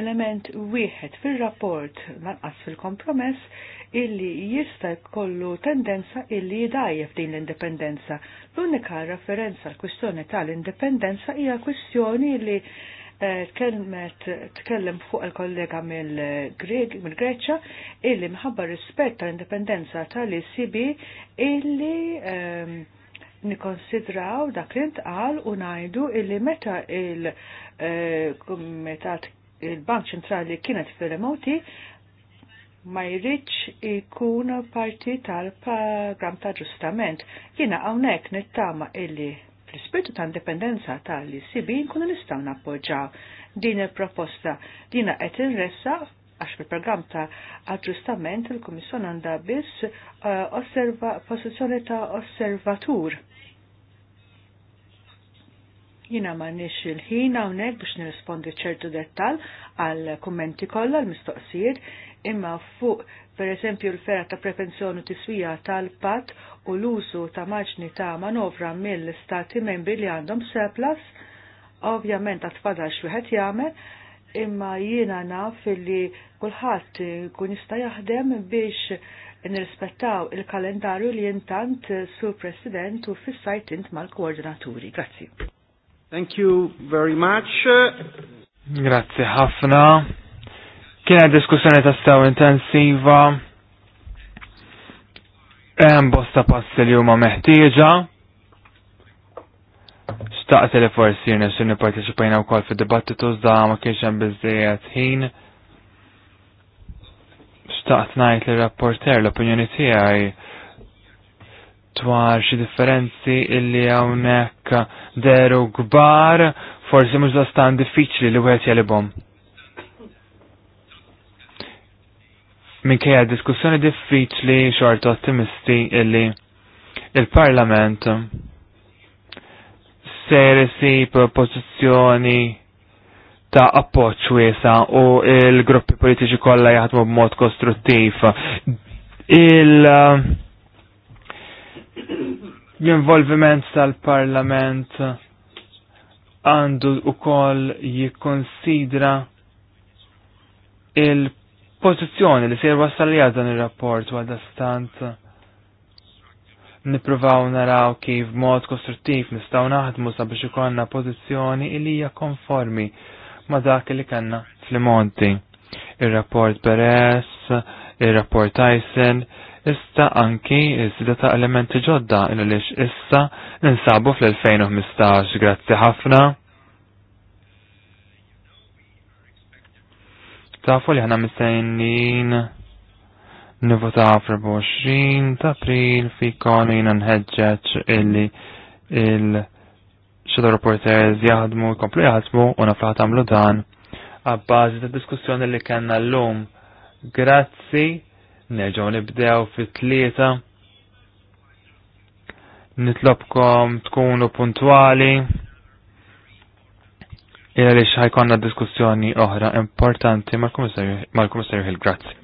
Element wieħed fil-rapport lanqas fil-kompromess illi jista' jkollu tendenza illi jidajjef din l-indipendenza. L-unika referenza l-kwistjoni tal-indipendenza hija kwistjoni li tkellem fuq il-kollega mill mill-Greċja, illi mħabba rispett tal-indipendenza tal-ICB illi ehm, nikonsidraw dak li ntqal u ngħidu illi meta il eh, bank Ċentrali kienet fil-remoti ma jridx ikun parti tal-program ta' ġustament. Jiena hawnhekk nittama illi fl-ispirtu ta' indipendenza tal sibi nkunu nistgħu nappoġġaw din il-proposta. Dina qed inressa għax fil-programm ta' aġġustament il-Kummissjoni għandha biss eh, osserva pożizzjoni ta' osservatur. Jina ma nix il-ħin hawnhekk biex nirrispondi ċertu dettal għal kummenti kollha l-mistoqsijiet imma fuq per l-fera ta' prevenzjoni tiswija tal-pat u l-usu ta' maġni ta' manovra mill-stati membri li għandhom surplus, ovvjament ta' fadal xwieħed jagħmel, imma jiena naf li kulħadd kun jista' jaħdem biex nirrispettaw il-kalendarju li jintant sur President u fissajt int mal-koordinaturi. Grazzi. Thank you very much. Grazzi ħafna. Kienet diskussjoni ta' staw intensiva Hemm bosta passi li huma meħtieġa. Xtaqt li forsi xi nipparteċipajna wkoll fid-dibattitu żda ma kienx hemm biżejjed ħin. Xtaqt ngħid li rapporter l-opinjoni tiegħi dwar xi differenzi illi hawnhekk deru kbar forsi mhux dastan diffiċli li wieħed jelibhom. minkejja diskussjoni diffiċli xorta ottimisti illi il-Parlament ser isib ta' appoġġ wiesa u il-gruppi politiċi kollha jaħdmu b'mod kostruttiv. Il uh, l-involviment tal-Parlament għandu u koll jikkonsidra il pożizzjoni li sejru wassal li dan ir-rapport għal stant niprovaw naraw kif mod kostruttiv nistgħu naħdmu sabiex ikonna pożizzjoni li hija konformi ma dak li kanna fl-monti. Ir-rapport Beres, ir-rapport Tyson, issa anki iżda ta' elementi ġodda il-lix issa ninsabu fl-2015. Grazzi ħafna. Tafu li ħana mistejnin nivota 24 ta' april fi kon jina nħedġeċ illi il-xedda reporters jaħdmu, komplu jahdmu, u naflaħt għamlu dan għabbażi ta' diskussjoni li kanna l-lum. Grazzi, nerġaw nibdew fit-tlieta nitlobkom tkunu puntuali. Ila għaliex ħajkonna diskussjoni oħra importanti mal komissarju Hill. Grazzi.